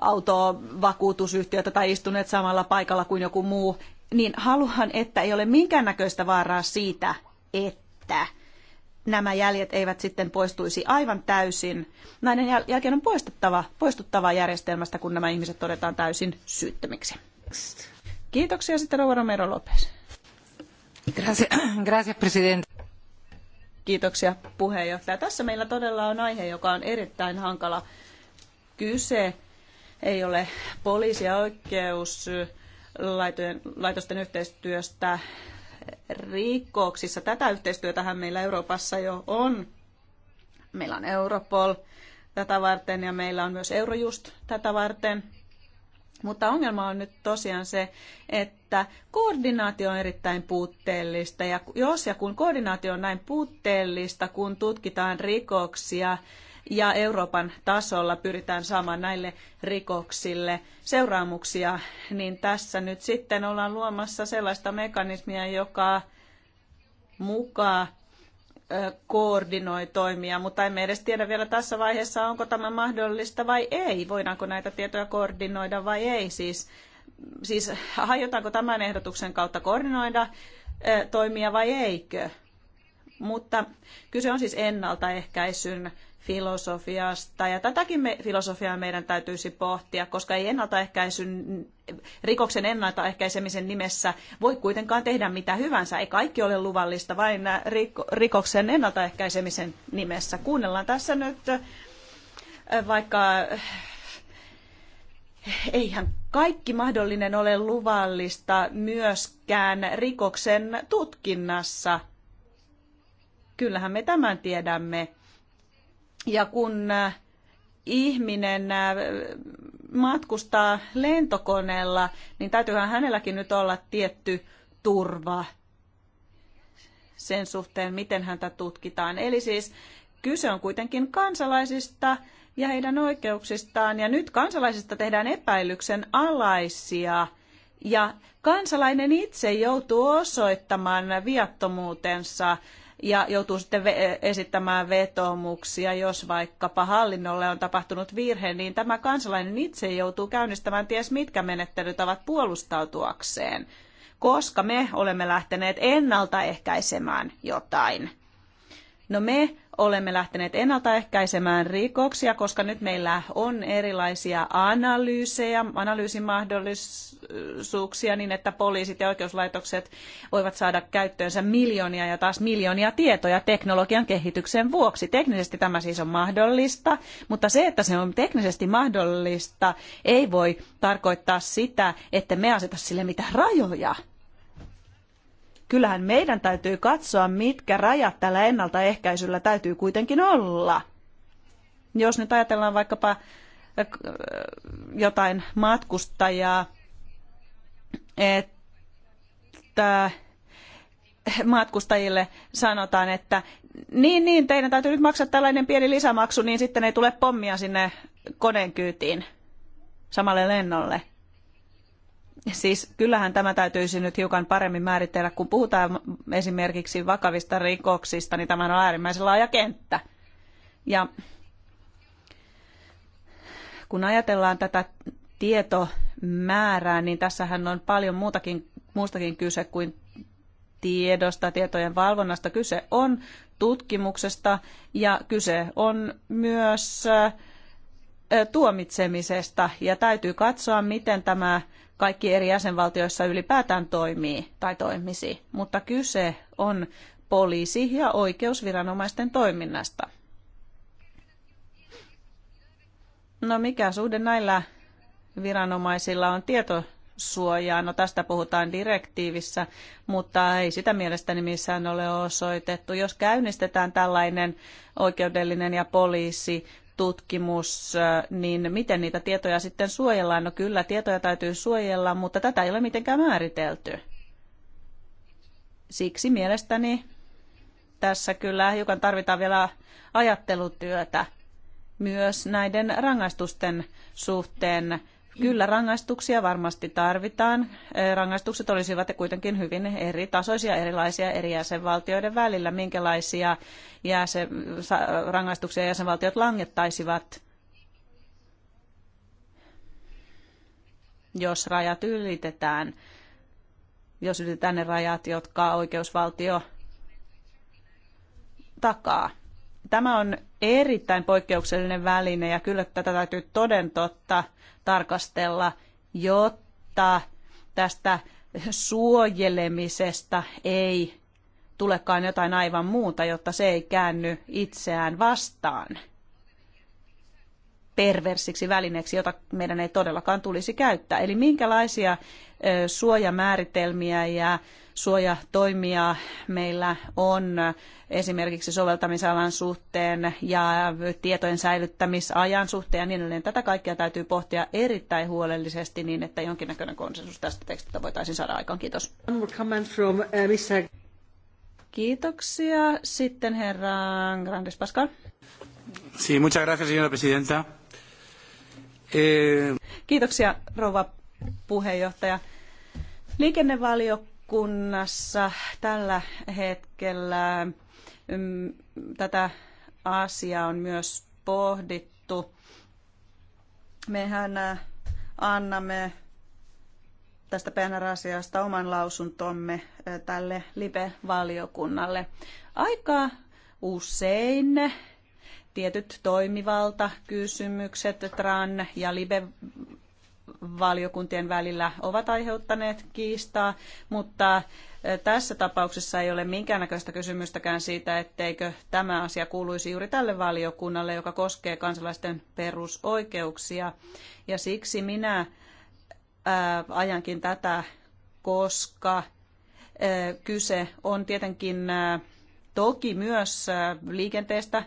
[SPEAKER 1] autovakuutusyhtiötä tai istuneet samalla paikalla kuin joku muu, niin haluan, että ei ole minkäännäköistä vaaraa siitä, että nämä jäljet eivät sitten poistuisi aivan täysin. Näiden jäl- jälkeen on poistettava, poistuttava järjestelmästä, kun nämä ihmiset todetaan täysin syyttömiksi. Kiitoksia sitten Rova Romero Lopez. Kiitoksia puheenjohtaja. Tässä meillä todella on aihe, joka on erittäin hankala. Kyse ei ole poliisi- ja laitosten yhteistyöstä, rikoksissa. Tätä yhteistyötähän meillä Euroopassa jo on. Meillä on Europol tätä varten ja meillä on myös Eurojust tätä varten. Mutta ongelma on nyt tosiaan se, että koordinaatio on erittäin puutteellista. Ja jos ja kun koordinaatio on näin puutteellista, kun tutkitaan rikoksia, ja Euroopan tasolla pyritään saamaan näille rikoksille seuraamuksia, niin tässä nyt sitten ollaan luomassa sellaista mekanismia, joka mukaan koordinoi toimia, mutta emme edes tiedä vielä tässä vaiheessa, onko tämä mahdollista vai ei. Voidaanko näitä tietoja koordinoida vai ei. Siis, siis hajotaanko tämän ehdotuksen kautta koordinoida toimia vai eikö? Mutta kyse on siis ennaltaehkäisyn filosofiasta. Ja tätäkin me, filosofiaa meidän täytyisi pohtia, koska ei ennaltaehkäisyn, rikoksen ennaltaehkäisemisen nimessä voi kuitenkaan tehdä mitä hyvänsä. Ei kaikki ole luvallista, vain rikoksen ennaltaehkäisemisen nimessä. Kuunnellaan tässä nyt vaikka eihän kaikki mahdollinen ole luvallista myöskään rikoksen tutkinnassa. Kyllähän me tämän tiedämme. Ja kun äh, ihminen äh, matkustaa lentokoneella, niin täytyyhän hänelläkin nyt olla tietty turva sen suhteen, miten häntä tutkitaan. Eli siis kyse on kuitenkin kansalaisista ja heidän oikeuksistaan. Ja nyt kansalaisista tehdään epäilyksen alaisia. Ja kansalainen itse joutuu osoittamaan viattomuutensa ja joutuu sitten esittämään vetoomuksia, jos vaikkapa hallinnolle on tapahtunut virhe, niin tämä kansalainen itse joutuu käynnistämään ties mitkä menettelytavat puolustautuakseen, koska me olemme lähteneet ennaltaehkäisemään jotain. No me olemme lähteneet ennaltaehkäisemään rikoksia, koska nyt meillä on erilaisia analyysejä, analyysimahdollisuuksia niin, että poliisit ja oikeuslaitokset voivat saada käyttöönsä miljoonia ja taas miljoonia tietoja teknologian kehityksen vuoksi. Teknisesti tämä siis on mahdollista, mutta se, että se on teknisesti mahdollista, ei voi tarkoittaa sitä, että me aseta sille mitään rajoja kyllähän meidän täytyy katsoa, mitkä rajat tällä ennaltaehkäisyllä täytyy kuitenkin olla. Jos nyt ajatellaan vaikkapa äh, äh, jotain matkustajaa, että matkustajille sanotaan, että niin, niin, teidän täytyy nyt maksaa tällainen pieni lisämaksu, niin sitten ei tule pommia sinne koneen kyytiin samalle lennolle. Siis kyllähän tämä täytyisi nyt hiukan paremmin määritellä, kun puhutaan esimerkiksi vakavista rikoksista, niin tämä on äärimmäisen laaja kenttä. Ja kun ajatellaan tätä tietomäärää, niin tässähän on paljon muutakin, muustakin kyse kuin tiedosta, tietojen valvonnasta. Kyse on tutkimuksesta ja kyse on myös tuomitsemisesta ja täytyy katsoa, miten tämä kaikki eri jäsenvaltioissa ylipäätään toimii tai toimisi, mutta kyse on poliisi- ja oikeusviranomaisten toiminnasta. No mikä suhde näillä viranomaisilla on tietosuojaa? No tästä puhutaan direktiivissä, mutta ei sitä mielestäni missään ole osoitettu. Jos käynnistetään tällainen oikeudellinen ja poliisi tutkimus, äh, niin miten niitä tietoja sitten suojellaan? No kyllä, tietoja täytyy suojella, mutta tätä ei ole mitenkään määritelty. Siksi mielestäni tässä kyllä hiukan tarvitaan vielä ajattelutyötä myös näiden rangaistusten suhteen Kyllä rangaistuksia varmasti tarvitaan. Rangaistukset olisivat kuitenkin hyvin eri tasoisia, erilaisia eri jäsenvaltioiden välillä. Minkälaisia jäsen, rangaistuksia jäsenvaltiot langettaisivat, jos rajat ylitetään? Jos ylitetään ne rajat, jotka oikeusvaltio takaa. Tämä on erittäin poikkeuksellinen väline ja kyllä tätä täytyy toden totta tarkastella, jotta tästä suojelemisesta ei tulekaan jotain aivan muuta, jotta se ei käänny itseään vastaan perversiksi välineeksi, jota meidän ei todellakaan tulisi käyttää. Eli minkälaisia suojamääritelmiä ja suojatoimia meillä on esimerkiksi soveltamisalan suhteen ja tietojen säilyttämisajan suhteen ja niin edelleen. Tätä kaikkea täytyy pohtia erittäin huolellisesti niin, että jonkinnäköinen konsensus tästä tekstistä voitaisiin saada aikaan. Kiitos. Kiitoksia. Sitten herra Grandes Pascal.
[SPEAKER 3] Sí, muchas gracias, señora presidenta. Eh,
[SPEAKER 1] kiitoksia rouva puheenjohtaja. Liikennevaliokunnassa tällä hetkellä mm, tätä asiaa on myös pohdittu. Mehän äh, annamme tästä PNR-asiasta oman lausuntomme äh, tälle live-valiokunnalle. Aika usein tietyt toimivaltakysymykset TRAN ja LIBE valiokuntien välillä ovat aiheuttaneet kiistaa, mutta e, tässä tapauksessa ei ole minkäännäköistä kysymystäkään siitä, etteikö tämä asia kuuluisi juuri tälle valiokunnalle, joka koskee kansalaisten perusoikeuksia. Ja siksi minä ää, e, ajankin tätä, koska ää, e, kyse on tietenkin ää, toki myös ää, liikenteestä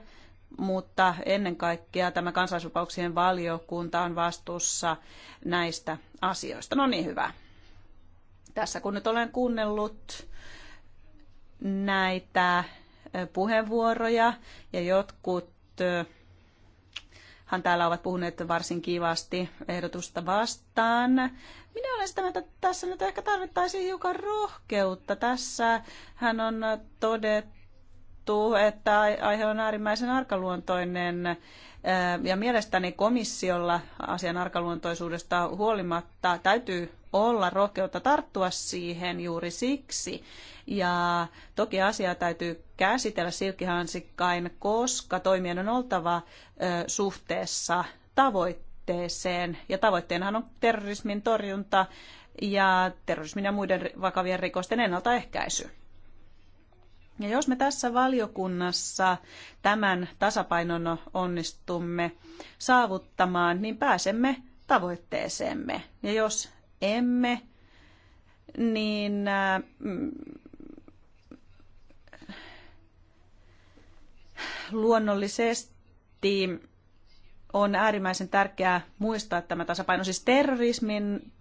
[SPEAKER 1] mutta ennen kaikkea tämä kansalaisvapauksien valiokunta on vastuussa näistä asioista. No niin, hyvä. Tässä kun nyt olen kuunnellut näitä puheenvuoroja ja jotkut hän täällä ovat puhuneet varsin kivasti ehdotusta vastaan. Minä olen sitä mieltä, että tässä nyt ehkä tarvittaisiin hiukan rohkeutta. Tässä hän on todettu, todettu, että aihe on äärimmäisen arkaluontoinen ja mielestäni komissiolla asian arkaluontoisuudesta huolimatta täytyy olla rohkeutta tarttua siihen juuri siksi. Ja toki asiaa täytyy käsitellä silkkihansikkain, koska toimien on oltava suhteessa tavoitteeseen. Ja tavoitteenahan on terrorismin torjunta ja terrorismin ja muiden vakavien rikosten ennaltaehkäisy. Ja jos me tässä valiokunnassa tämän tasapainon onnistumme saavuttamaan, niin pääsemme tavoitteeseemme. Ja jos emme, niin äh, luonnollisesti on äärimmäisen tärkeää muistaa tämä tasapaino. Siis terrorismin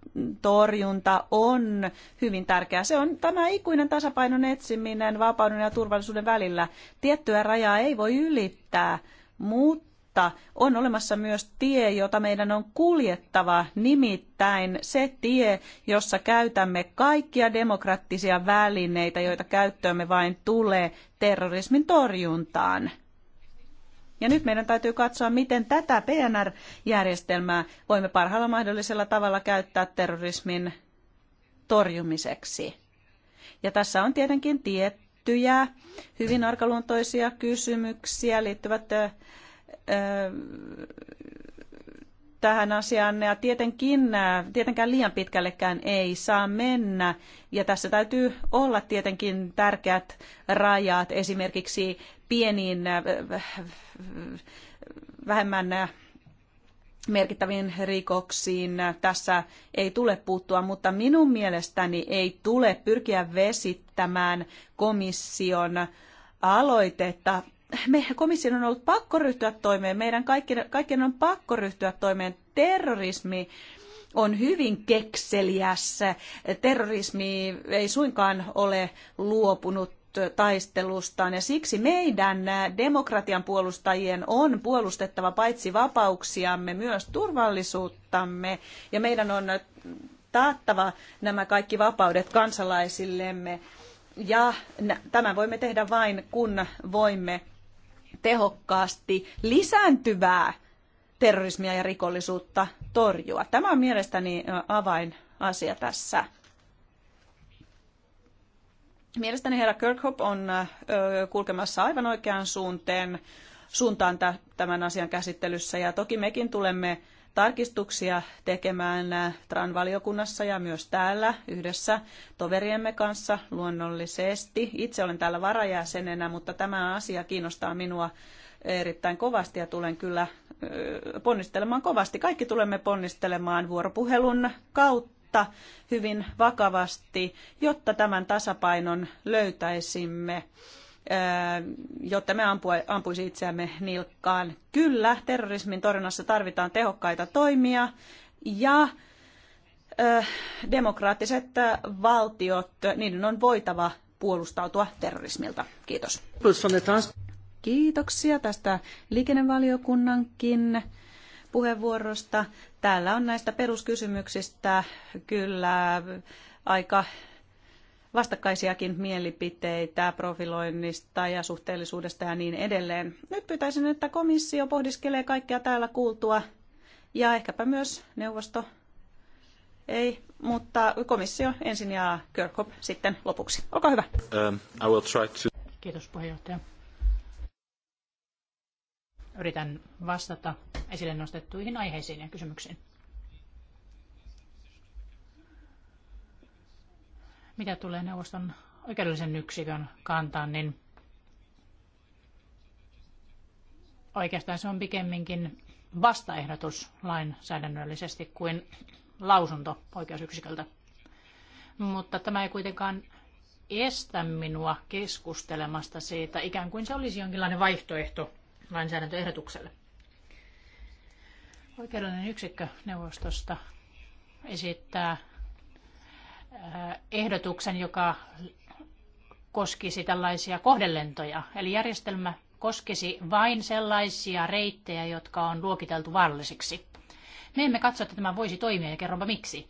[SPEAKER 1] torjunta on hyvin tärkeää. Se on tämä ikuinen tasapainon etsiminen vapauden ja turvallisuuden välillä. Tiettyä rajaa ei voi ylittää, mutta on olemassa myös tie, jota meidän on kuljettava, nimittäin se tie, jossa käytämme kaikkia demokraattisia välineitä, joita käyttöömme vain tulee terrorismin torjuntaan. Ja nyt meidän täytyy katsoa, miten tätä PNR-järjestelmää voimme parhaalla mahdollisella tavalla käyttää terrorismin torjumiseksi. Ja tässä on tietenkin tiettyjä hyvin arkaluontoisia kysymyksiä liittyvät ö, tähän asiaan. Ja tietenkin, tietenkään liian pitkällekään ei saa mennä. Ja tässä täytyy olla tietenkin tärkeät rajat esimerkiksi pieniin äh, äh, vähemmän äh, merkittäviin rikoksiin tässä ei tule puuttua, mutta minun mielestäni ei tule pyrkiä vesittämään komission aloitetta. Me, komission on ollut pakko ryhtyä toimeen, meidän kaikkien, kaikkien on pakko ryhtyä toimeen. Terrorismi on hyvin kekseliässä. Terrorismi ei suinkaan ole luopunut taistelustaan ja siksi meidän demokratian puolustajien on puolustettava paitsi vapauksiamme myös turvallisuuttamme ja meidän on taattava nämä kaikki vapaudet kansalaisillemme ja tämän voimme tehdä vain kun voimme tehokkaasti lisääntyvää terrorismia ja rikollisuutta torjua. Tämä on mielestäni avainasia tässä. Mielestäni herra Kirkhope on kulkemassa aivan oikeaan suuntaan, suuntaan tämän asian käsittelyssä ja toki mekin tulemme tarkistuksia tekemään TRAN-valiokunnassa ja myös täällä yhdessä toveriemme kanssa luonnollisesti. Itse olen täällä varajäsenenä, mutta tämä asia kiinnostaa minua erittäin kovasti ja tulen kyllä ponnistelemaan kovasti. Kaikki tulemme ponnistelemaan vuoropuhelun kautta tilannetta hyvin vakavasti, jotta tämän tasapainon löytäisimme äh, jotta me ampuisi itseämme nilkkaan. Kyllä, terrorismin torjunnassa tarvitaan tehokkaita toimia ja äh, demokraattiset valtiot, niiden on voitava puolustautua terrorismilta. Kiitos. Kiitoksia tästä liikennevaliokunnankin puheenvuorosta täällä on näistä peruskysymyksistä kyllä aika vastakkaisiakin mielipiteitä profiloinnista ja suhteellisuudesta ja niin edelleen. Nyt pyytäisin, että komissio pohdiskelee kaikkea täällä kuultua ja ehkäpä myös neuvosto. Ei, mutta komissio
[SPEAKER 3] ensin ja Kirkhope sitten lopuksi. Olkaa hyvä.
[SPEAKER 2] Um, I will try to...
[SPEAKER 3] Kiitos puheenjohtaja. Yritän vastata esille nostettuihin aiheisiin ja kysymyksiin. Mitä tulee neuvoston oikeudellisen yksikön kantaan, niin oikeastaan se on pikemminkin vastaehdotus lainsäädännöllisesti kuin lausunto oikeusyksiköltä. Mutta tämä ei kuitenkaan estä minua keskustelemasta siitä, ikään kuin se olisi jonkinlainen vaihtoehto lainsäädäntöehdotukselle. Oikeudellinen yksikkö neuvostosta esittää äh, ehdotuksen, joka koskisi tällaisia kohdelentoja. Eli järjestelmä koskisi vain sellaisia reittejä, jotka on luokiteltu vaarallisiksi. Me emme katso, että tämä voisi toimia ja kerronpa miksi.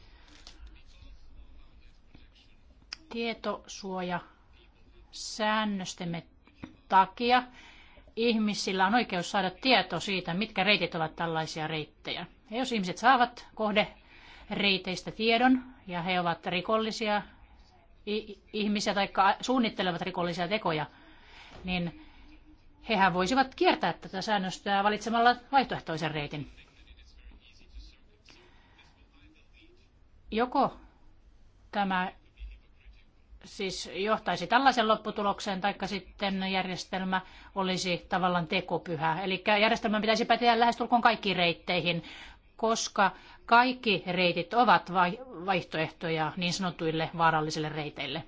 [SPEAKER 3] Tietosuoja säännöstemme takia ihmisillä on oikeus saada tieto siitä, mitkä reitit ovat tällaisia reittejä. Ja jos ihmiset saavat kohde reiteistä tiedon ja he ovat rikollisia ihmisiä tai suunnittelevat rikollisia tekoja, niin hehän voisivat kiertää tätä säännöstöä valitsemalla vaihtoehtoisen reitin. Joko tämä siis johtaisi tällaisen lopputulokseen, taikka sitten järjestelmä olisi tavallaan tekopyhä. Eli järjestelmä pitäisi päteä lähestulkoon kaikkiin reitteihin, koska kaikki reitit ovat vaihtoehtoja niin sanotuille vaarallisille reiteille.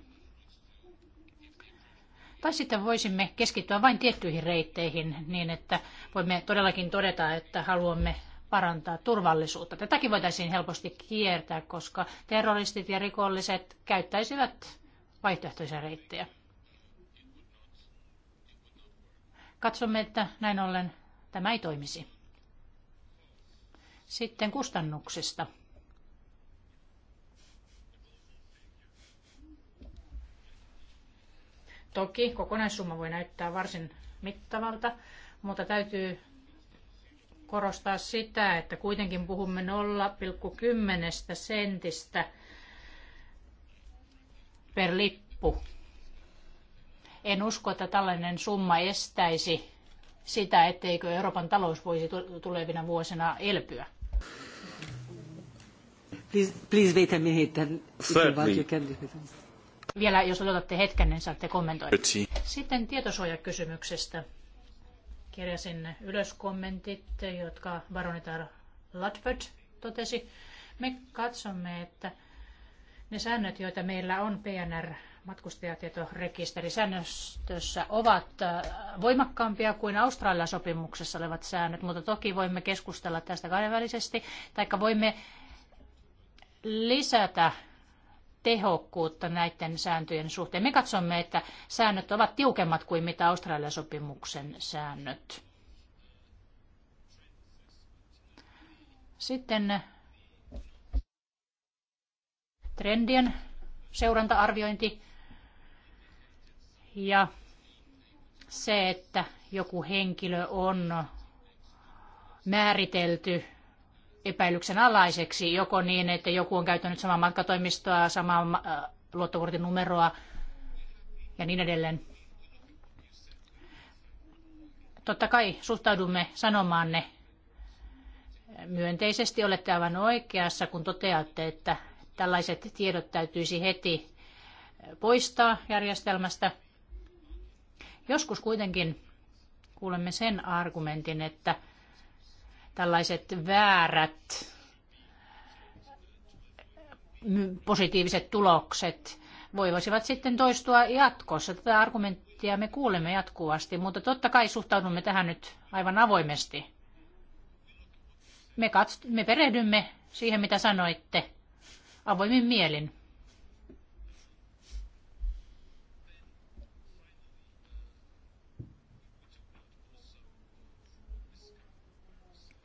[SPEAKER 3] Tai sitten voisimme keskittyä vain tiettyihin reitteihin niin, että voimme todellakin todeta, että haluamme parantaa turvallisuutta. Tätäkin voitaisiin helposti kiertää, koska terroristit ja rikolliset käyttäisivät vaihtoehtoisia reittejä. Katsomme, että näin ollen tämä ei toimisi. Sitten kustannuksista. Toki kokonaissumma voi näyttää varsin mittavalta, mutta täytyy korostaa sitä, että kuitenkin puhumme 0,10 sentistä – per lippu. En usko, että tällainen summa estäisi sitä, etteikö Euroopan talous voisi tulevina vuosina elpyä. Please, please wait a minute. Vielä jos odotatte hetken, niin saatte kommentoida. Sitten tietosuojakysymyksestä. Kirjasin ylös kommentit, jotka baronitar Ludford totesi. Me katsomme, että ne säännöt, joita meillä on PNR matkustajatietorekisterisäännöstössä ovat äh, voimakkaampia kuin Australian sopimuksessa olevat säännöt, mutta toki voimme keskustella tästä kahdenvälisesti, tai voimme lisätä tehokkuutta näiden sääntöjen suhteen. Me katsomme, että säännöt ovat tiukemmat kuin mitä Australian sopimuksen säännöt. Sitten trendien seurantaarviointi ja se, että joku henkilö on määritelty epäilyksen alaiseksi, joko niin, että joku on käyttänyt samaa matkatoimistoa, samaa äh, luottokortin numeroa ja niin edelleen. Totta kai suhtaudumme sanomaanne myönteisesti. Olette aivan oikeassa, kun toteatte, että Tällaiset tiedot täytyisi heti poistaa järjestelmästä. Joskus kuitenkin kuulemme sen argumentin, että tällaiset väärät mm, positiiviset tulokset voivat sitten toistua jatkossa. Tätä argumenttia me kuulemme jatkuvasti, mutta totta kai suhtaudumme tähän nyt aivan avoimesti. Me, katso, me perehdymme siihen, mitä sanoitte, avoimin mielin.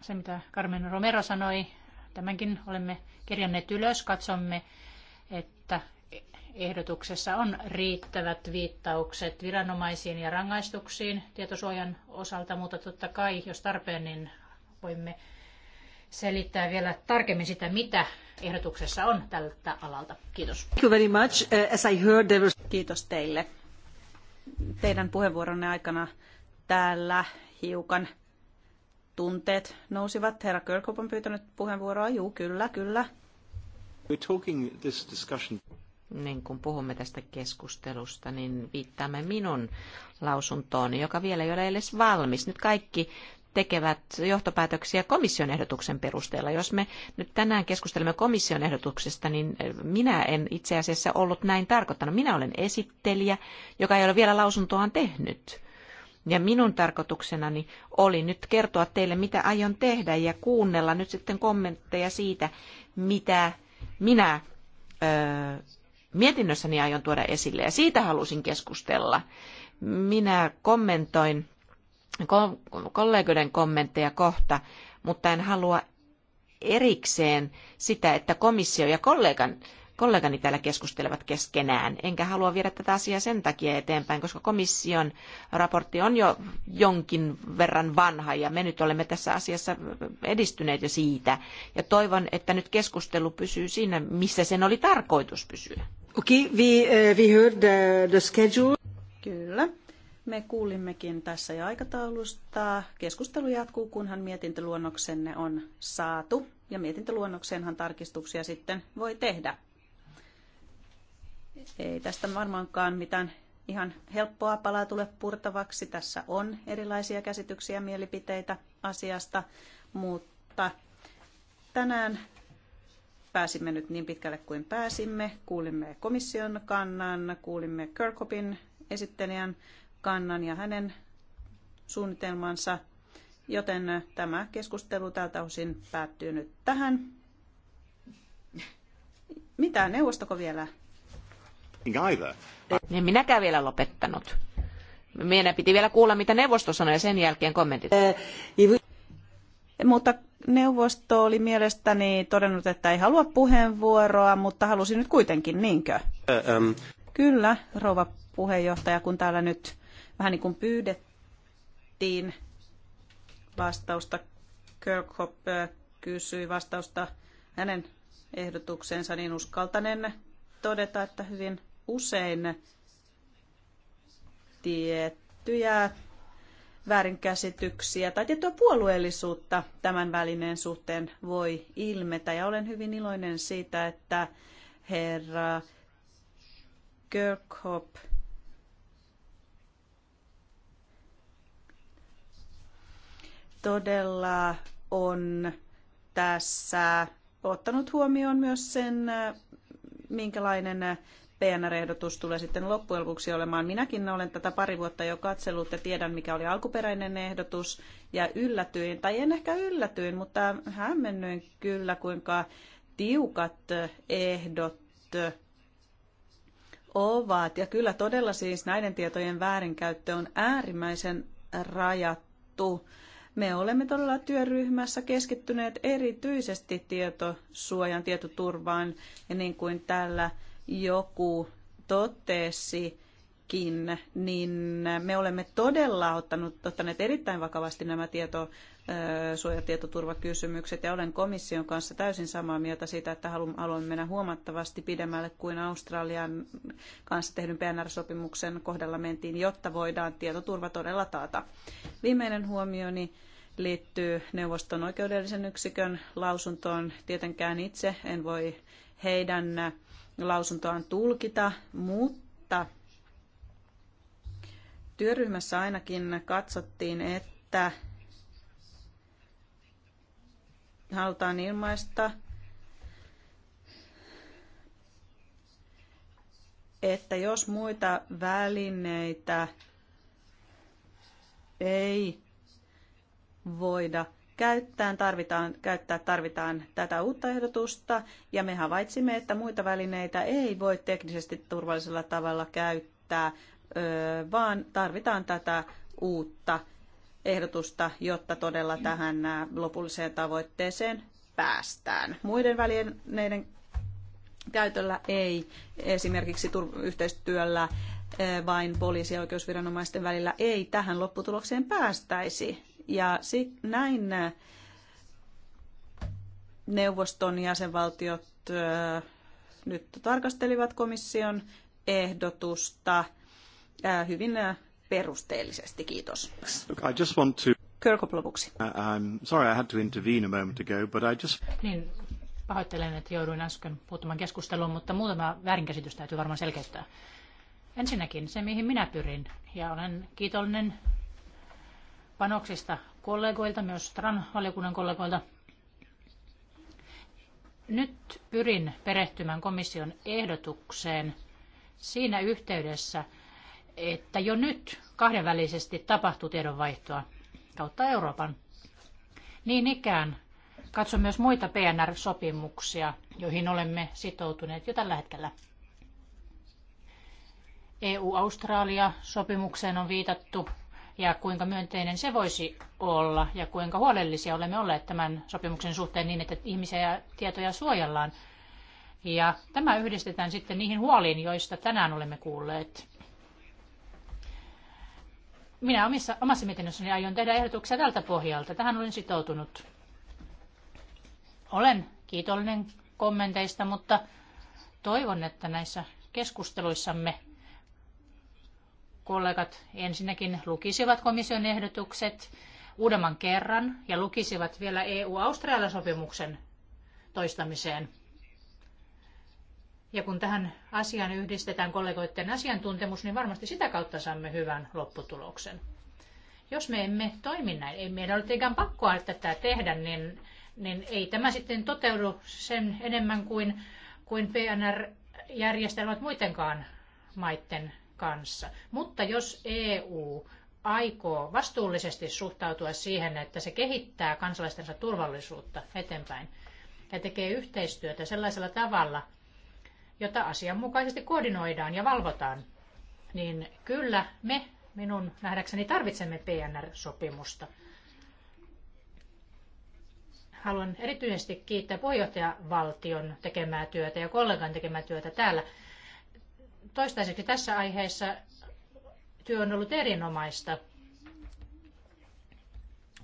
[SPEAKER 3] Se, mitä Carmen Romero sanoi, tämänkin olemme kirjanneet ylös. Katsomme, että ehdotuksessa on riittävät viittaukset viranomaisiin ja rangaistuksiin tietosuojan osalta, mutta totta kai, jos tarpeen, niin voimme selittää vielä tarkemmin sitä, mitä ehdotuksessa on tältä alalta. Kiitos. Thank you very
[SPEAKER 1] much. Uh, as I heard, there was... Kiitos teille. Teidän puheenvuoronne aikana täällä hiukan tunteet nousivat. Herra Kirkhope on pyytänyt puheenvuoroa. Juu, kyllä, kyllä.
[SPEAKER 2] We're talking this discussion niin kun puhumme tästä keskustelusta, niin viittaamme minun lausuntooni, joka vielä ei ole edes valmis. Nyt kaikki tekevät johtopäätöksiä komission ehdotuksen perusteella. Jos me nyt tänään keskustelemme komission ehdotuksesta, niin minä en itse asiassa ollut näin tarkoittanut. Minä olen esittelijä, joka ei ole vielä lausuntoaan tehnyt. Ja minun tarkoituksenani oli nyt kertoa teille, mitä aion tehdä ja kuunnella nyt sitten kommentteja siitä, mitä minä öö, mietinnössäni aion tuoda esille. Ja siitä halusin keskustella. Minä kommentoin kollegoiden kommentteja kohta, mutta en halua erikseen sitä, että komissio ja kollegan, kollegani täällä keskustelevat keskenään. Enkä halua viedä tätä asiaa sen takia eteenpäin, koska komission raportti on jo jonkin verran vanha ja me nyt olemme tässä asiassa edistyneet jo siitä. Ja toivon, että nyt keskustelu pysyy siinä, missä sen oli tarkoitus pysyä.
[SPEAKER 3] Okei, okay, we, uh, we heard the, the schedule.
[SPEAKER 1] Kyllä. Me kuulimmekin tässä ja aikataulusta. Keskustelu jatkuu, kunhan mietintöluonnoksenne on saatu. Ja mietintöluonnokseenhan tarkistuksia sitten voi tehdä. Ei tästä varmaankaan mitään ihan helppoa palaa tule purtavaksi. Tässä on erilaisia käsityksiä ja mielipiteitä asiasta, mutta tänään pääsimme nyt niin pitkälle kuin pääsimme. Kuulimme komission kannan, kuulimme Kirkopin esittelijän kannan ja hänen suunnitelmansa, joten tämä keskustelu tältä osin päättyy nyt tähän. Mitä, neuvostoko vielä?
[SPEAKER 2] En minäkään vielä lopettanut. Meidän piti vielä kuulla,
[SPEAKER 1] mitä neuvosto sanoi ja sen jälkeen kommentit. Eh, niin mutta neuvosto oli mielestäni todennut, että ei halua puheenvuoroa, mutta halusi nyt kuitenkin, niinkö?
[SPEAKER 3] Eh,
[SPEAKER 1] Kyllä, rouva puheenjohtaja, kun täällä nyt vähän niin kuin pyydettiin vastausta. Kirkhop kysyi vastausta hänen ehdotuksensa, niin uskaltanen todeta, että hyvin usein tiettyjä väärinkäsityksiä tai tiettyä puolueellisuutta tämän välineen suhteen voi ilmetä. Ja olen hyvin iloinen siitä, että herra Kirkhope todella on tässä ottanut huomioon myös sen, minkälainen PNR-ehdotus tulee sitten loppujen lopuksi olemaan. Minäkin olen tätä pari vuotta jo katsellut ja tiedän, mikä oli alkuperäinen ehdotus ja yllätyin, tai en ehkä yllätyin, mutta hämmennyin kyllä, kuinka tiukat ehdot ovat. Ja kyllä todella siis näiden tietojen väärinkäyttö on äärimmäisen rajattu me olemme todella työryhmässä keskittyneet erityisesti tietosuojan, tietoturvaan ja niin kuin täällä joku totesikin, niin me olemme todella ottanut, ottaneet erittäin vakavasti nämä tieto suojatietoturvakysymykset. Ja olen komission kanssa täysin samaa mieltä siitä, että haluamme mennä huomattavasti pidemmälle kuin Australian kanssa tehdyn PNR-sopimuksen kohdalla mentiin, jotta voidaan tietoturva todella taata. Viimeinen huomioni liittyy neuvoston oikeudellisen yksikön lausuntoon. Tietenkään itse en voi heidän lausuntoaan tulkita, mutta työryhmässä ainakin katsottiin, että halutaan ilmaista, että jos muita välineitä ei voida käyttää, tarvitaan, käyttää, tarvitaan tätä uutta ehdotusta ja me havaitsimme, että muita välineitä ei voi teknisesti turvallisella tavalla käyttää, vaan tarvitaan tätä uutta ehdotusta, jotta todella tähän lopulliseen tavoitteeseen päästään. Muiden välineiden käytöllä ei, esimerkiksi yhteistyöllä vain poliisi- ja oikeusviranomaisten välillä ei tähän lopputulokseen päästäisi. Ja sit näin neuvoston jäsenvaltiot nyt tarkastelivat komission ehdotusta hyvin perusteellisesti. Kiitos.
[SPEAKER 3] I just want to... lopuksi. I'm uh, um, sorry I had to intervene a moment ago, but I just... Niin, pahoittelen, että jouduin äsken puuttumaan keskusteluun, mutta muutama väärinkäsitys täytyy varmaan selkeyttää. Ensinnäkin se, mihin minä pyrin, ja olen kiitollinen panoksista kollegoilta, myös TRAN-valiokunnan kollegoilta. Nyt pyrin perehtymään komission ehdotukseen siinä yhteydessä, että jo nyt kahdenvälisesti tapahtuu tiedonvaihtoa kautta Euroopan. Niin ikään katso myös muita PNR-sopimuksia, joihin olemme sitoutuneet jo tällä hetkellä. EU-Australia-sopimukseen on viitattu ja kuinka myönteinen se voisi olla ja kuinka huolellisia olemme olleet tämän sopimuksen suhteen niin, että ihmisiä ja tietoja suojellaan. Ja tämä yhdistetään sitten niihin huoliin, joista tänään olemme kuulleet. Minä omissa, omassa mietinnössäni aion tehdä ehdotuksia tältä pohjalta. Tähän olen sitoutunut. Olen kiitollinen kommenteista, mutta toivon, että näissä keskusteluissamme kollegat ensinnäkin lukisivat komission ehdotukset uudemman kerran ja lukisivat vielä EU-Australia-sopimuksen toistamiseen – ja kun tähän asiaan yhdistetään kollegoiden asiantuntemus, niin varmasti sitä kautta saamme hyvän lopputuloksen. Jos me emme toimi näin, ei meidän ole tietenkään pakkoa tätä tehdä, niin, niin ei tämä sitten toteudu sen enemmän kuin, kuin PNR-järjestelmät muidenkaan maiden kanssa. Mutta jos EU aikoo vastuullisesti suhtautua siihen, että se kehittää kansalaistensa turvallisuutta eteenpäin ja tekee yhteistyötä sellaisella tavalla, jota asianmukaisesti koordinoidaan ja valvotaan, niin kyllä me minun nähdäkseni tarvitsemme PNR-sopimusta. Haluan erityisesti kiittää puheenjohtajavaltion tekemää työtä ja kollegan tekemää työtä täällä. Toistaiseksi tässä aiheessa työ on ollut erinomaista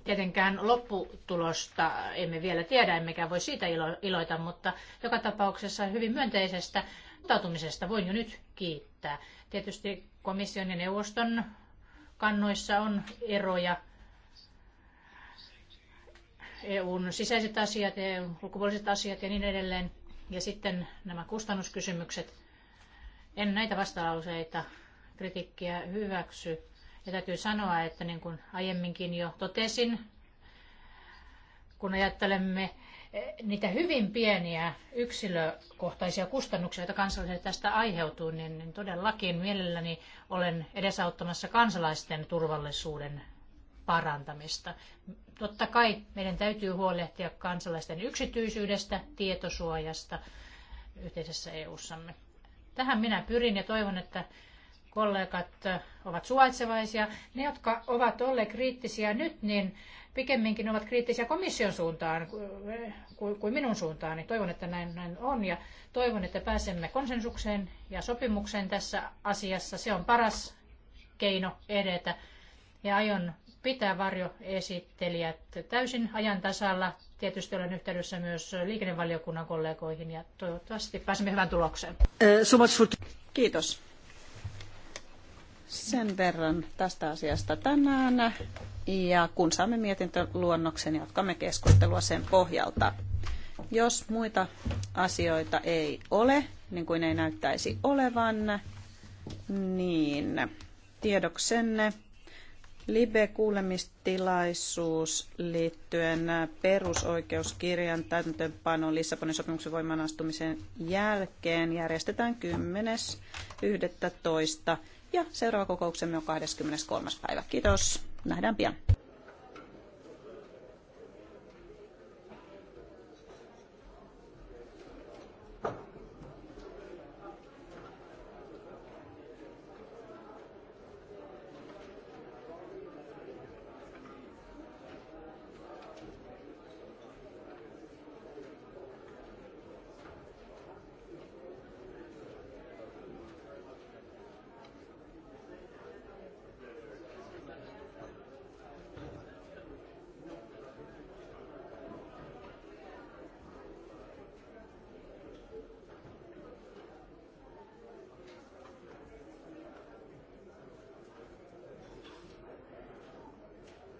[SPEAKER 3] Tietenkään lopputulosta emme vielä tiedä, emmekä voi siitä ilo- iloita, mutta joka tapauksessa hyvin myönteisestä suhtautumisesta voin jo nyt kiittää. Tietysti komission ja neuvoston kannoissa on eroja. EUn sisäiset asiat, EUn ulkopuoliset asiat ja niin edelleen. Ja sitten nämä kustannuskysymykset. En näitä vastalauseita, kritiikkiä hyväksy ja täytyy sanoa, että niin kuin aiemminkin jo totesin, kun ajattelemme eh, niitä hyvin pieniä yksilökohtaisia kustannuksia, joita kansalaisille tästä aiheutuu, niin, niin todellakin mielelläni olen edesauttamassa kansalaisten turvallisuuden parantamista. Totta kai meidän täytyy huolehtia kansalaisten yksityisyydestä, tietosuojasta yhteisessä eu ssamme Tähän minä pyrin ja toivon, että kollegat ovat suvaitsevaisia. Ne, jotka ovat olleet kriittisiä nyt, niin pikemminkin ovat kriittisiä komission suuntaan kuin minun suuntaan. Niin toivon, että näin, näin on ja toivon, että pääsemme konsensukseen ja sopimukseen tässä asiassa. Se on paras keino edetä. Ja aion pitää varjoesittelijät täysin ajan tasalla. Tietysti olen yhteydessä myös liikennevaliokunnan kollegoihin ja toivottavasti pääsemme hyvään tulokseen. Eh,
[SPEAKER 1] Kiitos sen verran tästä asiasta tänään. Ja kun saamme mietintöluonnoksen, jatkamme keskustelua sen pohjalta. Jos muita asioita ei ole, niin kuin ei näyttäisi olevan, niin tiedoksenne Libe-kuulemistilaisuus liittyen perusoikeuskirjan täytäntöönpanoon Lissabonin sopimuksen voimaan astumisen jälkeen järjestetään 10.11 ja seuraava kokouksemme on 23. päivä. Kiitos. Nähdään pian.